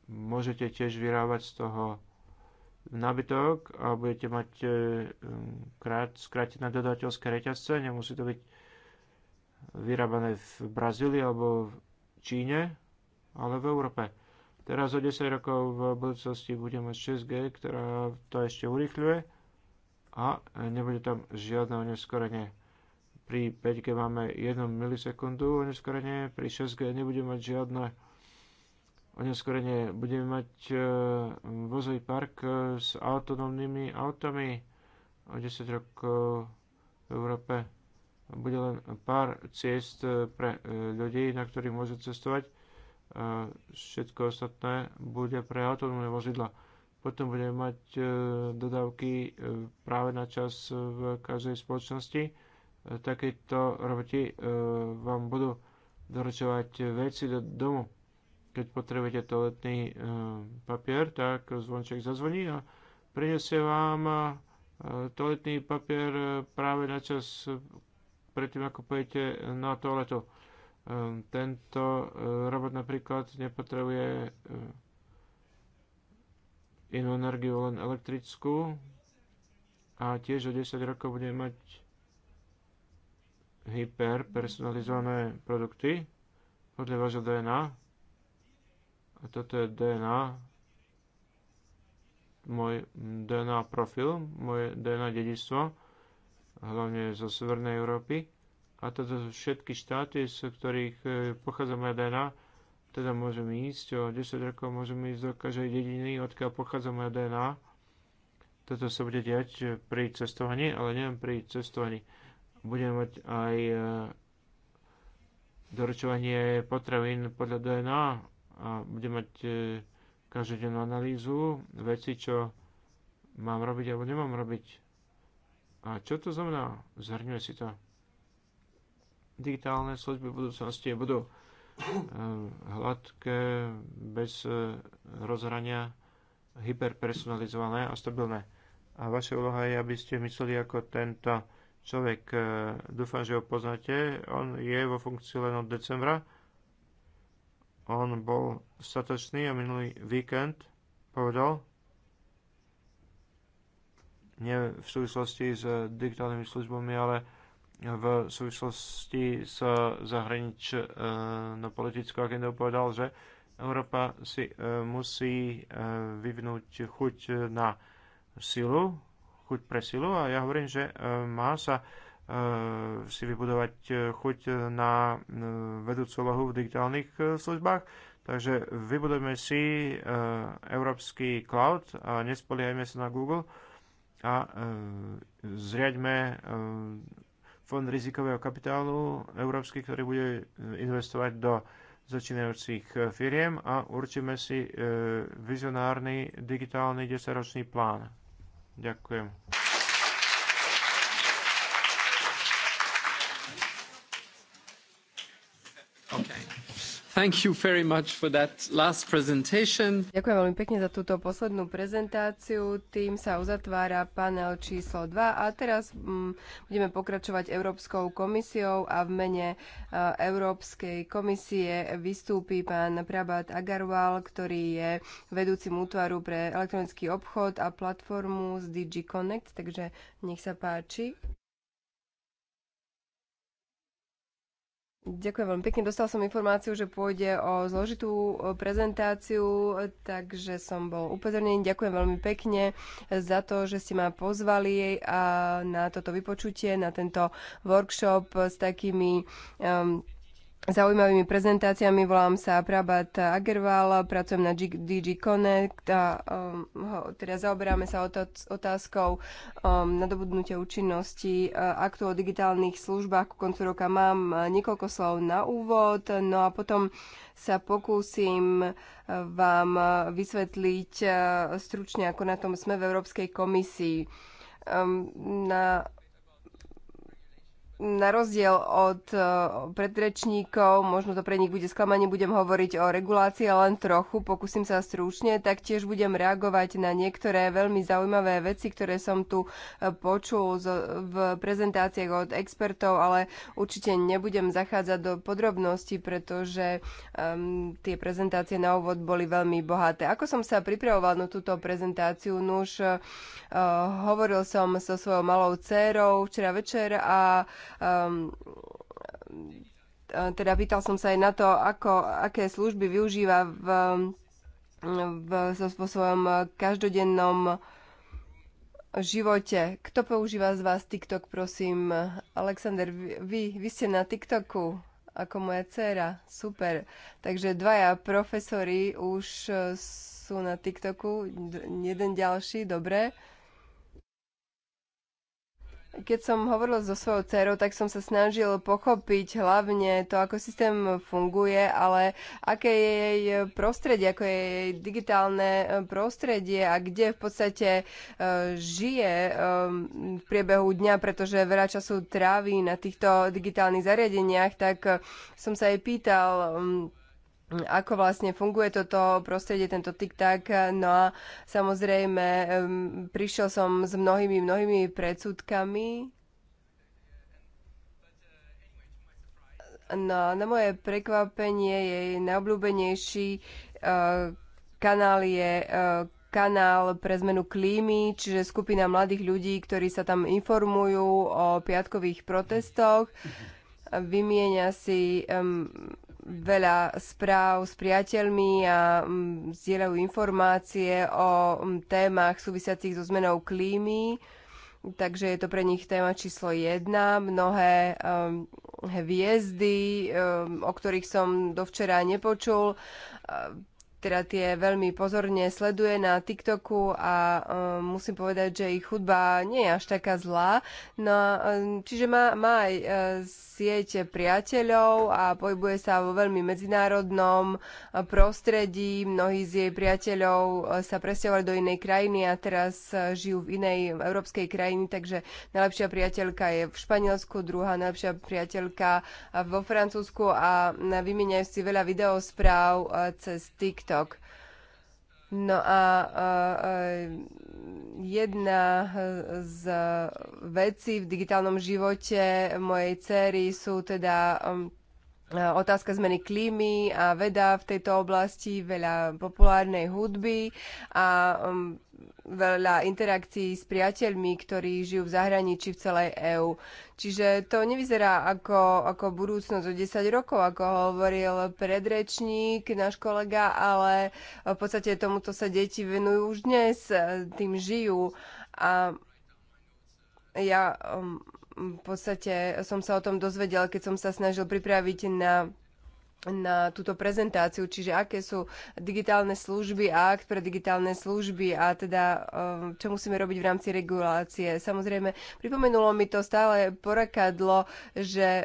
môžete tiež vyrábať z toho nabytok a budete mať um, krát, skrátené dodateľské reťazce, nemusí to byť vyrábané v Brazílii alebo v Číne, ale v Európe. Teraz o 10 rokov v budúcnosti budeme mať 6G, ktorá to ešte urychľuje a nebude tam žiadne oneskorenie. Pri 5G máme 1 milisekundu oneskorenie, pri 6G nebude mať žiadne oneskorenie. Budeme mať e, vozový park e, s autonómnymi autami o 10 rokov v Európe bude len pár ciest e, pre e, ľudí, na ktorých môžu cestovať. E, všetko ostatné bude pre autonómne vozidla. Potom budeme mať dodávky práve na čas v každej spoločnosti. Takéto roboti vám budú doručovať veci do domu. Keď potrebujete toaletný papier, tak zvonček zazvoní a prinesie vám toaletný papier práve na čas, predtým, ako pôjdete na toaletu. Ehm, tento eh, robot napríklad nepotrebuje eh, inú energiu, len elektrickú a tiež o 10 rokov bude mať hyper personalizované produkty podľa vášho DNA. A toto je DNA, môj DNA profil, moje DNA dedistvo hlavne zo Severnej Európy. A toto sú všetky štáty, z ktorých e, pochádza moja DNA. Teda môžem ísť, o 10 rokov môžem ísť do každej dediny, odkiaľ pochádza moja DNA. Toto sa bude diať pri cestovaní, ale neviem pri cestovaní. Budem mať aj e, doručovanie potravín podľa DNA a budem mať e, každodennú analýzu veci, čo mám robiť alebo nemám robiť a čo to znamená? Zhrňuje si to. Digitálne služby v budúcnosti budú eh, hladké, bez eh, rozhrania, hyperpersonalizované a stabilné. A vaša úloha je, aby ste mysleli ako tento človek. Eh, dúfam, že ho poznáte. On je vo funkcii len od decembra. On bol statočný a minulý víkend povedal, nie v súvislosti s digitálnymi službami, ale v súvislosti s zahranično-politickou agendou povedal, že Európa si e, musí e, vyvinúť chuť na silu, chuť pre silu a ja hovorím, že e, má sa si vybudovať chuť na vedúcu lohu v digitálnych službách. Takže vybudujme si európsky cloud a nespoliehajme sa na Google a e, zriaďme e, fond rizikového kapitálu európsky, ktorý bude e, investovať do začínajúcich firiem a určíme si vizionárny digitálny 10-ročný plán. Ďakujem. Thank you very much for that last presentation. Ďakujem veľmi pekne za túto poslednú prezentáciu. Tým sa uzatvára panel číslo 2 a teraz mm, budeme pokračovať Európskou komisiou a v mene uh, Európskej komisie vystúpi pán Prabhat Agarwal, ktorý je vedúcim útvaru pre elektronický obchod a platformu z DG Connect, takže nech sa páči. Ďakujem veľmi pekne. Dostal som informáciu, že pôjde o zložitú e, prezentáciu, takže som bol upozornený. Ďakujem veľmi pekne za to, že ste ma pozvali na toto vypočutie, na tento workshop s takými um, zaujímavými prezentáciami. Volám sa Prabat Agerval, pracujem na DG Connect a um, teda zaoberáme sa otázkou um, nadobudnutia účinnosti uh, aktu o digitálnych službách. Ku koncu roka mám uh, niekoľko slov na úvod, no a potom sa pokúsim uh, vám vysvetliť stručne, ako na tom sme v Európskej komisii. Um, na na rozdiel od e, predrečníkov, možno to pre nich bude sklamanie, budem hovoriť o regulácii len trochu, pokúsim sa stručne, tiež budem reagovať na niektoré veľmi zaujímavé veci, ktoré som tu e, počul v prezentáciách od expertov, ale určite nebudem zachádzať do podrobností, pretože um, tie prezentácie na úvod boli veľmi bohaté. Ako som sa pripravoval na túto prezentáciu, nuž uh, hovoril som so svojou malou dcérou včera večer a uh, um, teda pýtal som sa aj na to, ako, aké služby využíva v, v, vo svojom každodennom živote. Kto používa z vás TikTok, prosím? Alexander, vy, vy ste na TikToku ako moja dcéra. Super. Takže dvaja profesori už sú na TikToku, jeden ďalší, dobre. Keď som hovoril so svojou dcerou, tak som sa snažil pochopiť hlavne to, ako systém funguje, ale aké je jej prostredie, ako je jej digitálne e, prostredie a kde v podstate e, žije e, v priebehu dňa, pretože veľa času tráví na týchto digitálnych zariadeniach, tak som sa jej pýtal, ako vlastne funguje toto prostredie, tento tik-tak. No a samozrejme, prišiel som s mnohými, mnohými predsudkami. No, na moje prekvapenie jej najobľúbenejší uh, kanál je uh, kanál pre zmenu klímy, čiže skupina mladých ľudí, ktorí sa tam informujú o piatkových protestoch. Vymieňa si um, veľa správ s priateľmi a mm, zdieľajú informácie o mm, témach súvisiacich so zmenou klímy. Takže je to pre nich téma číslo jedna. Mnohé um, hviezdy, um, o ktorých som dovčera nepočul, um, teda tie veľmi pozorne sleduje na TikToku a um, musím povedať, že ich chudba nie je až taká zlá. No, um, čiže má, má aj uh, sieť priateľov a pohybuje sa vo veľmi medzinárodnom prostredí. Mnohí z jej priateľov e, sa presťahovali do inej krajiny a teraz e, žijú v inej európskej krajine, takže najlepšia priateľka je v Španielsku, druhá najlepšia priateľka e, vo Francúzsku a vymieňajú si veľa videospráv cez TikTok. No a, jedna z vecí v digitálnom živote mojej cery sú teda um, otázka zmeny klímy a veda v tejto oblasti, veľa populárnej hudby a um, veľa interakcií s priateľmi, ktorí žijú v zahraničí v celej EÚ. Čiže to nevyzerá ako, ako budúcnosť o 10 rokov, ako hovoril predrečník, náš kolega, ale v podstate tomuto sa deti venujú už dnes, e, tým žijú. A ja v podstate som sa o tom dozvedel, keď som sa snažil pripraviť na na túto prezentáciu, čiže aké sú digitálne služby a akt pre digitálne služby a teda um, čo musíme robiť v rámci regulácie. Samozrejme, pripomenulo mi to stále porakadlo, že e,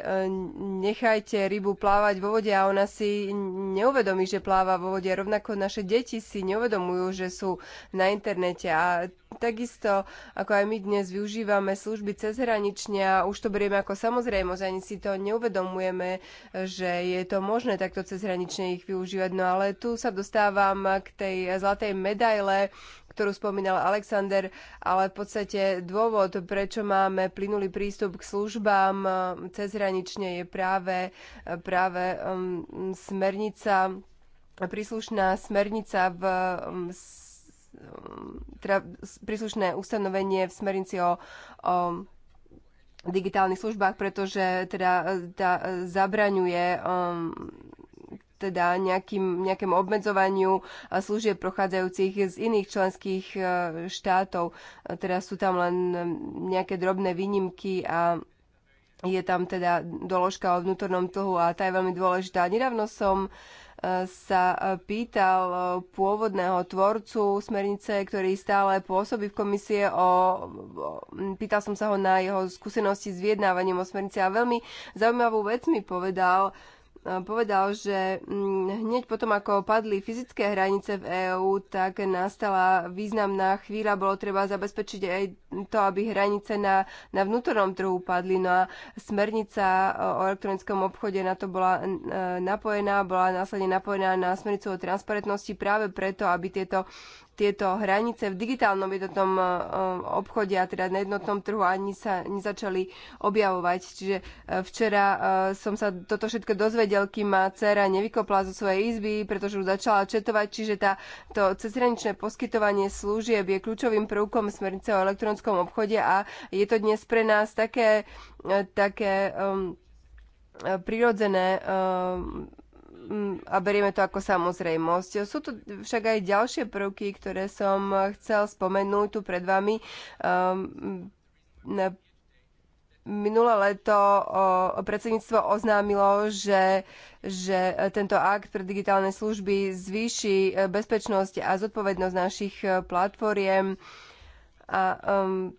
nechajte rybu plávať vo vode a ona si neuvedomí, že pláva vo vode. Rovnako naše deti si neuvedomujú, že sú na internete a takisto, ako aj my dnes využívame služby cezhranične a už to berieme ako samozrejmosť, ani si to neuvedomujeme, že je to možné možné takto cezhranične ich využívať. No ale tu sa dostávam k tej zlatej medaile, ktorú spomínal Alexander, ale v podstate dôvod, prečo máme plynulý prístup k službám um, cezhranične je práve, práve um, smernica, príslušná smernica v teda príslušné ustanovenie v smernici o, o digitálnych službách, pretože teda e, tá e, zabraňuje um, teda nejakým, nejakému obmedzovaniu e, služieb prochádzajúcich z iných členských štátov. Teraz sú tam len nejaké drobné výnimky a je tam teda doložka o vnútornom trhu a tá je veľmi dôležitá. Nedávno som uh, sa e, pýtal e, pôvodného tvorcu smernice, ktorý stále pôsobí v komisie o... Pýtal som sa ho na jeho skúsenosti s vyjednávaním o smernice a veľmi zaujímavú vec mi povedal, Ehm, povedal, že mm, hneď potom, ako padli fyzické hranice v EÚ, tak nastala významná chvíľa. Bolo treba zabezpečiť aj to, aby hranice na, na vnútornom trhu padli. No a smernica e, o elektronickom obchode na to bola e, napojená, bola následne napojená na smernicu o transparentnosti práve preto, aby tieto tieto hranice v digitálnom jednotnom e, obchode a teda na jednotnom trhu ani sa nezačali objavovať. Čiže e, včera e, som sa toto všetko dozvedel, kým ma dcera nevykopla zo svojej izby, pretože už začala četovať, čiže tá, to cezhraničné poskytovanie služieb je kľúčovým prvkom smernice o elektronskom obchode a je to dnes pre nás také, také um, prirodzené um, Mm, a berieme to ako samozrejmosť. Sú tu však aj ďalšie prvky, ktoré som chcel spomenúť tu pred vami. Ehm, minulé leto predsedníctvo oznámilo, že, že tento akt pre digitálne služby zvýši bezpečnosť a zodpovednosť našich e, platformiem a um,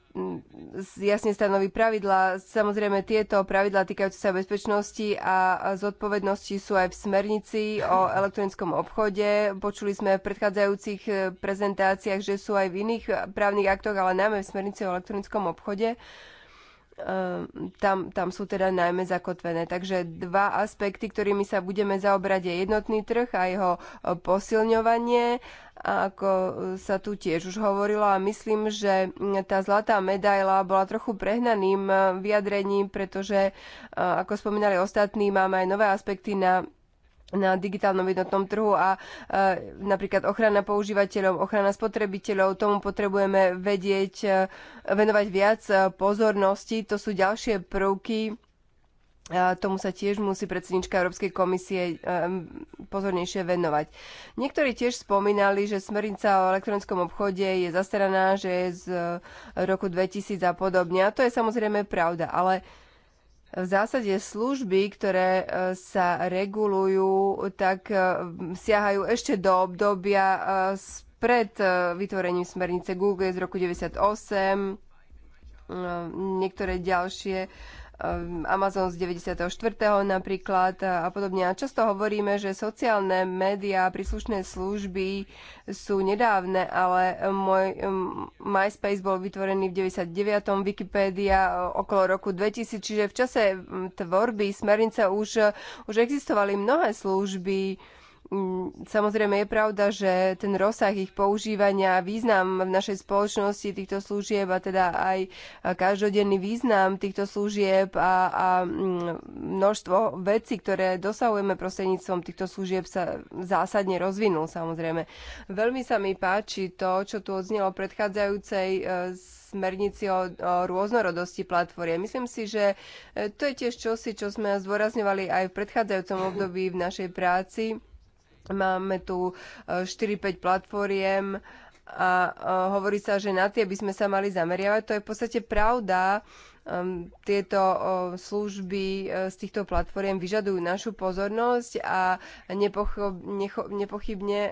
jasne stanoví pravidlá. Samozrejme, tieto pravidlá týkajúce sa bezpečnosti a zodpovednosti sú aj v smernici o elektronickom obchode. Počuli sme v predchádzajúcich e, prezentáciách, že sú aj v iných právnych aktoch, ale najmä v smernici o elektronickom obchode. Uh, Ehm, tam, tam sú teda najmä zakotvené. Takže dva aspekty, ktorými sa budeme zaobrať, je jednotný trh a jeho e, posilňovanie. A ako e, sa tu tiež už hovorilo a myslím, že tá zlatá medaila bola trochu prehnaným e, vyjadrením, pretože ako spomínali ostatní, máme aj nové aspekty na na digitálnom jednotnom trhu a e, napríklad ochrana používateľov, ochrana spotrebiteľov, tomu potrebujeme vedieť, e, venovať viac e, pozornosti. To sú ďalšie prvky, a tomu sa tiež musí predsednička Európskej komisie e, pozornejšie venovať. Niektorí tiež spomínali, že smernica o elektronickom obchode je zastaraná, že je z e, roku 2000 a podobne. A to je samozrejme pravda, ale v zásade služby, ktoré e, sa regulujú, tak e, siahajú ešte do obdobia e, pred vytvorením smernice Google z roku 98, niektoré ďalšie Ehm, Amazon z 94. napríklad eh, a podobne. A často hovoríme, že sociálne médiá príslušné služby sú nedávne, ale eh, môj ehm, MySpace bol vytvorený v 99. Wikipédia eh, okolo roku 2000, čiže v čase mm, tvorby smernice už, už existovali mnohé služby, Mm, samozrejme je pravda, že ten rozsah ich používania, význam v našej spoločnosti týchto služieb a teda aj každodenný význam týchto služieb a, a mm, množstvo vecí, ktoré dosahujeme prostredníctvom týchto služieb sa zásadne rozvinul samozrejme. Veľmi sa mi páči to, čo tu odznelo predchádzajúcej e, smernici o, o rôznorodosti platformiem. Myslím si, že e, to je tiež čosi, čo sme zdôrazňovali aj v predchádzajúcom období v našej práci Máme tu 4-5 e, platformiem a e, hovorí sa, že na tie by sme sa mali zameriavať. To je v podstate pravda tieto služby e, z týchto platform vyžadujú našu pozornosť a nepochybne e,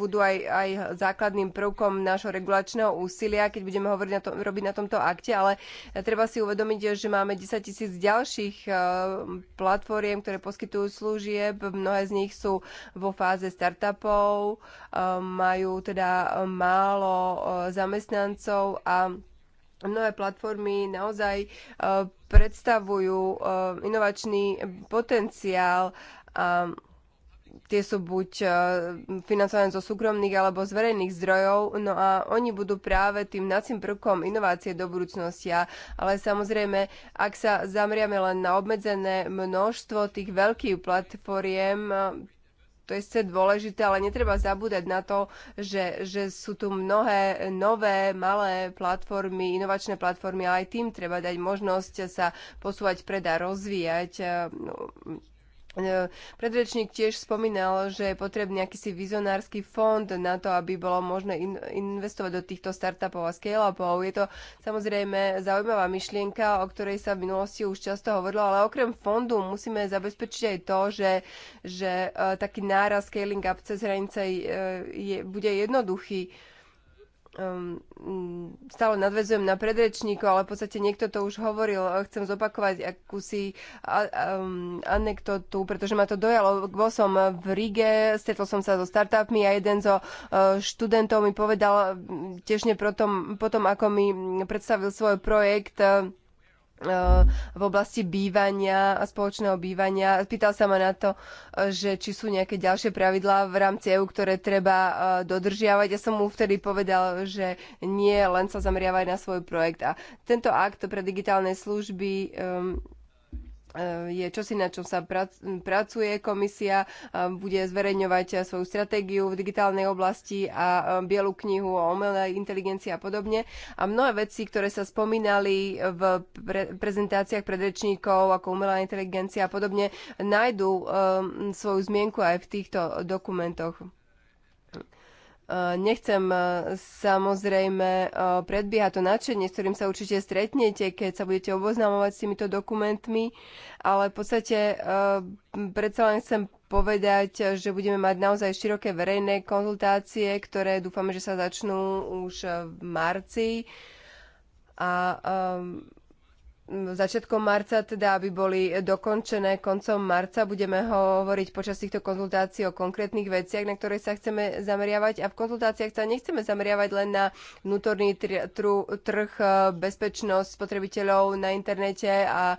budú aj, aj základným prvkom nášho regulačného úsilia, keď budeme hovoriť na tom, robiť na tomto akte, ale treba si uvedomiť, že máme 10 tisíc ďalších e, platform, ktoré poskytujú služieb, mnohé z nich sú vo fáze startupov, majú teda málo zamestnancov a Mnohé platformy naozaj e, predstavujú e, inovačný potenciál a tie sú buď e, financované zo súkromných alebo z verejných zdrojov, no a oni budú práve tým nacím prvkom inovácie do budúcnosti. Ale samozrejme, ak sa zameriame len na obmedzené množstvo tých veľkých platformiem, to je sice dôležité, ale netreba zabúdať na to, že, že sú tu mnohé nové, malé platformy, inovačné platformy ale aj tým treba dať možnosť sa posúvať pred a rozvíjať. Eh, no, E, predrečník tiež spomínal, že je potrebný akýsi vizionársky fond na to, aby bolo možné investovať do týchto startupov a scale-upov. Je to samozrejme zaujímavá myšlienka, o ktorej sa v minulosti už často hovorilo, ale okrem fondu musíme zabezpečiť aj to, že, že e, taký náraz scaling up cez hranice e, je, bude jednoduchý um, stále nadvezujem na predrečníko, ale v podstate niekto to už hovoril. Chcem zopakovať akúsi um, anekdotu, pretože ma to dojalo. Bol som v Rige, stretol som sa so startupmi a jeden zo uh, študentov mi povedal, tešne potom, potom ako mi predstavil svoj projekt, uh, v oblasti bývania a spoločného bývania. Pýtal sa ma na to, že či sú nejaké ďalšie pravidlá v rámci EU, ktoré treba e, dodržiavať. Ja som mu vtedy povedal, že nie, len sa zameriavať na svoj projekt. A tento akt pre digitálne služby um, je čosi, na čom sa pracuje. Komisia e, bude zverejňovať svoju stratégiu v digitálnej oblasti a e, bielu knihu o umelej inteligencii a podobne. A mnohé veci, ktoré sa spomínali v pre prezentáciách predrečníkov ako umelá inteligencia a podobne, nájdú e, svoju zmienku aj v týchto dokumentoch. Eh, nechcem eh, samozrejme eh, predbiehať to nadšenie, s ktorým sa určite stretnete, keď sa budete oboznamovať s týmito dokumentmi, ale v podstate predsa len chcem povedať, že budeme mať naozaj široké verejné konzultácie, ktoré dúfame, že sa začnú už v marci. A um, začiatkom marca, teda aby boli dokončené koncom marca. Budeme hovoriť počas týchto konzultácií o konkrétnych veciach, na ktoré sa chceme zameriavať a v konzultáciách sa nechceme zameriavať len na vnútorný tr- tr- trh, e, bezpečnosť spotrebiteľov na internete a, e,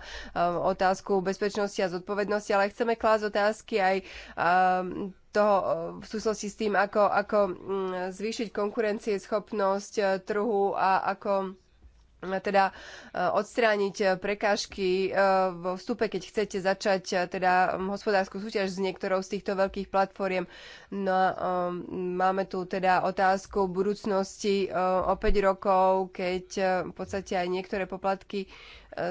otázku bezpečnosti a zodpovednosti, ale chceme klásť otázky aj e, toho v súvislosti s tým, ako, ako zvýšiť konkurencieschopnosť trhu a ako teda e, odstrániť e, prekážky e, vo vstupe, keď chcete začať teda hospodárskú súťaž s niektorou z týchto veľkých platform. No a máme tu teda otázku budúcnosti o 5 rokov, keď v podstate aj niektoré poplatky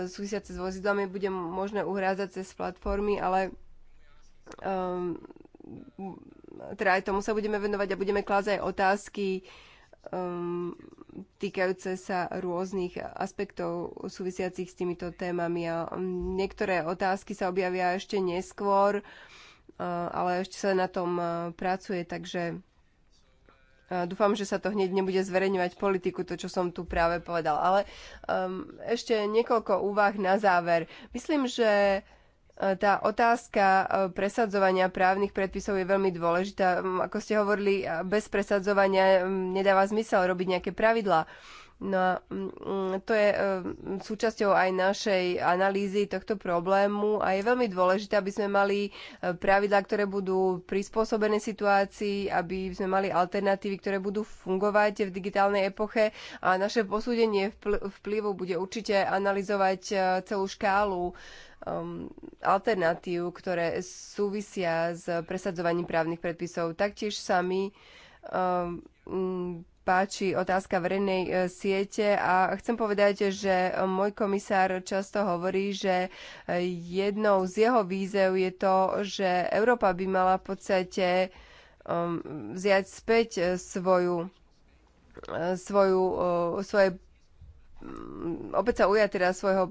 súvisiace s vozidlami bude možné uhrádzať cez platformy, ale teda aj tomu sa budeme venovať a budeme klásť aj otázky um, týkajúce sa rôznych aspektov súvisiacich s týmito témami. A um, niektoré otázky sa objavia ešte neskôr, uh, ale ešte sa na tom uh, pracuje, takže uh, Dúfam, že sa to hneď nebude zverejňovať politiku, to, čo som tu práve povedal. Ale um, ešte niekoľko úvah na záver. Myslím, že tá otázka e, presadzovania právnych predpisov je veľmi dôležitá. Ako ste hovorili, e, bez presadzovania nedáva zmysel robiť nejaké pravidlá. No a to je e, súčasťou aj našej analýzy tohto problému a je veľmi dôležité, aby sme mali pravidlá, ktoré budú prispôsobené situácii, aby sme mali alternatívy, ktoré budú fungovať v digitálnej epoche a naše posúdenie vplyvu bude určite analyzovať celú škálu um, alternatív, ktoré súvisia s presadzovaním právnych predpisov. Taktiež sa mi um, páči otázka verejnej e, siete a chcem povedať, že môj komisár často hovorí, že e, jednou z jeho vízev je to, že Európa by mala v podstate um, vziať späť e, svoju svoju, svoje opäť sa uja teda svojho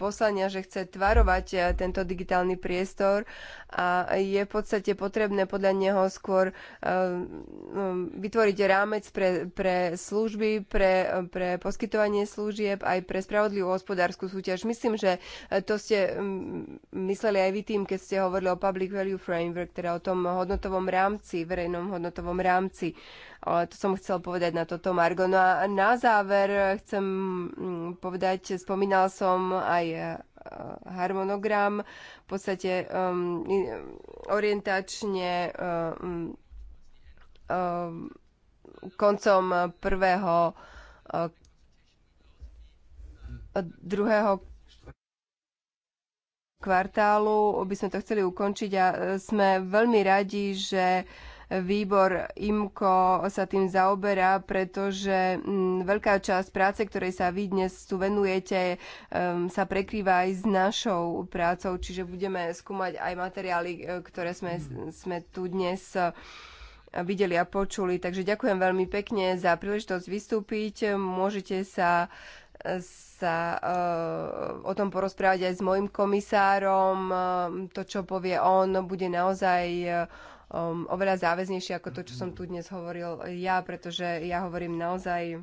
poslania, že chce tvarovať eh, tento digitálny priestor a je v podstate potrebné podľa neho skôr eh, vytvoriť rámec pre, pre služby, pre, eh, pre poskytovanie služieb, aj pre spravodlivú hospodárskú súťaž. Myslím, že to ste mysleli aj vy tým, keď ste hovorili o Public Value Framework, teda o tom hodnotovom rámci, verejnom hodnotovom rámci. Ale to som chcel povedať na toto, Margo. No a na záver chcem mm, povedať, spomínal som aj e, harmonogram, v podstate um, orientačne um, um, koncom prvého uh, druhého kvartálu by sme to chceli ukončiť a sme veľmi radi, že uh, Výbor IMKO sa tým zaoberá, pretože mm, veľká časť práce, ktorej sa vy dnes tu venujete, sa prekrýva aj s našou prácou, čiže budeme skúmať aj materiály, e, ktoré sme, sme tu dnes e, videli a počuli. Takže ďakujem veľmi pekne za príležitosť vystúpiť. Môžete sa e, sa o tom porozprávať aj s mojim komisárom. To, čo povie on, bude naozaj um, oveľa záväznejšie ako to, čo som tu dnes hovoril ja, pretože ja hovorím naozaj uh,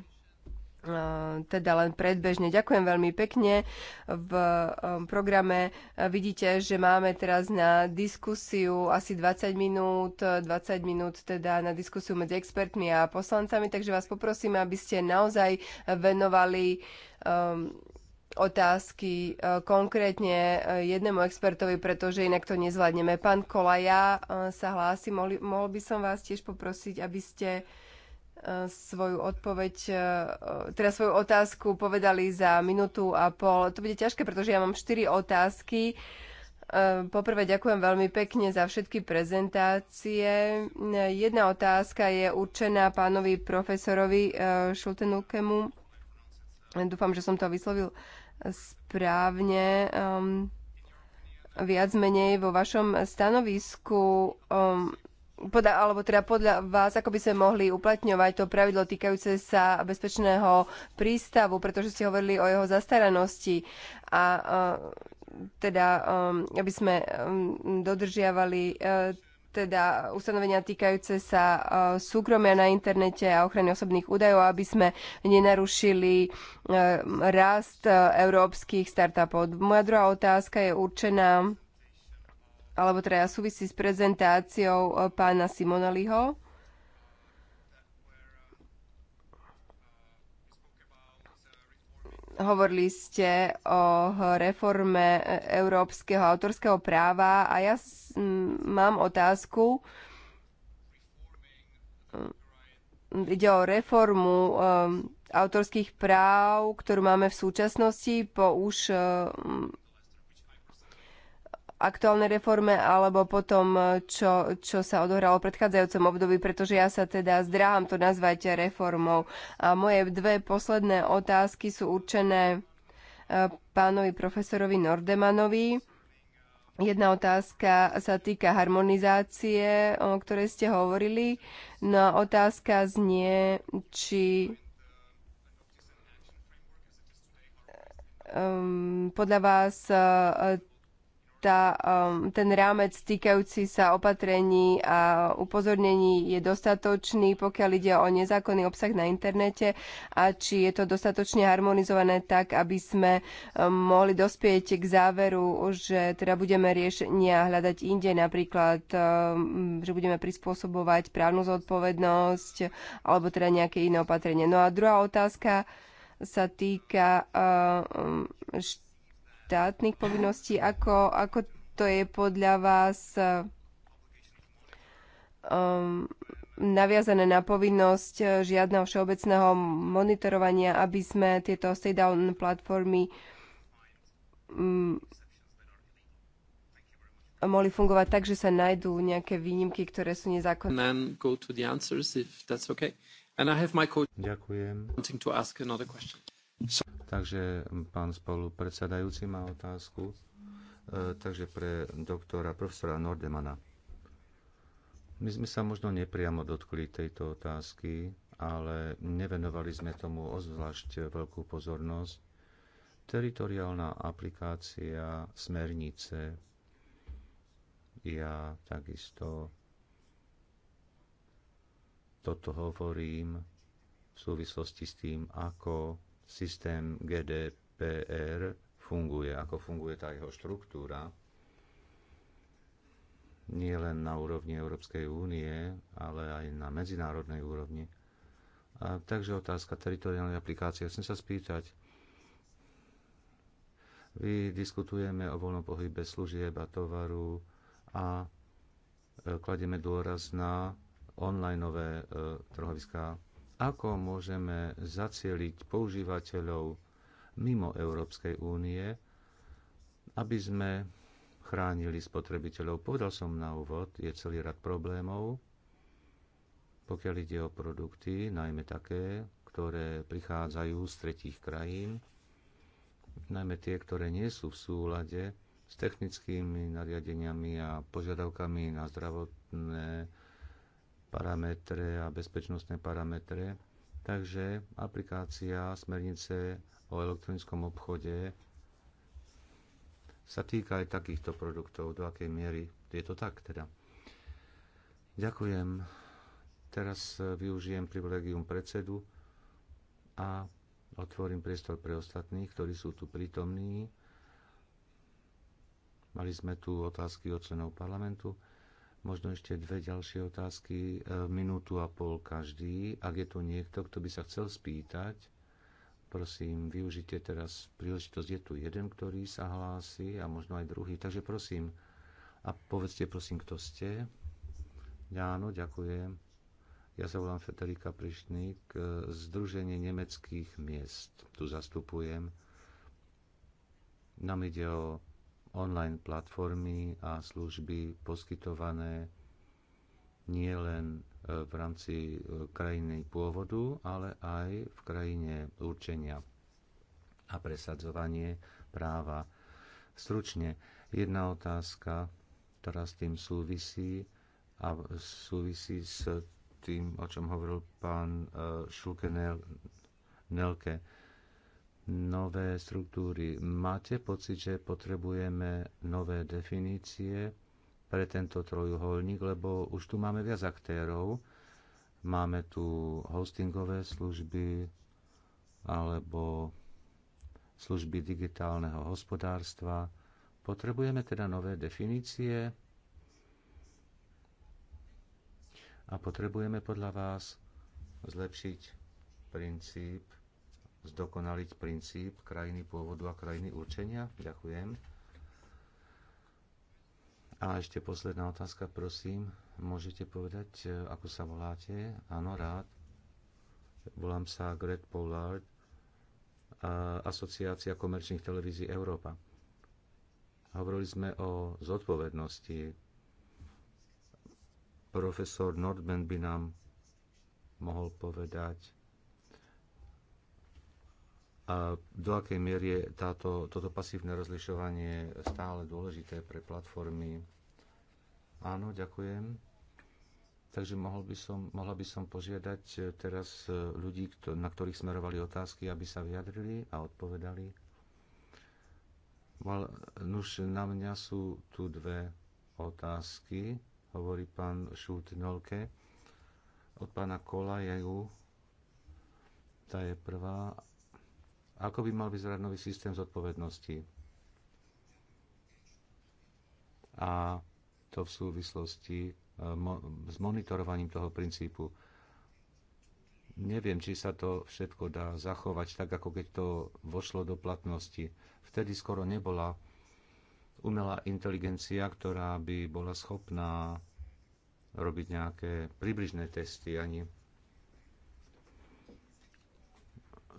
teda len predbežne. Ďakujem veľmi pekne. V um, programe uh, vidíte, že máme teraz na diskusiu asi 20 minút, 20 minút teda na diskusiu medzi expertmi a poslancami, takže vás poprosím, aby ste naozaj venovali um, otázky e, konkrétne e, jednému expertovi, pretože inak to nezvládneme. Pán Kolaja e, sa hlási, mohli, mohol by som vás tiež poprosiť, aby ste svoju odpoveď, teda svoju otázku povedali za minútu a pol. To bude ťažké, pretože ja mám štyri otázky. Poprvé ďakujem veľmi pekne za všetky prezentácie. Jedna otázka je určená pánovi profesorovi Šultenukemu. Dúfam, že som to vyslovil správne um, viac menej vo vašom stanovisku um, poda, alebo teda podľa vás, ako by sme mohli uplatňovať to pravidlo týkajúce sa bezpečného prístavu, pretože ste hovorili o jeho zastaranosti a uh, teda, um, aby sme um, dodržiavali uh, teda ustanovenia týkajúce sa e, súkromia na internete a ochrany osobných údajov, aby sme nenarušili e, rast e, európskych startupov. Moja druhá otázka je určená alebo teda súvisí s prezentáciou pána Liho. hovorili ste o reforme európskeho autorského práva a ja mám otázku. Ide o reformu um, autorských práv, ktorú máme v súčasnosti po už um, aktuálnej reforme alebo potom, čo, čo sa odohralo v predchádzajúcom období, pretože ja sa teda zdráham to nazvať reformou. A moje dve posledné otázky sú určené uh, pánovi profesorovi Nordemanovi Jedna otázka sa týka harmonizácie, o ktorej ste hovorili. No a otázka znie, či um, podľa vás uh, tá, um, ten rámec týkajúci sa opatrení a upozornení je dostatočný, pokiaľ ide o nezákonný obsah na internete a či je to dostatočne harmonizované tak, aby sme um, mohli dospieť k záveru, že teda budeme riešenia hľadať inde, napríklad, um, že budeme prispôsobovať právnu zodpovednosť alebo teda nejaké iné opatrenie. No a druhá otázka sa týka uh, um, štátnych povinností, ako, ako to je podľa vás um, naviazané na povinnosť eh, žiadneho všeobecného monitorovania, aby sme tieto stay-down platformy um, mohli fungovať tak, že sa nájdú nejaké výnimky, ktoré sú nezákonné. Ďakujem. Takže pán spolupredsedajúci má otázku. E, takže pre doktora, profesora Nordemana. My sme sa možno nepriamo dotkli tejto otázky, ale nevenovali sme tomu ozvlášť veľkú pozornosť. Teritoriálna aplikácia smernice. Ja takisto toto hovorím v súvislosti s tým, ako systém GDPR funguje, ako funguje tá jeho štruktúra, nie len na úrovni Európskej únie, ale aj na medzinárodnej úrovni. A, takže otázka teritoriálnej aplikácie. Chcem sa spýtať, vy diskutujeme o voľnom pohybe služieb a tovaru a e, kladieme dôraz na onlineové e, trhoviská ako môžeme zacieliť používateľov mimo Európskej únie, aby sme chránili spotrebiteľov. Povedal som na úvod, je celý rad problémov, pokiaľ ide o produkty, najmä také, ktoré prichádzajú z tretích krajín, najmä tie, ktoré nie sú v súlade s technickými nariadeniami a požiadavkami na zdravotné parametre a bezpečnostné parametre. Takže aplikácia smernice o elektronickom obchode sa týka aj takýchto produktov, do akej miery je to tak teda. Ďakujem. Teraz e, využijem privilegium predsedu a otvorím priestor pre ostatných, ktorí sú tu prítomní. Mali sme tu otázky od členov parlamentu. Možno ešte dve ďalšie otázky, e, minútu a pol každý. Ak je tu niekto, kto by sa chcel spýtať, prosím, využite teraz príležitosť. Je tu jeden, ktorý sa hlási a možno aj druhý. Takže prosím, a povedzte prosím, kto ste. Áno, ďakujem. Ja sa volám Federika Prišník, e, Združenie nemeckých miest. Tu zastupujem. Nám ide o online platformy a služby poskytované nielen e, v rámci e, krajiny pôvodu, ale aj v krajine určenia a presadzovanie práva. Stručne, jedna otázka, ktorá s tým súvisí a súvisí s tým, o čom hovoril pán e, Šulke Nelke nové štruktúry. Máte pocit, že potrebujeme nové definície pre tento trojuholník, lebo už tu máme viac aktérov. Máme tu hostingové služby alebo služby digitálneho hospodárstva. Potrebujeme teda nové definície a potrebujeme podľa vás zlepšiť princíp zdokonaliť princíp krajiny pôvodu a krajiny určenia? Ďakujem. A ešte posledná otázka, prosím. Môžete povedať, e, ako sa voláte? Áno, rád. Volám sa Greg Pollard, Asociácia komerčných televízií Európa. Hovorili sme o zodpovednosti. Profesor Nordman by nám mohol povedať, a do akej miery je táto, toto pasívne rozlišovanie stále dôležité pre platformy? Áno, ďakujem. Takže mohol by som, mohla by som požiadať eh, teraz eh, ľudí, na ktorých smerovali otázky, aby sa vyjadrili a odpovedali. Nuž, na mňa sú tu dve otázky, hovorí pán Nolke, Od pána Kolaju, tá je prvá, ako by mal vyzerať nový systém zodpovednosti? A to v súvislosti e, s monitorovaním toho princípu. Neviem, či sa to všetko dá zachovať tak, ako keď to vošlo do platnosti. Vtedy skoro nebola umelá inteligencia, ktorá by bola schopná robiť nejaké približné testy ani.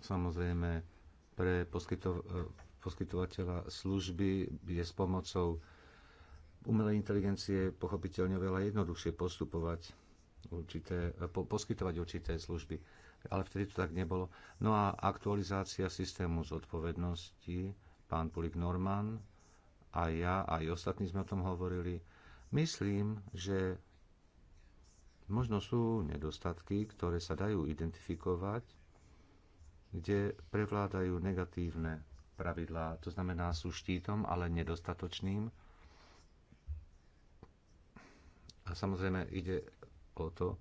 Samozrejme, pre poskyto, eh, poskytovateľa služby je s pomocou umelej inteligencie pochopiteľne veľa jednoduchšie postupovať, určité, eh, po, poskytovať určité služby. Ale vtedy to tak nebolo. No a aktualizácia systému zodpovednosti, pán Pulik Norman a ja, aj ostatní sme o tom hovorili. Myslím, že možno sú nedostatky, ktoré sa dajú identifikovať kde prevládajú negatívne pravidlá, to znamená sú štítom, ale nedostatočným. A samozrejme ide o to,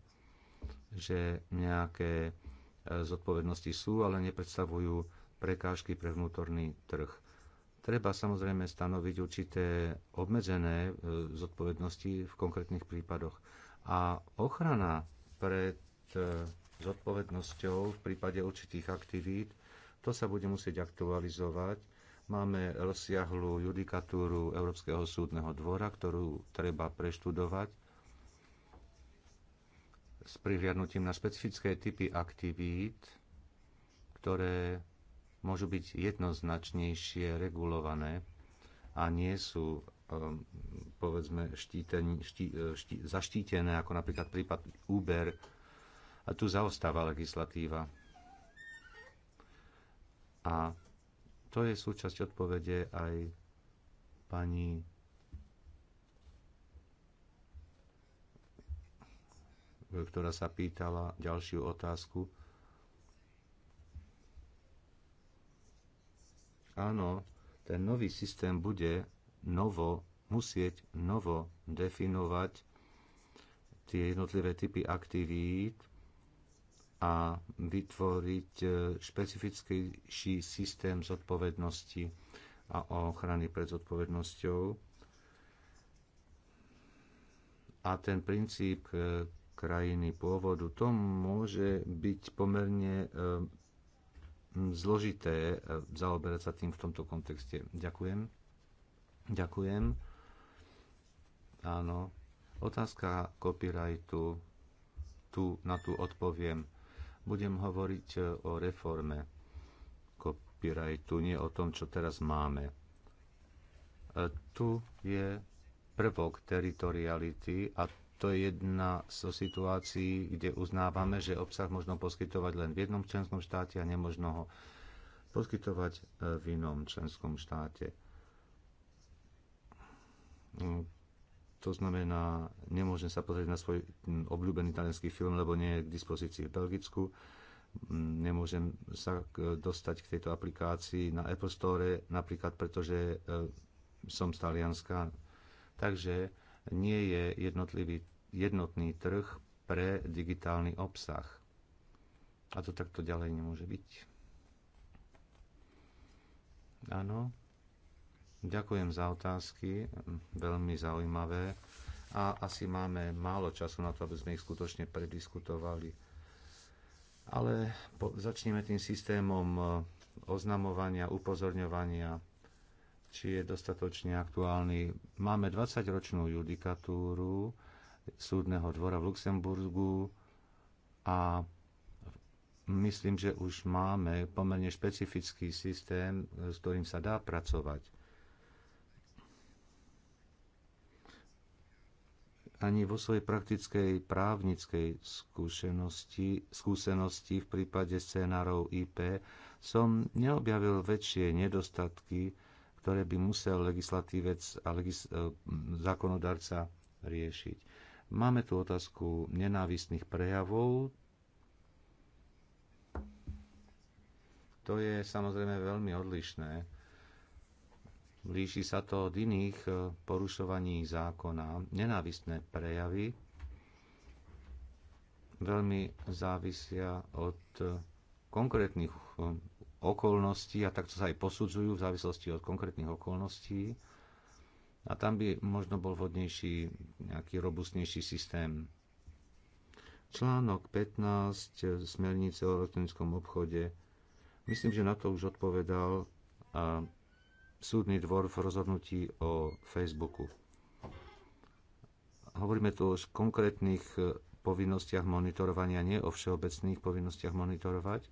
že nejaké e, zodpovednosti sú, ale nepredstavujú prekážky pre vnútorný trh. Treba samozrejme stanoviť určité obmedzené e, zodpovednosti v konkrétnych prípadoch. A ochrana pred e, zodpovednosťou v prípade určitých aktivít. To sa bude musieť aktualizovať. Máme rozsiahlú judikatúru Európskeho súdneho dvora, ktorú treba preštudovať s prihliadnutím na špecifické typy aktivít, ktoré môžu byť jednoznačnejšie regulované a nie sú ehm, povedzme štíten, ští, e, ští, zaštítené, ako napríklad prípad Uber, a tu zaostáva legislatíva. A to je súčasť odpovede aj pani ktorá sa pýtala ďalšiu otázku. Áno, ten nový systém bude novo, musieť novo definovať tie jednotlivé typy aktivít, a vytvoriť e, špecifickejší systém zodpovednosti a ochrany pred zodpovednosťou. A ten princíp e, krajiny pôvodu, to môže byť pomerne e, zložité zaoberať sa tým v tomto kontexte. Ďakujem. Ďakujem. Áno. Otázka copyrightu. Tu na tú odpoviem budem hovoriť e, o reforme copyrightu, nie o tom, čo teraz máme. E, tu je prvok teritoriality a to je jedna zo situácií, kde uznávame, že obsah možno poskytovať len v jednom členskom štáte a nemožno ho poskytovať e, v inom členskom štáte. To znamená, nemôžem sa pozrieť na svoj obľúbený talianský film, lebo nie je k dispozícii v Belgicku. Nemôžem sa dostať k tejto aplikácii na Apple Store, napríklad pretože e, som z Talianska. Takže nie je jednotlivý, jednotný trh pre digitálny obsah. A to takto ďalej nemôže byť. Áno. Ďakujem za otázky, veľmi zaujímavé. A asi máme málo času na to, aby sme ich skutočne prediskutovali. Ale po, začneme tým systémom e, oznamovania, upozorňovania, či je dostatočne aktuálny. Máme 20-ročnú judikatúru súdneho dvora v Luxemburgu a myslím, že už máme pomerne špecifický systém, e, s ktorým sa dá pracovať. ani vo svojej praktickej právnickej skúsenosti, skúsenosti v prípade scénárov IP som neobjavil väčšie nedostatky, ktoré by musel legislatívec a legis- e, zákonodarca riešiť. Máme tu otázku nenávistných prejavov. To je samozrejme veľmi odlišné Líši sa to od iných e, porušovaní zákona. Nenávistné prejavy veľmi závisia od e, konkrétnych e, okolností a takto sa aj posudzujú v závislosti od konkrétnych okolností. A tam by možno bol vhodnejší nejaký robustnejší systém. Článok 15 smernice o elektronickom obchode. Myslím, že na to už odpovedal súdny dvor v rozhodnutí o Facebooku. Hovoríme tu o konkrétnych e, povinnostiach monitorovania, nie o všeobecných povinnostiach monitorovať.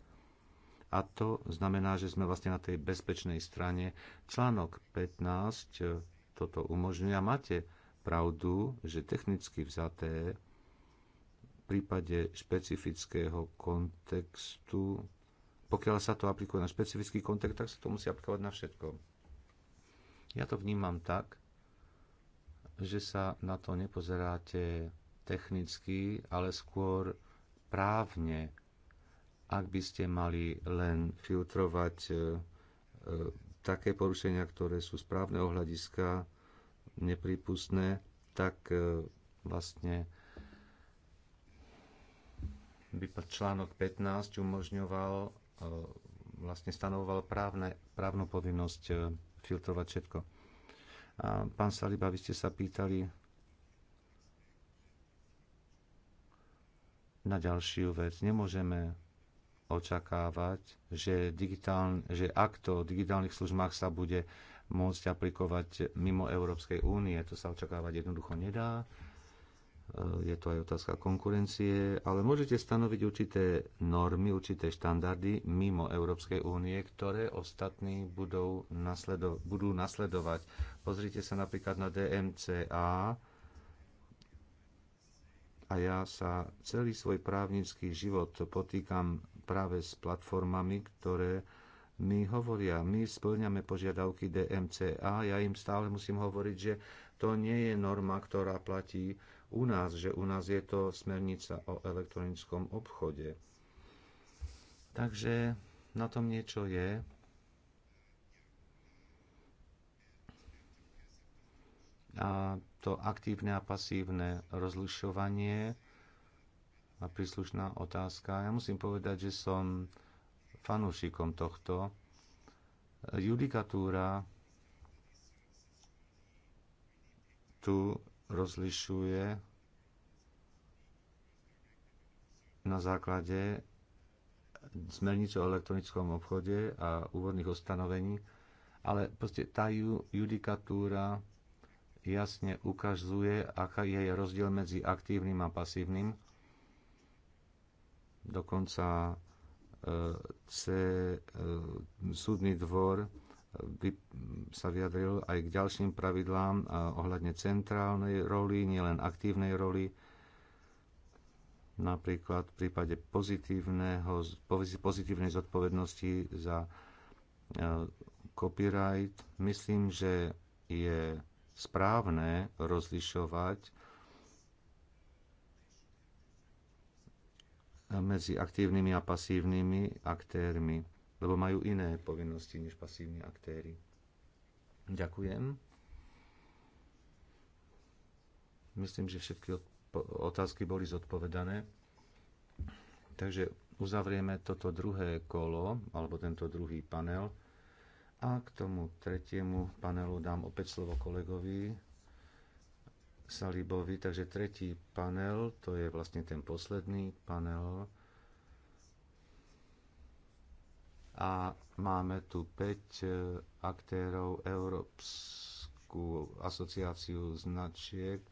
A to znamená, že sme vlastne na tej bezpečnej strane. Článok 15 e, toto umožňuje a máte pravdu, že technicky vzaté v prípade špecifického kontextu, pokiaľ sa to aplikuje na špecifický kontext, tak sa to musí aplikovať na všetko. Ja to vnímam tak, že sa na to nepozeráte technicky, ale skôr právne. Ak by ste mali len filtrovať e, e, také porušenia, ktoré sú z právneho hľadiska nepripustné, tak e, vlastne by článok 15 umožňoval, vlastne stanovoval právne, právnu povinnosť filtrovať všetko. A pán Saliba, vy ste sa pýtali na ďalšiu vec. Nemôžeme očakávať, že, digitálne, že akt o digitálnych službách sa bude môcť aplikovať mimo Európskej únie. To sa očakávať jednoducho nedá. Eh, je to aj otázka konkurencie, ale môžete stanoviť určité normy, určité štandardy mimo Európskej únie, ktoré ostatní budú, nasledo- budú nasledovať. Pozrite sa napríklad na DMCA a ja sa celý svoj právnický život potýkam práve s platformami, ktoré mi hovoria, my splňame požiadavky DMCA, ja im stále musím hovoriť, že to nie je norma, ktorá platí u nás, že u nás je to smernica o elektronickom obchode. Takže na tom niečo je. A to aktívne a pasívne rozlišovanie a príslušná otázka. Ja musím povedať, že som fanúšikom tohto. Judikatúra tu rozlišuje na základe smernice o elektronickom obchode a úvodných ustanovení, ale proste tá judikatúra jasne ukazuje, aká je rozdiel medzi aktívnym a pasívnym. Dokonca e, C, e, súdny dvor by sa vyjadril aj k ďalším pravidlám ohľadne centrálnej roli, nielen aktívnej roli, napríklad v prípade pozitívneho, pozitívnej zodpovednosti za e, copyright. Myslím, že je správne rozlišovať medzi aktívnymi a pasívnymi aktérmi lebo majú iné povinnosti než pasívni aktéry. Ďakujem. Myslím, že všetky otázky boli zodpovedané. Takže uzavrieme toto druhé kolo, alebo tento druhý panel. A k tomu tretiemu panelu dám opäť slovo kolegovi Salibovi. Takže tretí panel, to je vlastne ten posledný panel, a máme tu 5 e, aktérov Európsku asociáciu značiek. E,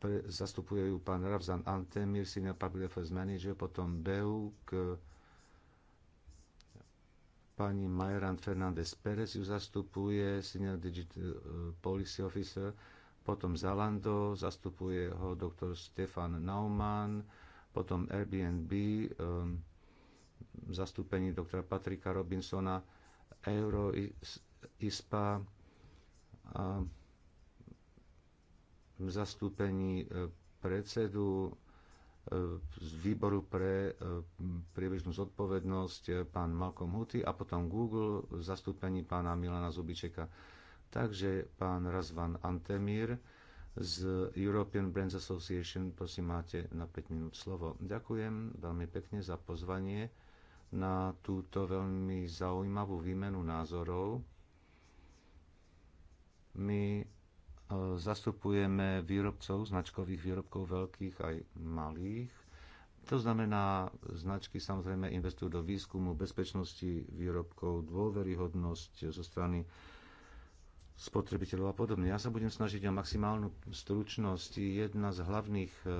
pre, zastupuje ju pán Ravzan Antemir, senior public affairs manager, potom BEUK, e, pani Majran Fernández Pérez ju zastupuje, senior digital policy officer, potom Zalando, zastupuje ho doktor Stefan Naumann, potom Airbnb, um, zastúpení doktora Patrika Robinsona, Euro ISPA, v zastúpení e, predsedu e, z výboru pre e, priebežnú zodpovednosť pán Malcolm Huty a potom Google v zastúpení pána Milana Zubičeka. Takže pán Razvan Antemír z European Brands Association, prosím, máte na 5 minút slovo. Ďakujem veľmi pekne za pozvanie na túto veľmi zaujímavú výmenu názorov. My e, zastupujeme výrobcov, značkových výrobkov veľkých aj malých. To znamená, značky samozrejme investujú do výskumu, bezpečnosti výrobkov, dôveryhodnosť zo strany spotrebiteľov a podobne. Ja sa budem snažiť o maximálnu stručnosť. Jedna z hlavných e,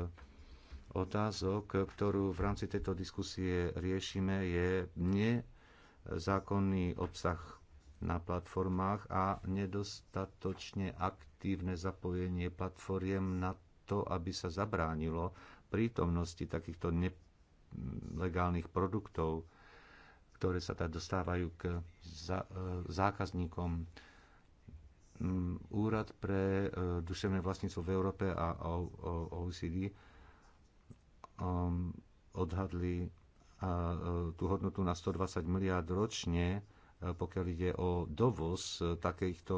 otázok, ktorú v rámci tejto diskusie riešime, je nezákonný obsah na platformách a nedostatočne aktívne zapojenie platformiem na to, aby sa zabránilo prítomnosti takýchto nelegálnych produktov, ktoré sa tak dostávajú k zákazníkom. Úrad pre duševné vlastníctvo v Európe a OECD Um, odhadli e, tú hodnotu na 120 miliard ročne, e, pokiaľ ide o dovoz e, takýchto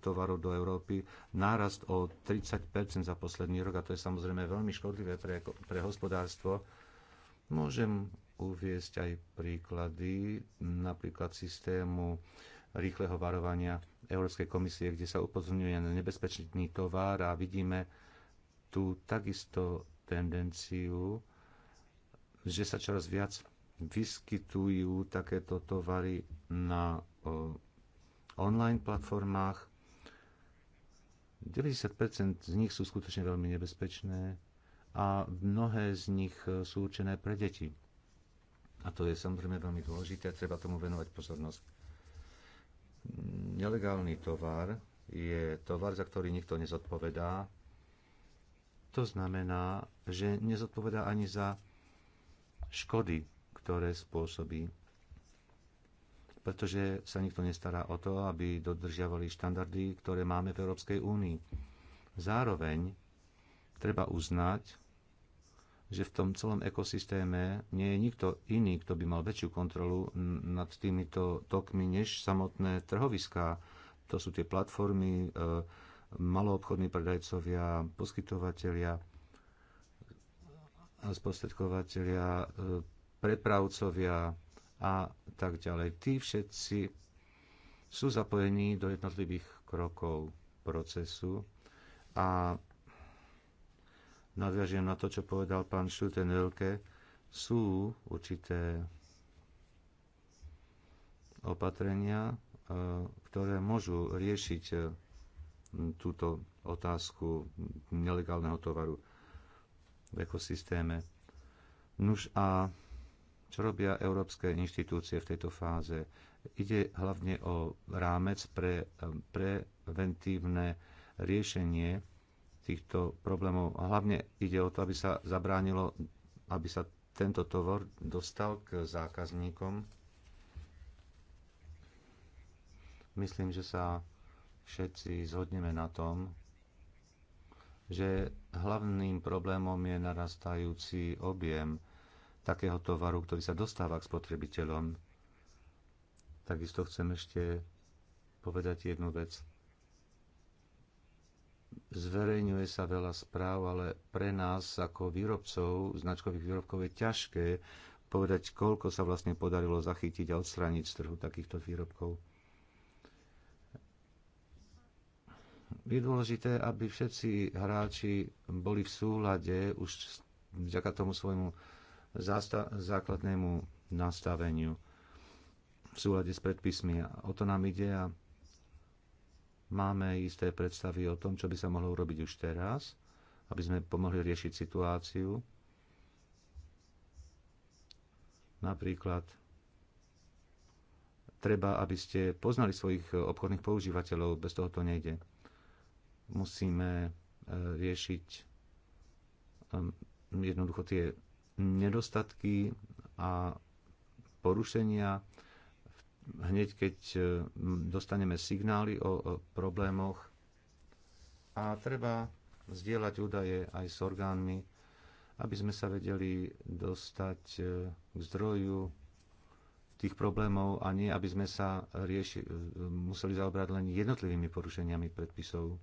tovarov do Európy, nárast o 30 za posledný rok, a to je samozrejme veľmi škodlivé pre, pre hospodárstvo. Môžem uviesť aj príklady, napríklad systému rýchleho varovania Európskej komisie, kde sa upozorňuje na nebezpečný tovar a vidíme tu takisto tendenciu, že sa čoraz viac vyskytujú takéto tovary na online platformách. 90% z nich sú skutočne veľmi nebezpečné a mnohé z nich e, sú určené pre deti. A to je samozrejme veľmi dôležité a treba tomu venovať pozornosť. Nelegálny tovar je tovar, za ktorý nikto nezodpovedá to znamená, že nezodpovedá ani za škody, ktoré spôsobí. Pretože sa nikto nestará o to, aby dodržiavali štandardy, ktoré máme v Európskej únii. Zároveň treba uznať, že v tom celom ekosystéme nie je nikto iný, kto by mal väčšiu kontrolu nad týmito tokmi než samotné trhoviská. To sú tie platformy, e, maloobchodní predajcovia, poskytovateľia, sprostredkovateľia, e, prepravcovia a tak ďalej. Tí všetci sú zapojení do jednotlivých krokov procesu a nadviažem na to, čo povedal pán Schutenelke, sú určité opatrenia, e, ktoré môžu riešiť túto otázku nelegálneho tovaru v ekosystéme. Nuž a čo robia európske inštitúcie v tejto fáze? Ide hlavne o rámec pre eh, preventívne riešenie týchto problémov. hlavne ide o to, aby sa zabránilo, aby sa tento tovar dostal k zákazníkom. Myslím, že sa všetci zhodneme na tom, že hlavným problémom je narastajúci objem takého tovaru, ktorý sa dostáva k spotrebiteľom. Takisto chcem ešte povedať jednu vec. Zverejňuje sa veľa správ, ale pre nás ako výrobcov značkových výrobkov je ťažké povedať, koľko sa vlastne podarilo zachytiť a odstrániť z trhu takýchto výrobkov. Je dôležité, aby všetci hráči boli v súlade už vďaka tomu svojmu základnému nastaveniu v súlade s predpismi. O to nám ide a máme isté predstavy o tom, čo by sa mohlo urobiť už teraz, aby sme pomohli riešiť situáciu. Napríklad treba, aby ste poznali svojich obchodných používateľov, bez toho to nejde musíme e, riešiť e, jednoducho tie nedostatky a porušenia hneď keď e, dostaneme signály o problémoch a treba zdieľať údaje aj s orgánmi, aby sme sa vedeli dostať k zdroju tých problémov a nie, aby sme sa rieši, museli zaobrať len jednotlivými porušeniami predpisov.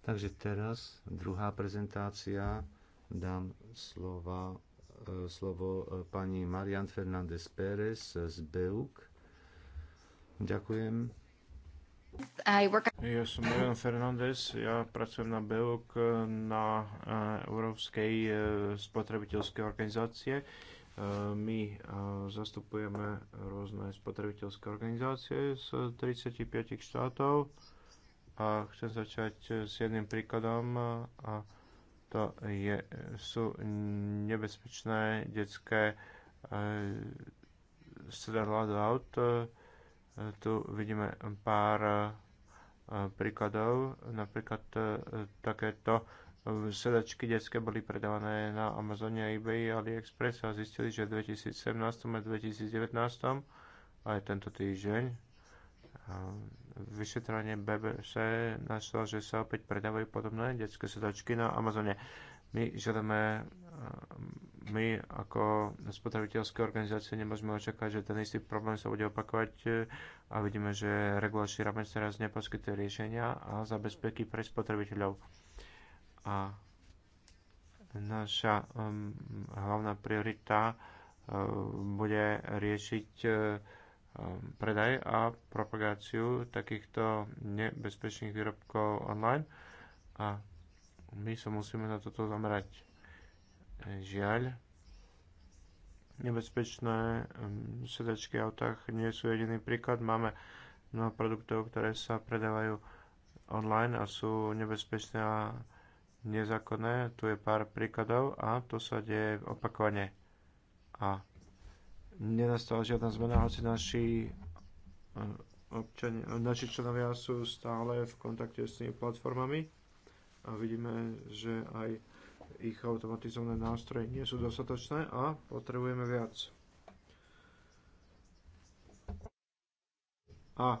Takže teraz druhá prezentácia. Dám slova, e, slovo e, pani Marian Fernández Pérez z BEUK. Ďakujem. Ja som Marian Fernández, ja pracujem na BEUK e, na Európskej spotrebiteľskej organizácie. My zastupujeme rôzne spotrebiteľské organizácie z 35 štátov a chcem začať eh, s jedným príkladom eh, a to je, sú nebezpečné detské eh, sedadlá do aut. Tu vidíme pár príkladov, napríklad takéto sedačky detské boli predávané na Amazone, eBay, AliExpress a zistili, že v 2017 a 2019 aj tento týždeň vyšetrovanie BBC našlo, že sa opäť predávajú podobné detské sedačky na Amazone. My žiadame, my ako spotrebiteľské organizácie nemôžeme očakávať, že ten istý problém sa bude opakovať e, a vidíme, že regulačný rámec teraz neposkytuje riešenia a zabezpeky pre spotrebiteľov. A naša um, hlavná priorita uh, bude riešiť uh, Um, predaj a propagáciu takýchto nebezpečných výrobkov online a my sa musíme na toto zamerať. Žiaľ, nebezpečné um, sedačky v autách nie sú jediný príklad. Máme mnoho produktov, ktoré sa predávajú online a sú nebezpečné a nezákonné. Tu je pár príkladov a to sa deje opakovane. A nenastala žiadna zmena, hoci naši eh, občania, naši členovia sú stále v kontakte s tými platformami a vidíme, že aj ich automatizované nástroje nie sú dostatočné a potrebujeme viac. A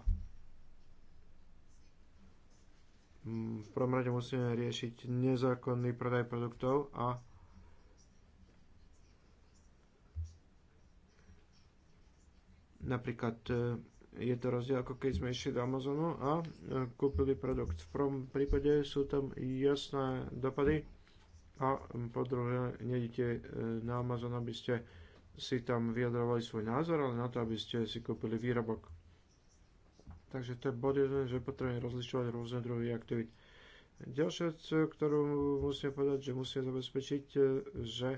v prvom rade musíme riešiť nezákonný predaj produktov a Napríklad e, je to rozdiel, ako keď sme išli do Amazonu a e, kúpili produkt. V prvom prípade sú tam jasné dopady a po druhé, nedíte e, na Amazon, aby ste si tam vyjadrovali svoj názor, ale na to, aby ste si kúpili výrobok. Takže to je bod jeden, že potrebujeme rozlišovať rôzne druhy aktivít. Ďalšia vec, ktorú musím povedať, že musíme zabezpečiť, že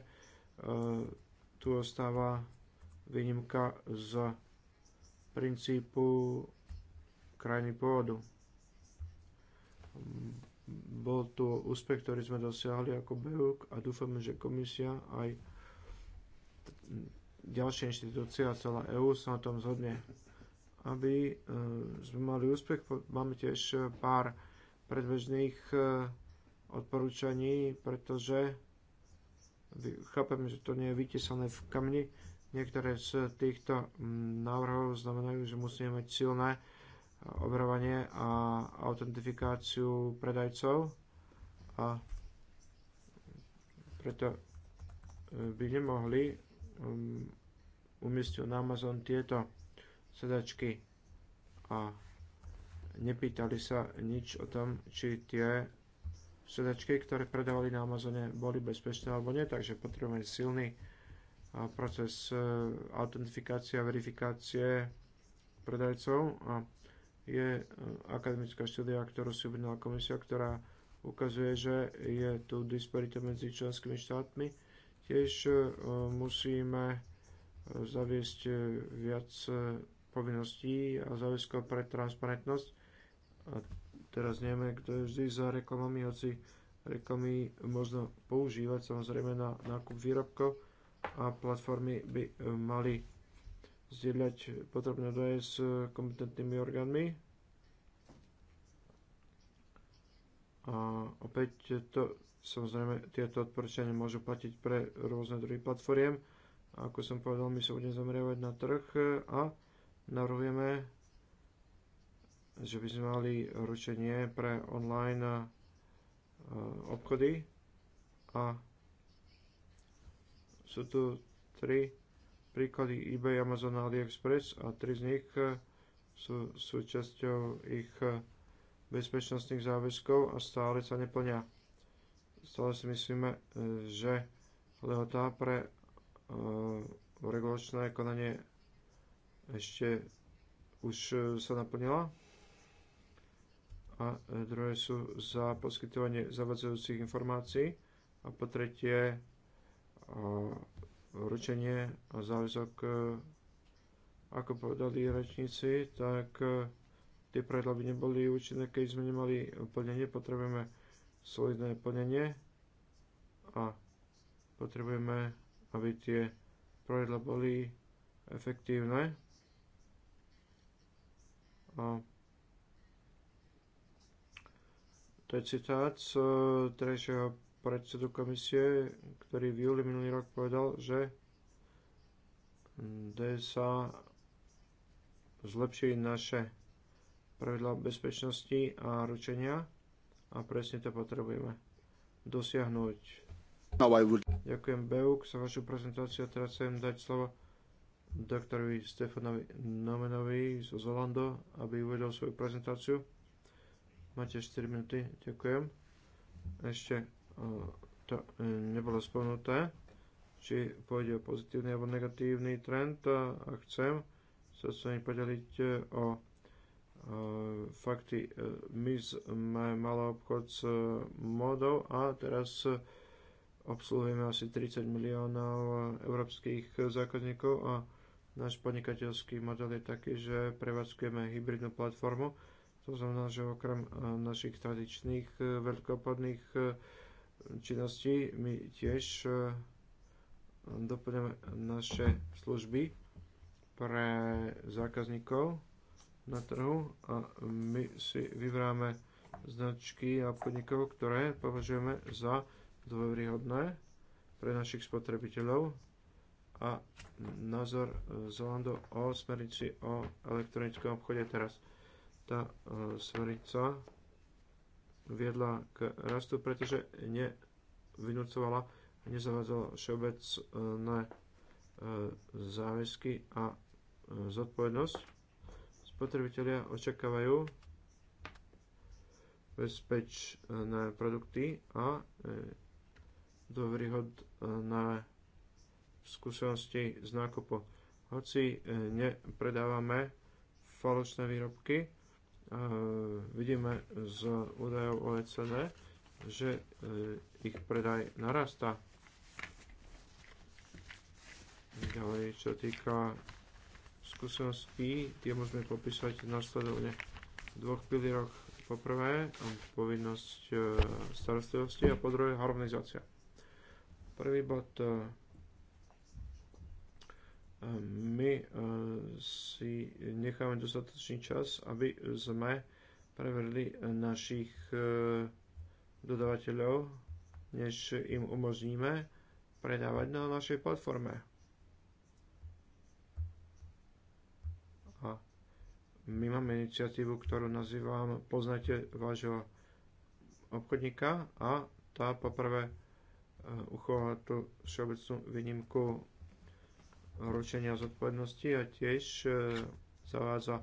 tu ostáva výnimka z princípu krajiny pôvodu. Bol tu úspech, ktorý sme dosiahli ako BEUK a dúfame, že komisia aj inštitúcie a celá EÚ sa na tom zhodne. Aby e, sme mali úspech, máme tiež pár predbežných e, odporúčaní, pretože chápem, že to nie je vytesané v kamni, Niektoré z týchto mm, návrhov znamenajú, že musíme mať silné overovanie a autentifikáciu predajcov a preto e, by nemohli mm, umiestniť na Amazon tieto sedačky a nepýtali sa nič o tom, či tie sedačky, ktoré predávali na Amazone, boli bezpečné alebo nie, takže potrebujeme silný proces e, autentifikácie a verifikácie predajcov a je e, akademická štúdia, ktorú si objednala komisia, ktorá ukazuje, že je tu disparita medzi členskými štátmi. Tiež e, musíme zaviesť viac povinností a záväzkov pre transparentnosť. A teraz nieme, kto je vždy za reklamami, hoci reklamy možno používať samozrejme na nákup výrobkov a platformy by eh, mali zdieľať potrebné údaje s kompetentnými orgánmi. A opäť to, samozrejme, tieto odporúčania môžu platiť pre rôzne druhy platformiem. ako som povedal, my sa budeme zameriavať na trh a navrhujeme, že by sme mali ručenie pre online eh, obchody a sú tu tri príklady eBay, Amazon a AliExpress a tri z nich eh, sú súčasťou ich eh, bezpečnostných záväzkov a stále sa neplňa. Stále si myslíme, eh, že lehotá pre regulačné konanie ešte už sa naplnila a druhé sú za poskytovanie zavadzajúcich informácií a po tretie ručenie a záväzok, e, ako povedali rečníci, tak e, tie pravidla by neboli účinné, keď sme nemali plnenie, potrebujeme solidné plnenie a potrebujeme, aby tie pravidla boli efektívne. A to je citát z e, terajšieho predsedu komisie, ktorý v júli minulý rok povedal, že DSA zlepší naše pravidla bezpečnosti a ručenia a presne to potrebujeme dosiahnuť. No, would... Ďakujem Beuk za vašu prezentáciu a teraz chcem dať slovo doktorovi Stefanovi Nomenovi z Zolando, aby uvedol svoju prezentáciu. Máte 4 minúty, ďakujem. Ešte to e, nebolo spomenuté, či pôjde o pozitívny alebo negatívny trend a chcem sa s vami podeliť e, o e, fakty. My sme malo obchod s modou a teraz obsluhujeme asi 30 miliónov európskych zákazníkov a náš podnikateľský model je taký, že prevádzkujeme hybridnú platformu. To znamená, že okrem našich tradičných veľkopodných činnosti. My tiež e, doplňame naše služby pre zákazníkov na trhu a my si vyberáme značky a obchodníkov, ktoré považujeme za dôveryhodné pre našich spotrebiteľov a názor e, Zolando o smernici o elektronickom obchode teraz. Tá e, smernica viedla k rastu, pretože nevynúcovala, nezavádzala všeobecné e, záväzky a e, zodpovednosť. Spotrebitelia očakávajú bezpečné produkty a e, dôveryhodné skúsenosti z nákupu. Hoci nepredávame falošné výrobky, vidíme z údajov OECD, že e, ich predaj narastá. Ďalej, čo týka skúseností, tie môžeme popísať následovne v dvoch pilieroch. Po prvé, povinnosť e, starostlivosti a po druhé, harmonizácia. Prvý bod e, my eh, si necháme dostatočný čas, aby sme preverili našich eh, dodavateľov, než im umožníme predávať na našej platforme. A my máme iniciatívu, ktorú nazývam Poznajte vášho obchodníka a tá poprvé eh, uchováva tú všeobecnú výnimku ručenia zodpovednosti a tiež e, zavádza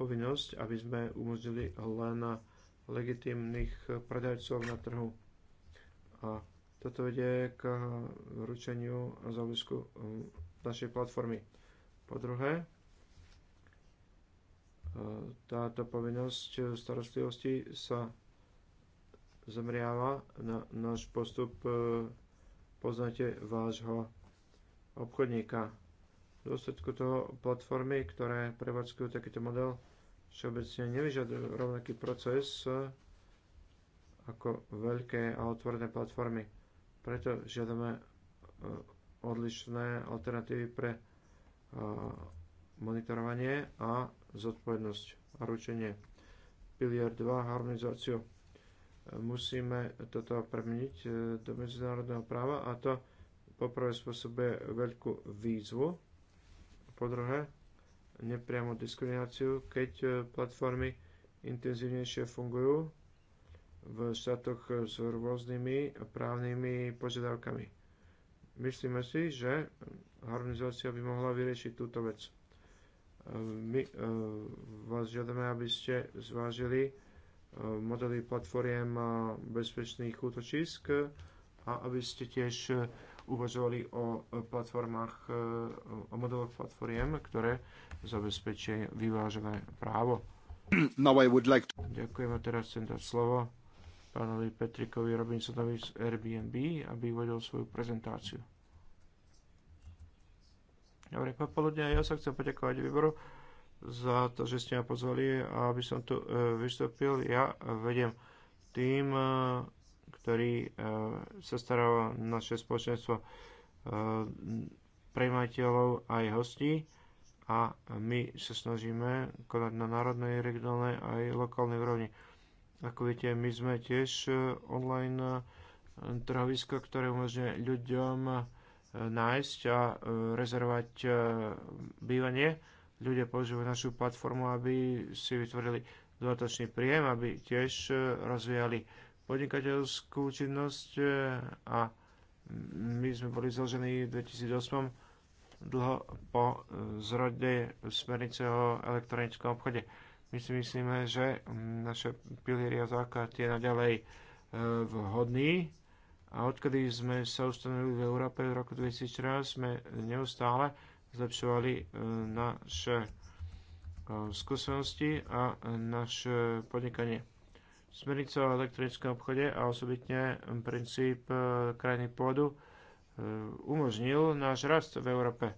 povinnosť, aby sme umožnili len legitímnych predajcov na trhu. A toto vedie k ručeniu a závisku e, našej platformy. Po druhé, e, táto povinnosť starostlivosti sa zameriava na náš postup poznáte vášho obchodníka dôsledku toho platformy, ktoré prevádzkujú takýto model, všeobecne nevyžadujú rovnaký proces e, ako veľké a otvorené platformy. Preto žiadame e, odlišné alternatívy pre e, monitorovanie a zodpovednosť a ručenie. Pilier 2, harmonizáciu. Musíme toto premeniť do medzinárodného práva a to poprvé spôsobuje veľkú výzvu, po druhé, nepriamu diskrimináciu, keď e, platformy intenzívnejšie fungujú v štátoch s rôznymi právnymi požiadavkami. Myslíme si, že harmonizácia by mohla vyriešiť túto vec. E, my e, vás žiadame, aby ste zvážili modely platformiem bezpečných útočisk a aby ste tiež uvažovali o platformách, e, o modeloch platformiem, ktoré zabezpečia vyvážené právo. Now I would like to... Ďakujem a teraz chcem dať slovo pánovi Petrikovi Robinsonovi z Airbnb, aby uvedol svoju prezentáciu. Dobre, popoludne ja sa chcem poďakovať výboru za to, že ste ma pozvali a aby som tu e, vystúpil. Ja vediem tým e, ktorý e, sa staral o naše spoločenstvo e, prejímateľov aj hostí a my sa snažíme konať na národnej, regionálnej aj lokálnej úrovni. Ako viete, my sme tiež e, online trhovisko, ktoré umožňuje ľuďom nájsť a rezervovať bývanie. Ľudia používajú našu platformu, aby si vytvorili dodatočný príjem, aby tiež rozvíjali podnikateľskú činnosť e, a my sme boli založení v 2008 dlho po zrode smernice o elektronickom obchode. My si myslíme, že naše piliery a základ je naďalej e, vhodný a odkedy sme sa ustanovili v Európe v roku 2014, sme neustále zlepšovali e, naše skúsenosti a naše podnikanie Smernica o elektronickom obchode a osobitne princíp e, krajiny pôdu e, umožnil náš rast v Európe.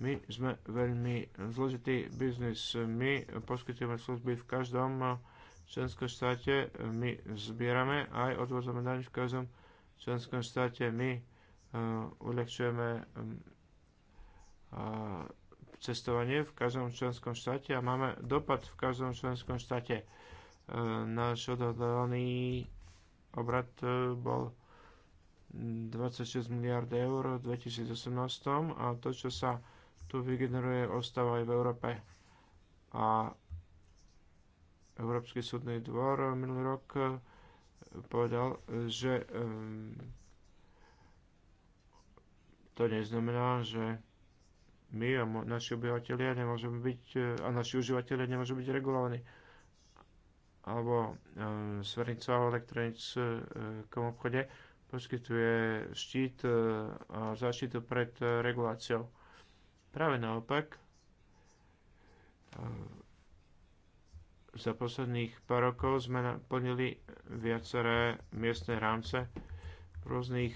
My sme veľmi zložitý biznis. My poskytujeme služby v každom e, členskom štáte, my zbierame aj odvozame daň v každom členskom štáte, my uľahčujeme cestovanie v každom členskom štáte a máme dopad v každom členskom štáte. E, náš odhadovaný obrat e, bol 26 miliard eur v 2018 a to, čo sa tu vygeneruje, ostáva aj v Európe. A Európsky súdny dvor minulý rok e, povedal, že to neznamená, že my a naši obyvateľia nemôžeme byť, a naši užívateľia nemôžu byť regulovaní alebo eh, smernica o elektronickom obchode poskytuje štít eh, a zaštitu pred eh, reguláciou. Práve naopak, za posledných pár rokov sme naplnili viaceré miestne rámce v rôznych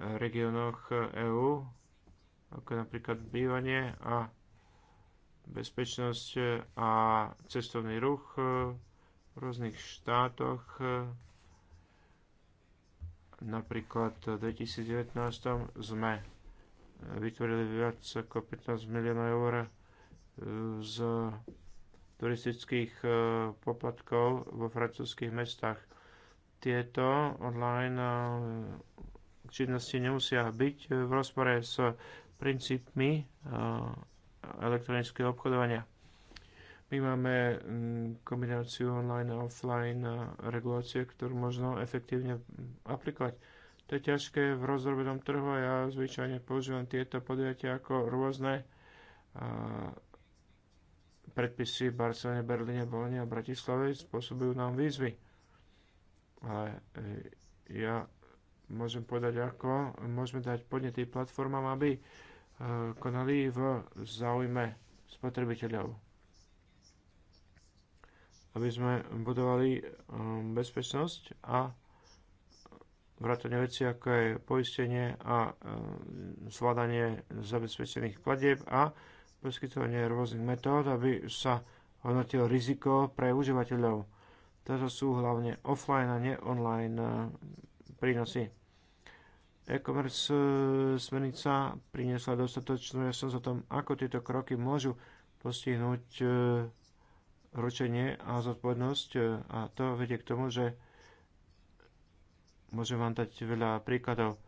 regiónoch EÚ, ako napríklad bývanie a bezpečnosť e, a cestovný ruch e, v rôznych štátoch. E, napríklad v 2019 sme vytvorili viac ako 15 miliónov eur z turistických poplatkov vo francúzských mestách. Tieto online činnosti nemusia byť v rozpore s princípmi elektronického obchodovania. My máme mm, kombináciu online a offline a regulácie, ktorú možno efektívne aplikovať. To je ťažké v rozrobenom trhu a ja zvyčajne používam tieto podujatia ako rôzne predpisy v Barcelone, Berlíne, Bolone a Bratislave spôsobujú nám výzvy. Ale e, ja môžem povedať, ako môžeme dať podnetý platformám, aby Eh, konali v záujme spotrebiteľov. Aby sme budovali eh, bezpečnosť a vrátane veci ako je poistenie a eh, zvládanie zabezpečených platieb a poskytovanie rôznych metód, aby sa hodnotilo riziko pre užívateľov. Toto sú hlavne offline a ne online prínosy e-commerce e, smernica priniesla dostatočnú jasnosť o tom, ako tieto kroky môžu postihnúť e, ručenie a zodpovednosť e, a to vedie k tomu, že môžem vám dať veľa príkladov.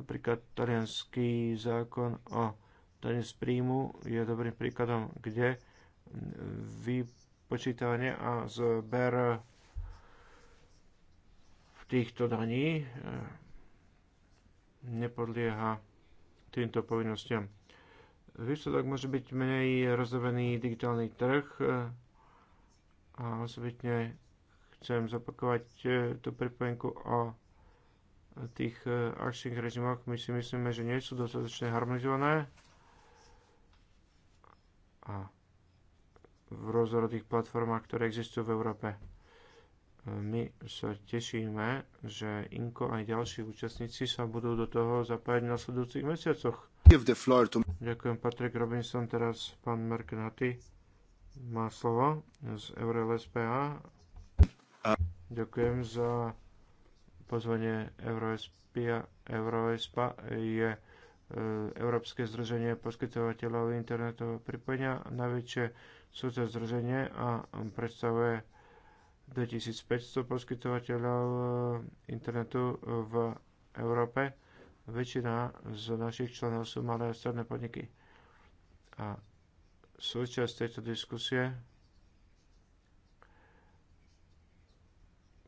Napríklad talianský zákon o daní z príjmu je dobrým príkladom, kde vypočítavanie a zber týchto daní nepodlieha týmto povinnostiam. Výsledok môže byť menej rozdobený digitálny trh eh, a osobitne chcem zopakovať eh, tú pripojenku o tých eh, akčných režimoch. My si myslíme, že nie sú dostatočne harmonizované a v rozhodných platformách, ktoré existujú v Európe my sa tešíme, že Inko aj ďalší účastníci sa budú do toho zapájať v nasledujúcich mesiacoch. Ďakujem, Patrick Robinson, teraz pán Merknaty má slovo z EuroLSPA. Ďakujem za pozvanie EuroSPA. EuroSPA je e, Európske združenie poskytovateľov internetového pripojenia, najväčšie súce združenie a predstavuje 2500 poskytovateľov e, internetu e, v Európe. Väčšina z našich členov sú malé a stredné podniky. A súčasť tejto diskusie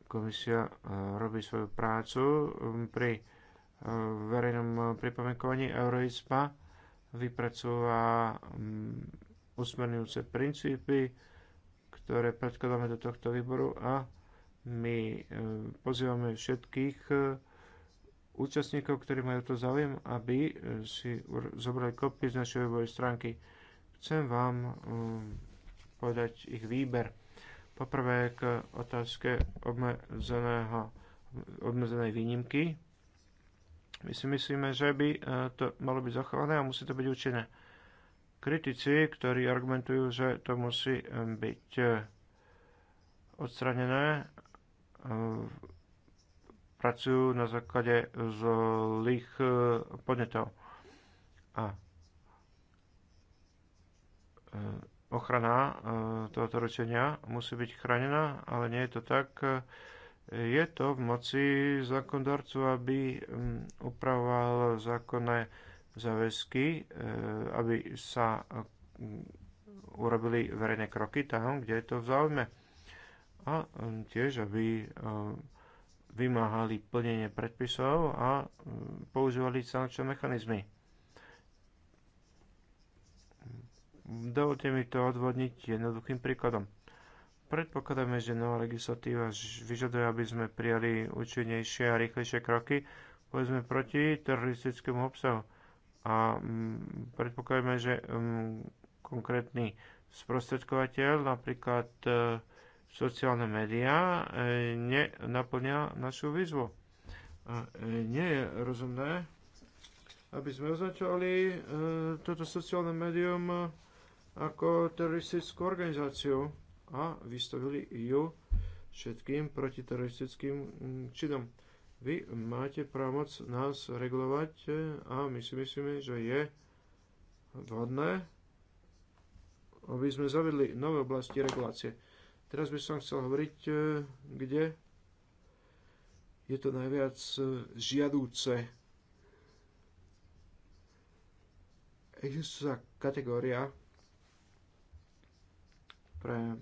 komisia e, robí svoju prácu pri verejnom pripomienkovaní Euroispa vypracúva usmerňujúce princípy, ktoré predkladáme do tohto výboru a my e, pozývame všetkých e, účastníkov, ktorí majú to záujem, aby e, si zobrali kopie z našej webovej stránky. Chcem vám povedať ich výber. Poprvé k otázke obmedzeného, obmedzenej výnimky. My si myslíme, že by to malo byť zachované a musí to byť účinné kritici, ktorí argumentujú, že to musí byť e, odstranené, e, pracujú na základe zlých e, podnetov. A ochrana tohoto ručenia musí byť chránená, ale nie je to tak. Je to v moci zákondarcu, aby upravoval zákonné záväzky, e, aby sa e, urobili verejné kroky tam, kde je to v záujme. A e, tiež, aby vymáhali plnenie predpisov a používali sankčné mechanizmy. Dovolte mi to odvodniť jednoduchým príkladom. Predpokladáme, že nová legislatíva vyžaduje, aby sme prijali účinnejšie a rýchlejšie kroky, povedzme proti teroristickému obsahu a mm, predpokladajme, že mm, konkrétny sprostredkovateľ, napríklad e, sociálne médiá, e, nenaplňa našu výzvu. A e, nie je rozumné, aby sme označovali toto sociálne médium ako teroristickú organizáciu a vystavili ju všetkým protiteroristickým mm, činom. Vy máte právomoc nás regulovať e, a my si myslíme, že je vhodné, aby sme zavedli nové oblasti regulácie. Teraz by som chcel hovoriť, e, kde je to najviac e, žiadúce. Existuje kategória pre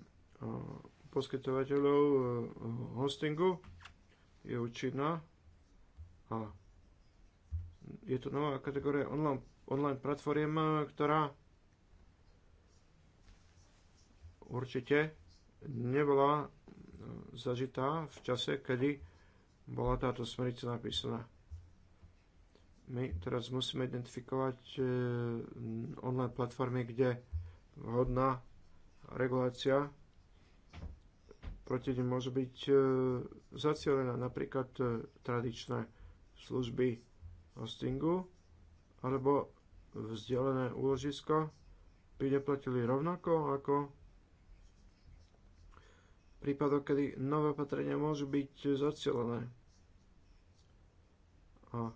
poskytovateľov hostingu, je účinná a je to nová kategória online, online platform, ktorá určite nebola e, zažitá v čase, kedy bola táto smerica napísaná. My teraz musíme identifikovať e, online platformy, kde vhodná regulácia proti nim môže byť e, zacielená, napríklad tradičné služby hostingu alebo vzdialené úložisko by neplatili rovnako ako prípadoch kedy nové opatrenia môžu byť zacielené. A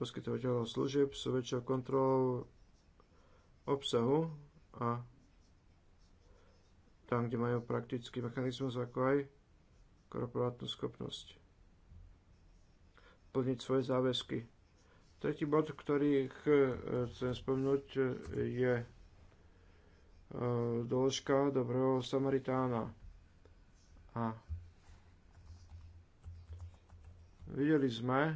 poskytovateľov služieb sú väčšou kontrolou obsahu a tam, kde majú praktický mechanizmus, ako aj korporátnu schopnosť plniť svoje záväzky. Tretí bod, ktorý chcem eh, spomenúť, eh, je eh, doložka dobrého Samaritána. A videli sme,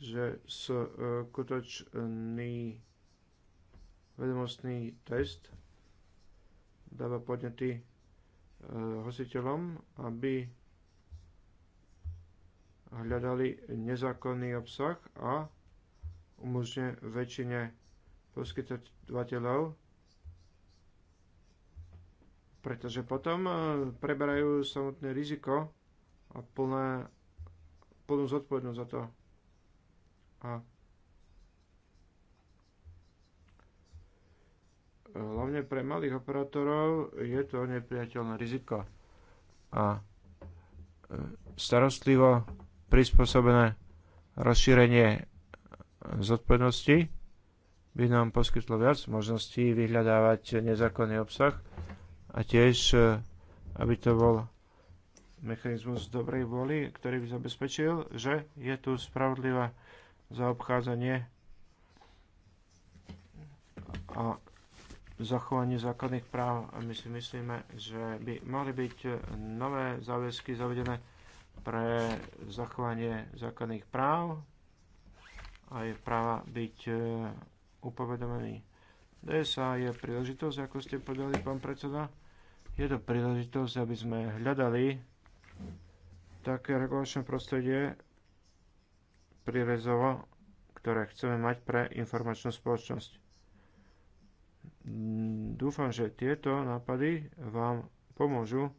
že skutočný vedomostný test dáva podnety hositeľom, aby hľadali nezákonný obsah a umožňuje väčšine poskytovateľov, pretože potom e, preberajú samotné riziko a plné, plnú zodpovednosť za to. A hlavne pre malých operátorov je to nepriateľné riziko. A e, starostlivo prispôsobené rozšírenie zodpovednosti by nám poskytlo viac možností vyhľadávať nezákonný obsah a tiež, e, aby to bol mechanizmus dobrej vôly, ktorý by zabezpečil, že je tu spravodlivé zaobchádzanie a zachovanie základných práv. A my si myslíme, že by mali byť nové záväzky zavedené pre zachovanie základných práv a je práva byť e, upovedomený. DSA je príležitosť, ako ste povedali, pán predseda. Je to príležitosť, aby sme hľadali také regulačné prostredie prirezovo, ktoré chceme mať pre informačnú spoločnosť. Dúfam, že tieto nápady vám pomôžu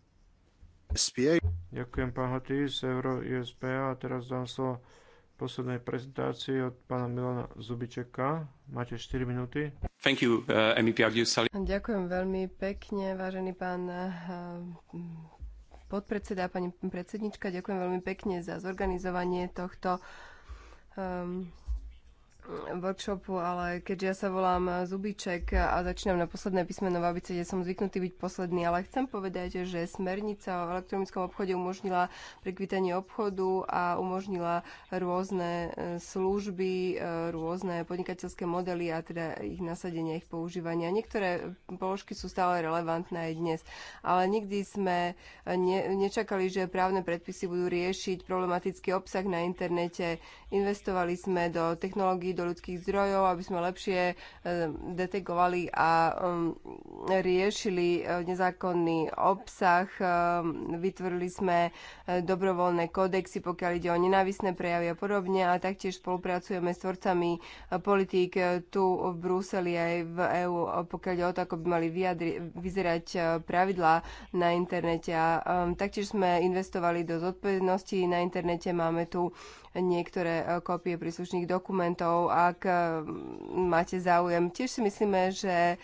Ďakujem, pán Hotis, Euro USB A teraz dám slovo poslednej prezentácii od pána Milana Zubičeka. Máte 4 minúty. Thank you, uh, MEP Ďakujem veľmi pekne, vážený pán uh, podpredseda, pani predsednička, ďakujem veľmi pekne za zorganizovanie tohto um, workshopu, ale keďže ja sa volám Zubiček a začínam na posledné písmeno v abicede, som zvyknutý byť posledný, ale chcem povedať, že smernica o elektronickom obchode umožnila prekvitanie obchodu a umožnila rôzne e, služby, e, rôzne podnikateľské modely a teda ich nasadenie, ich používania. Niektoré položky sú stále relevantné aj dnes, ale nikdy sme e, ne, nečakali, že právne predpisy budú riešiť problematický obsah na internete. Investovali sme do technológií, do ľudských zdrojov, aby sme lepšie eh, detekovali a mm, riešili eh, nezákonný obsah. Eh, vytvorili sme dobrovoľné kodexy, pokiaľ ide o nenávisné prejavy a podobne a taktiež spolupracujeme s tvorcami politík tu v Bruseli aj v EÚ, pokiaľ ide o to, ako by mali vyjadri- vyzerať pravidlá na internete. A taktiež sme investovali do zodpovednosti na internete. Máme tu niektoré e, kopie príslušných dokumentov, ak e, máte záujem. Tiež si myslíme, že e,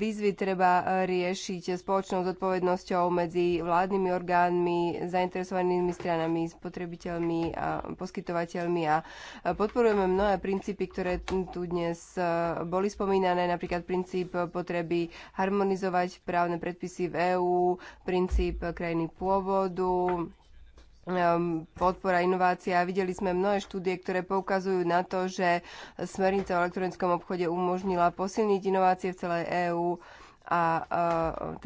výzvy treba riešiť spoločnou zodpovednosťou medzi vládnymi orgánmi, zainteresovanými stranami, spotrebiteľmi a poskytovateľmi a podporujeme mnohé princípy, ktoré tu dnes boli spomínané, napríklad princíp potreby harmonizovať právne predpisy v EÚ, princíp krajiny pôvodu, Ehm, podpora inovácia. Videli sme mnohé štúdie, ktoré poukazujú na to, že smernica o elektronickom obchode umožnila posilniť inovácie v celej EÚ a eh,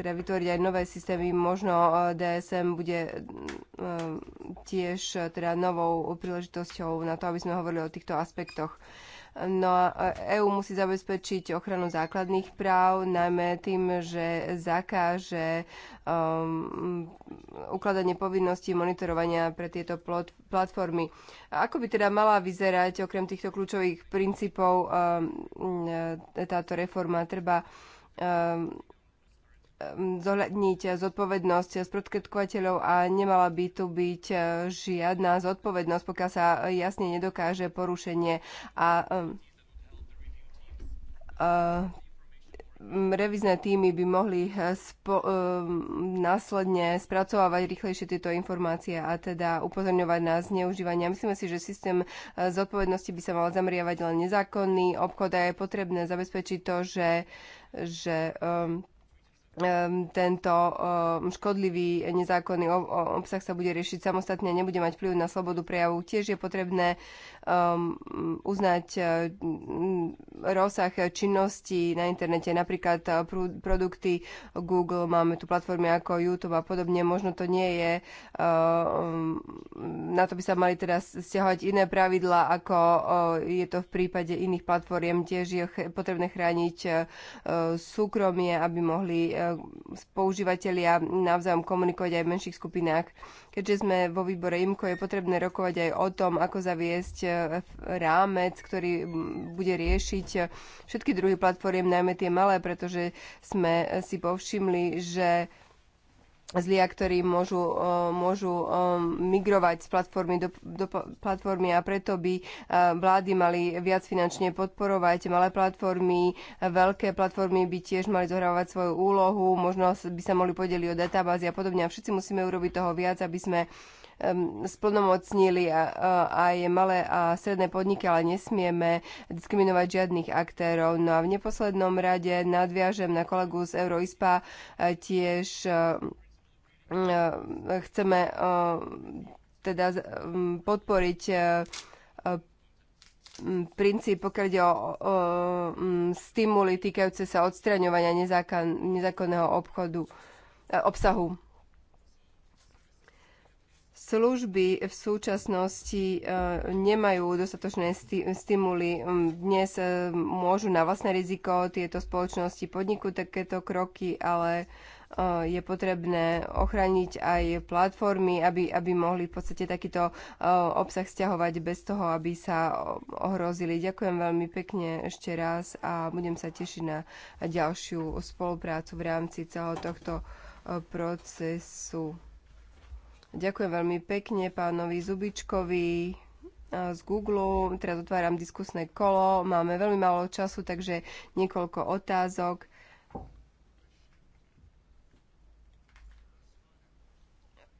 teda vytvoriť aj nové systémy. Možno eh, DSM bude ehm, tiež eh, teda novou príležitosťou na to, aby sme hovorili o týchto aspektoch. No a EÚ musí zabezpečiť ochranu základných práv, najmä tým, že zakáže um, ukladanie povinností monitorovania pre tieto plot, platformy. A ako by teda mala vyzerať okrem týchto kľúčových princípov um, e, táto reforma? Treba um, Ehm, zohľadniť zodpovednosť sprostredkovateľov a nemala by tu byť eh, žiadna zodpovednosť, pokiaľ sa jasne nedokáže porušenie a, ehm, ehm, revizné týmy by mohli eh, spo, e, následne spracovávať rýchlejšie tieto informácie a teda upozorňovať na zneužívania. Myslíme si, že systém eh, zodpovednosti by sa mal zameriavať len nezákonný obchod a je potrebné zabezpečiť to, že, že e, tento škodlivý nezákonný obsah sa bude riešiť samostatne, nebude mať vplyv na slobodu prejavu. Tiež je potrebné uznať rozsah činnosti na internete, napríklad eh, produkty Google, máme tu platformy ako YouTube a podobne, možno to nie je, na to by sa mali teda stiahovať iné pravidla, ako eh, je to v prípade iných platform, tiež je potrebné chrániť eh, súkromie, aby mohli E, používateľia navzájom komunikovať aj v menších skupinách. Keďže sme vo výbore IMKO, je potrebné rokovať aj o tom, ako zaviesť e, rámec, ktorý bude riešiť všetky druhy platformiem, najmä tie malé, pretože sme si povšimli, že zlia, ktorí môžu, eh, môžu eh, migrovať z platformy do, do platformy a preto by eh, vlády mali viac finančne podporovať malé platformy, veľké platformy by tiež mali zohrávať svoju úlohu, možno by sa mohli podeliť o databázy a podobne. A všetci musíme urobiť toho viac, aby sme splnomocnili aj malé a stredné podniky, ale nesmieme diskriminovať žiadnych aktérov. No a v neposlednom rade nadviažem na kolegu z Euroispa tiež Eh, chceme eh, teda mm, podporiť eh, mm, princíp, pokiaľ ide o, o mm, stimuly týkajúce sa odstraňovania nezákon, nezákonného obchodu, obsahu. Služby v súčasnosti nemajú dostatočné sti, stimuly. Dnes môžu na vlastné riziko tieto spoločnosti podniknúť takéto kroky, ale Eh, je potrebné ochrániť aj platformy, aby, aby mohli v podstate takýto eh, obsah stiahovať bez toho, aby sa eh, ohrozili. Ďakujem veľmi pekne ešte raz a budem sa tešiť na ďalšiu spoluprácu v rámci celého tohto procesu. Ďakujem veľmi pekne pánovi Zubičkovi z Google. Teraz otváram diskusné kolo. Máme veľmi málo času, takže niekoľko otázok.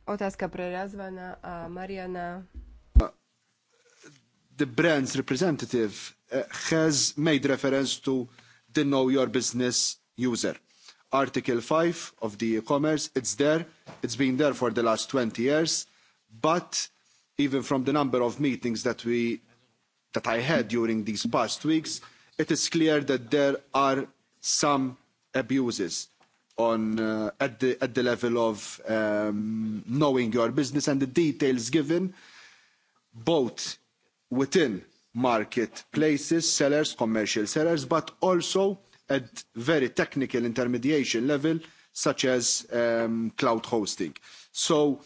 Otázka pre Razvana a Mariana. The brand's representative eh, has made reference to the Know Your Business user. Article 5 of the e-commerce, it's there. It's been there for the last 20 years. But even from the number of meetings that, we, that I had during these past weeks, it is clear that there are some abuses on uh, at the at the level of um, knowing your business and the details given both within marketplaces sellers commercial sellers but also at very technical intermediation level such as um, cloud hosting so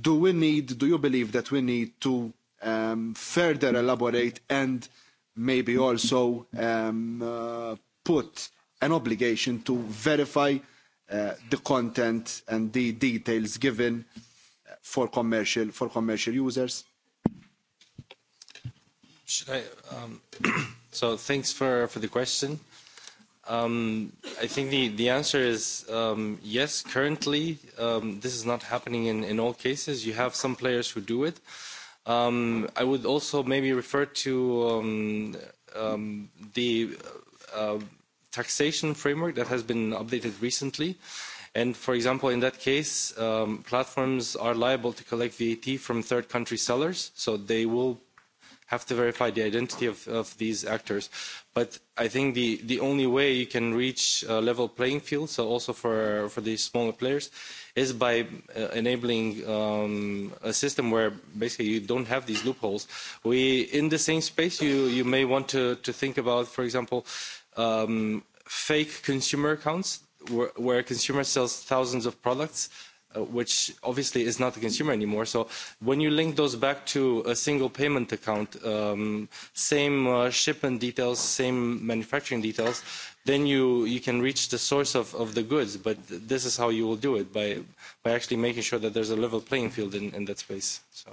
do we need do you believe that we need to um, further elaborate and maybe also um, uh, put an obligation to verify uh, the content and the details given uh, for commercial for commercial users? Should I, um, <clears throat> so thanks for, for the question. Um, I think the, the answer is um, yes, currently um, this is not happening in, in all cases. You have some players who do it. Um, I would also maybe refer to um, um, the uh, taxation framework that has been updated recently. And for example, in that case, um, platforms are liable to collect VAT from third country sellers, so they will have to verify the identity of, of these actors. But I think the, the only way you can reach a level playing field, so also for, for the smaller players, is by uh, enabling um, a system where basically you don't have these loopholes. We, in the same space, you, you may want to, to think about, for example, um, fake consumer accounts where, where a consumer sells thousands of products uh, which obviously is not a consumer anymore. So when you link those back to a single payment account, um, same uh, shipment details, same manufacturing details, then you, you can reach the source of, of the goods. But this is how you will do it by, by actually making sure that there's a level playing field in, in that space. So.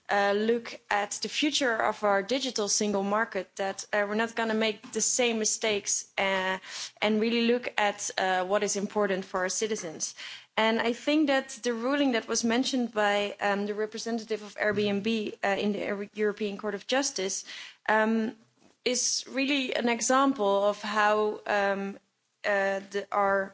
uh, look at the future of our digital single market that uh, we're not going to make the same mistakes uh, and really look at uh, what is important for our citizens. And I think that the ruling that was mentioned by um, the representative of Airbnb uh, in the European Court of Justice um, is really an example of how um, uh, the, our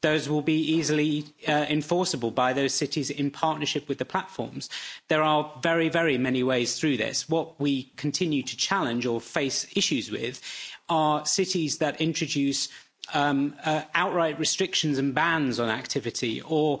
those will be easily uh, enforceable by those cities in partnership with the platforms. There are very, very many ways through this. What we continue to challenge or face issues with are cities that introduce um, uh, outright restrictions and bans on activity or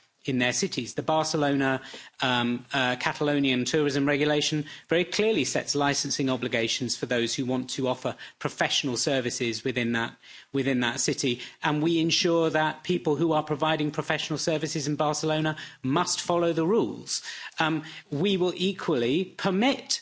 in their cities. The Barcelona um, uh, Catalonian tourism regulation very clearly sets licensing obligations for those who want to offer professional services within that, within that city. And we ensure that people who are providing professional services in Barcelona must follow the rules. Um, we will equally permit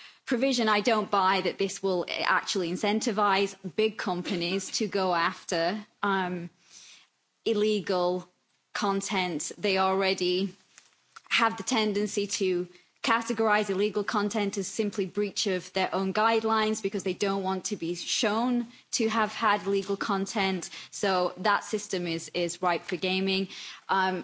provision i don't buy that this will actually incentivise big companies to go after um, illegal content they already have the tendency to categorise illegal content as simply breach of their own guidelines because they don't want to be shown to have had legal content so that system is is ripe for gaming um,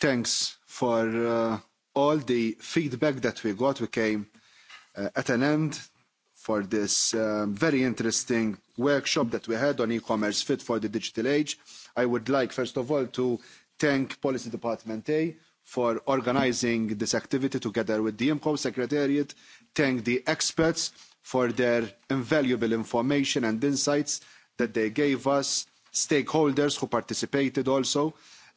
thanks for uh, all the feedback that we got. We came uh, at an end for this uh, very interesting workshop that we had on e-commerce fit for the digital age. I would like, first of all, to thank Policy Department A for organising this activity together with the IMCO Secretariat, thank the experts for their invaluable information and insights that they gave us, stakeholders who participated also, uh,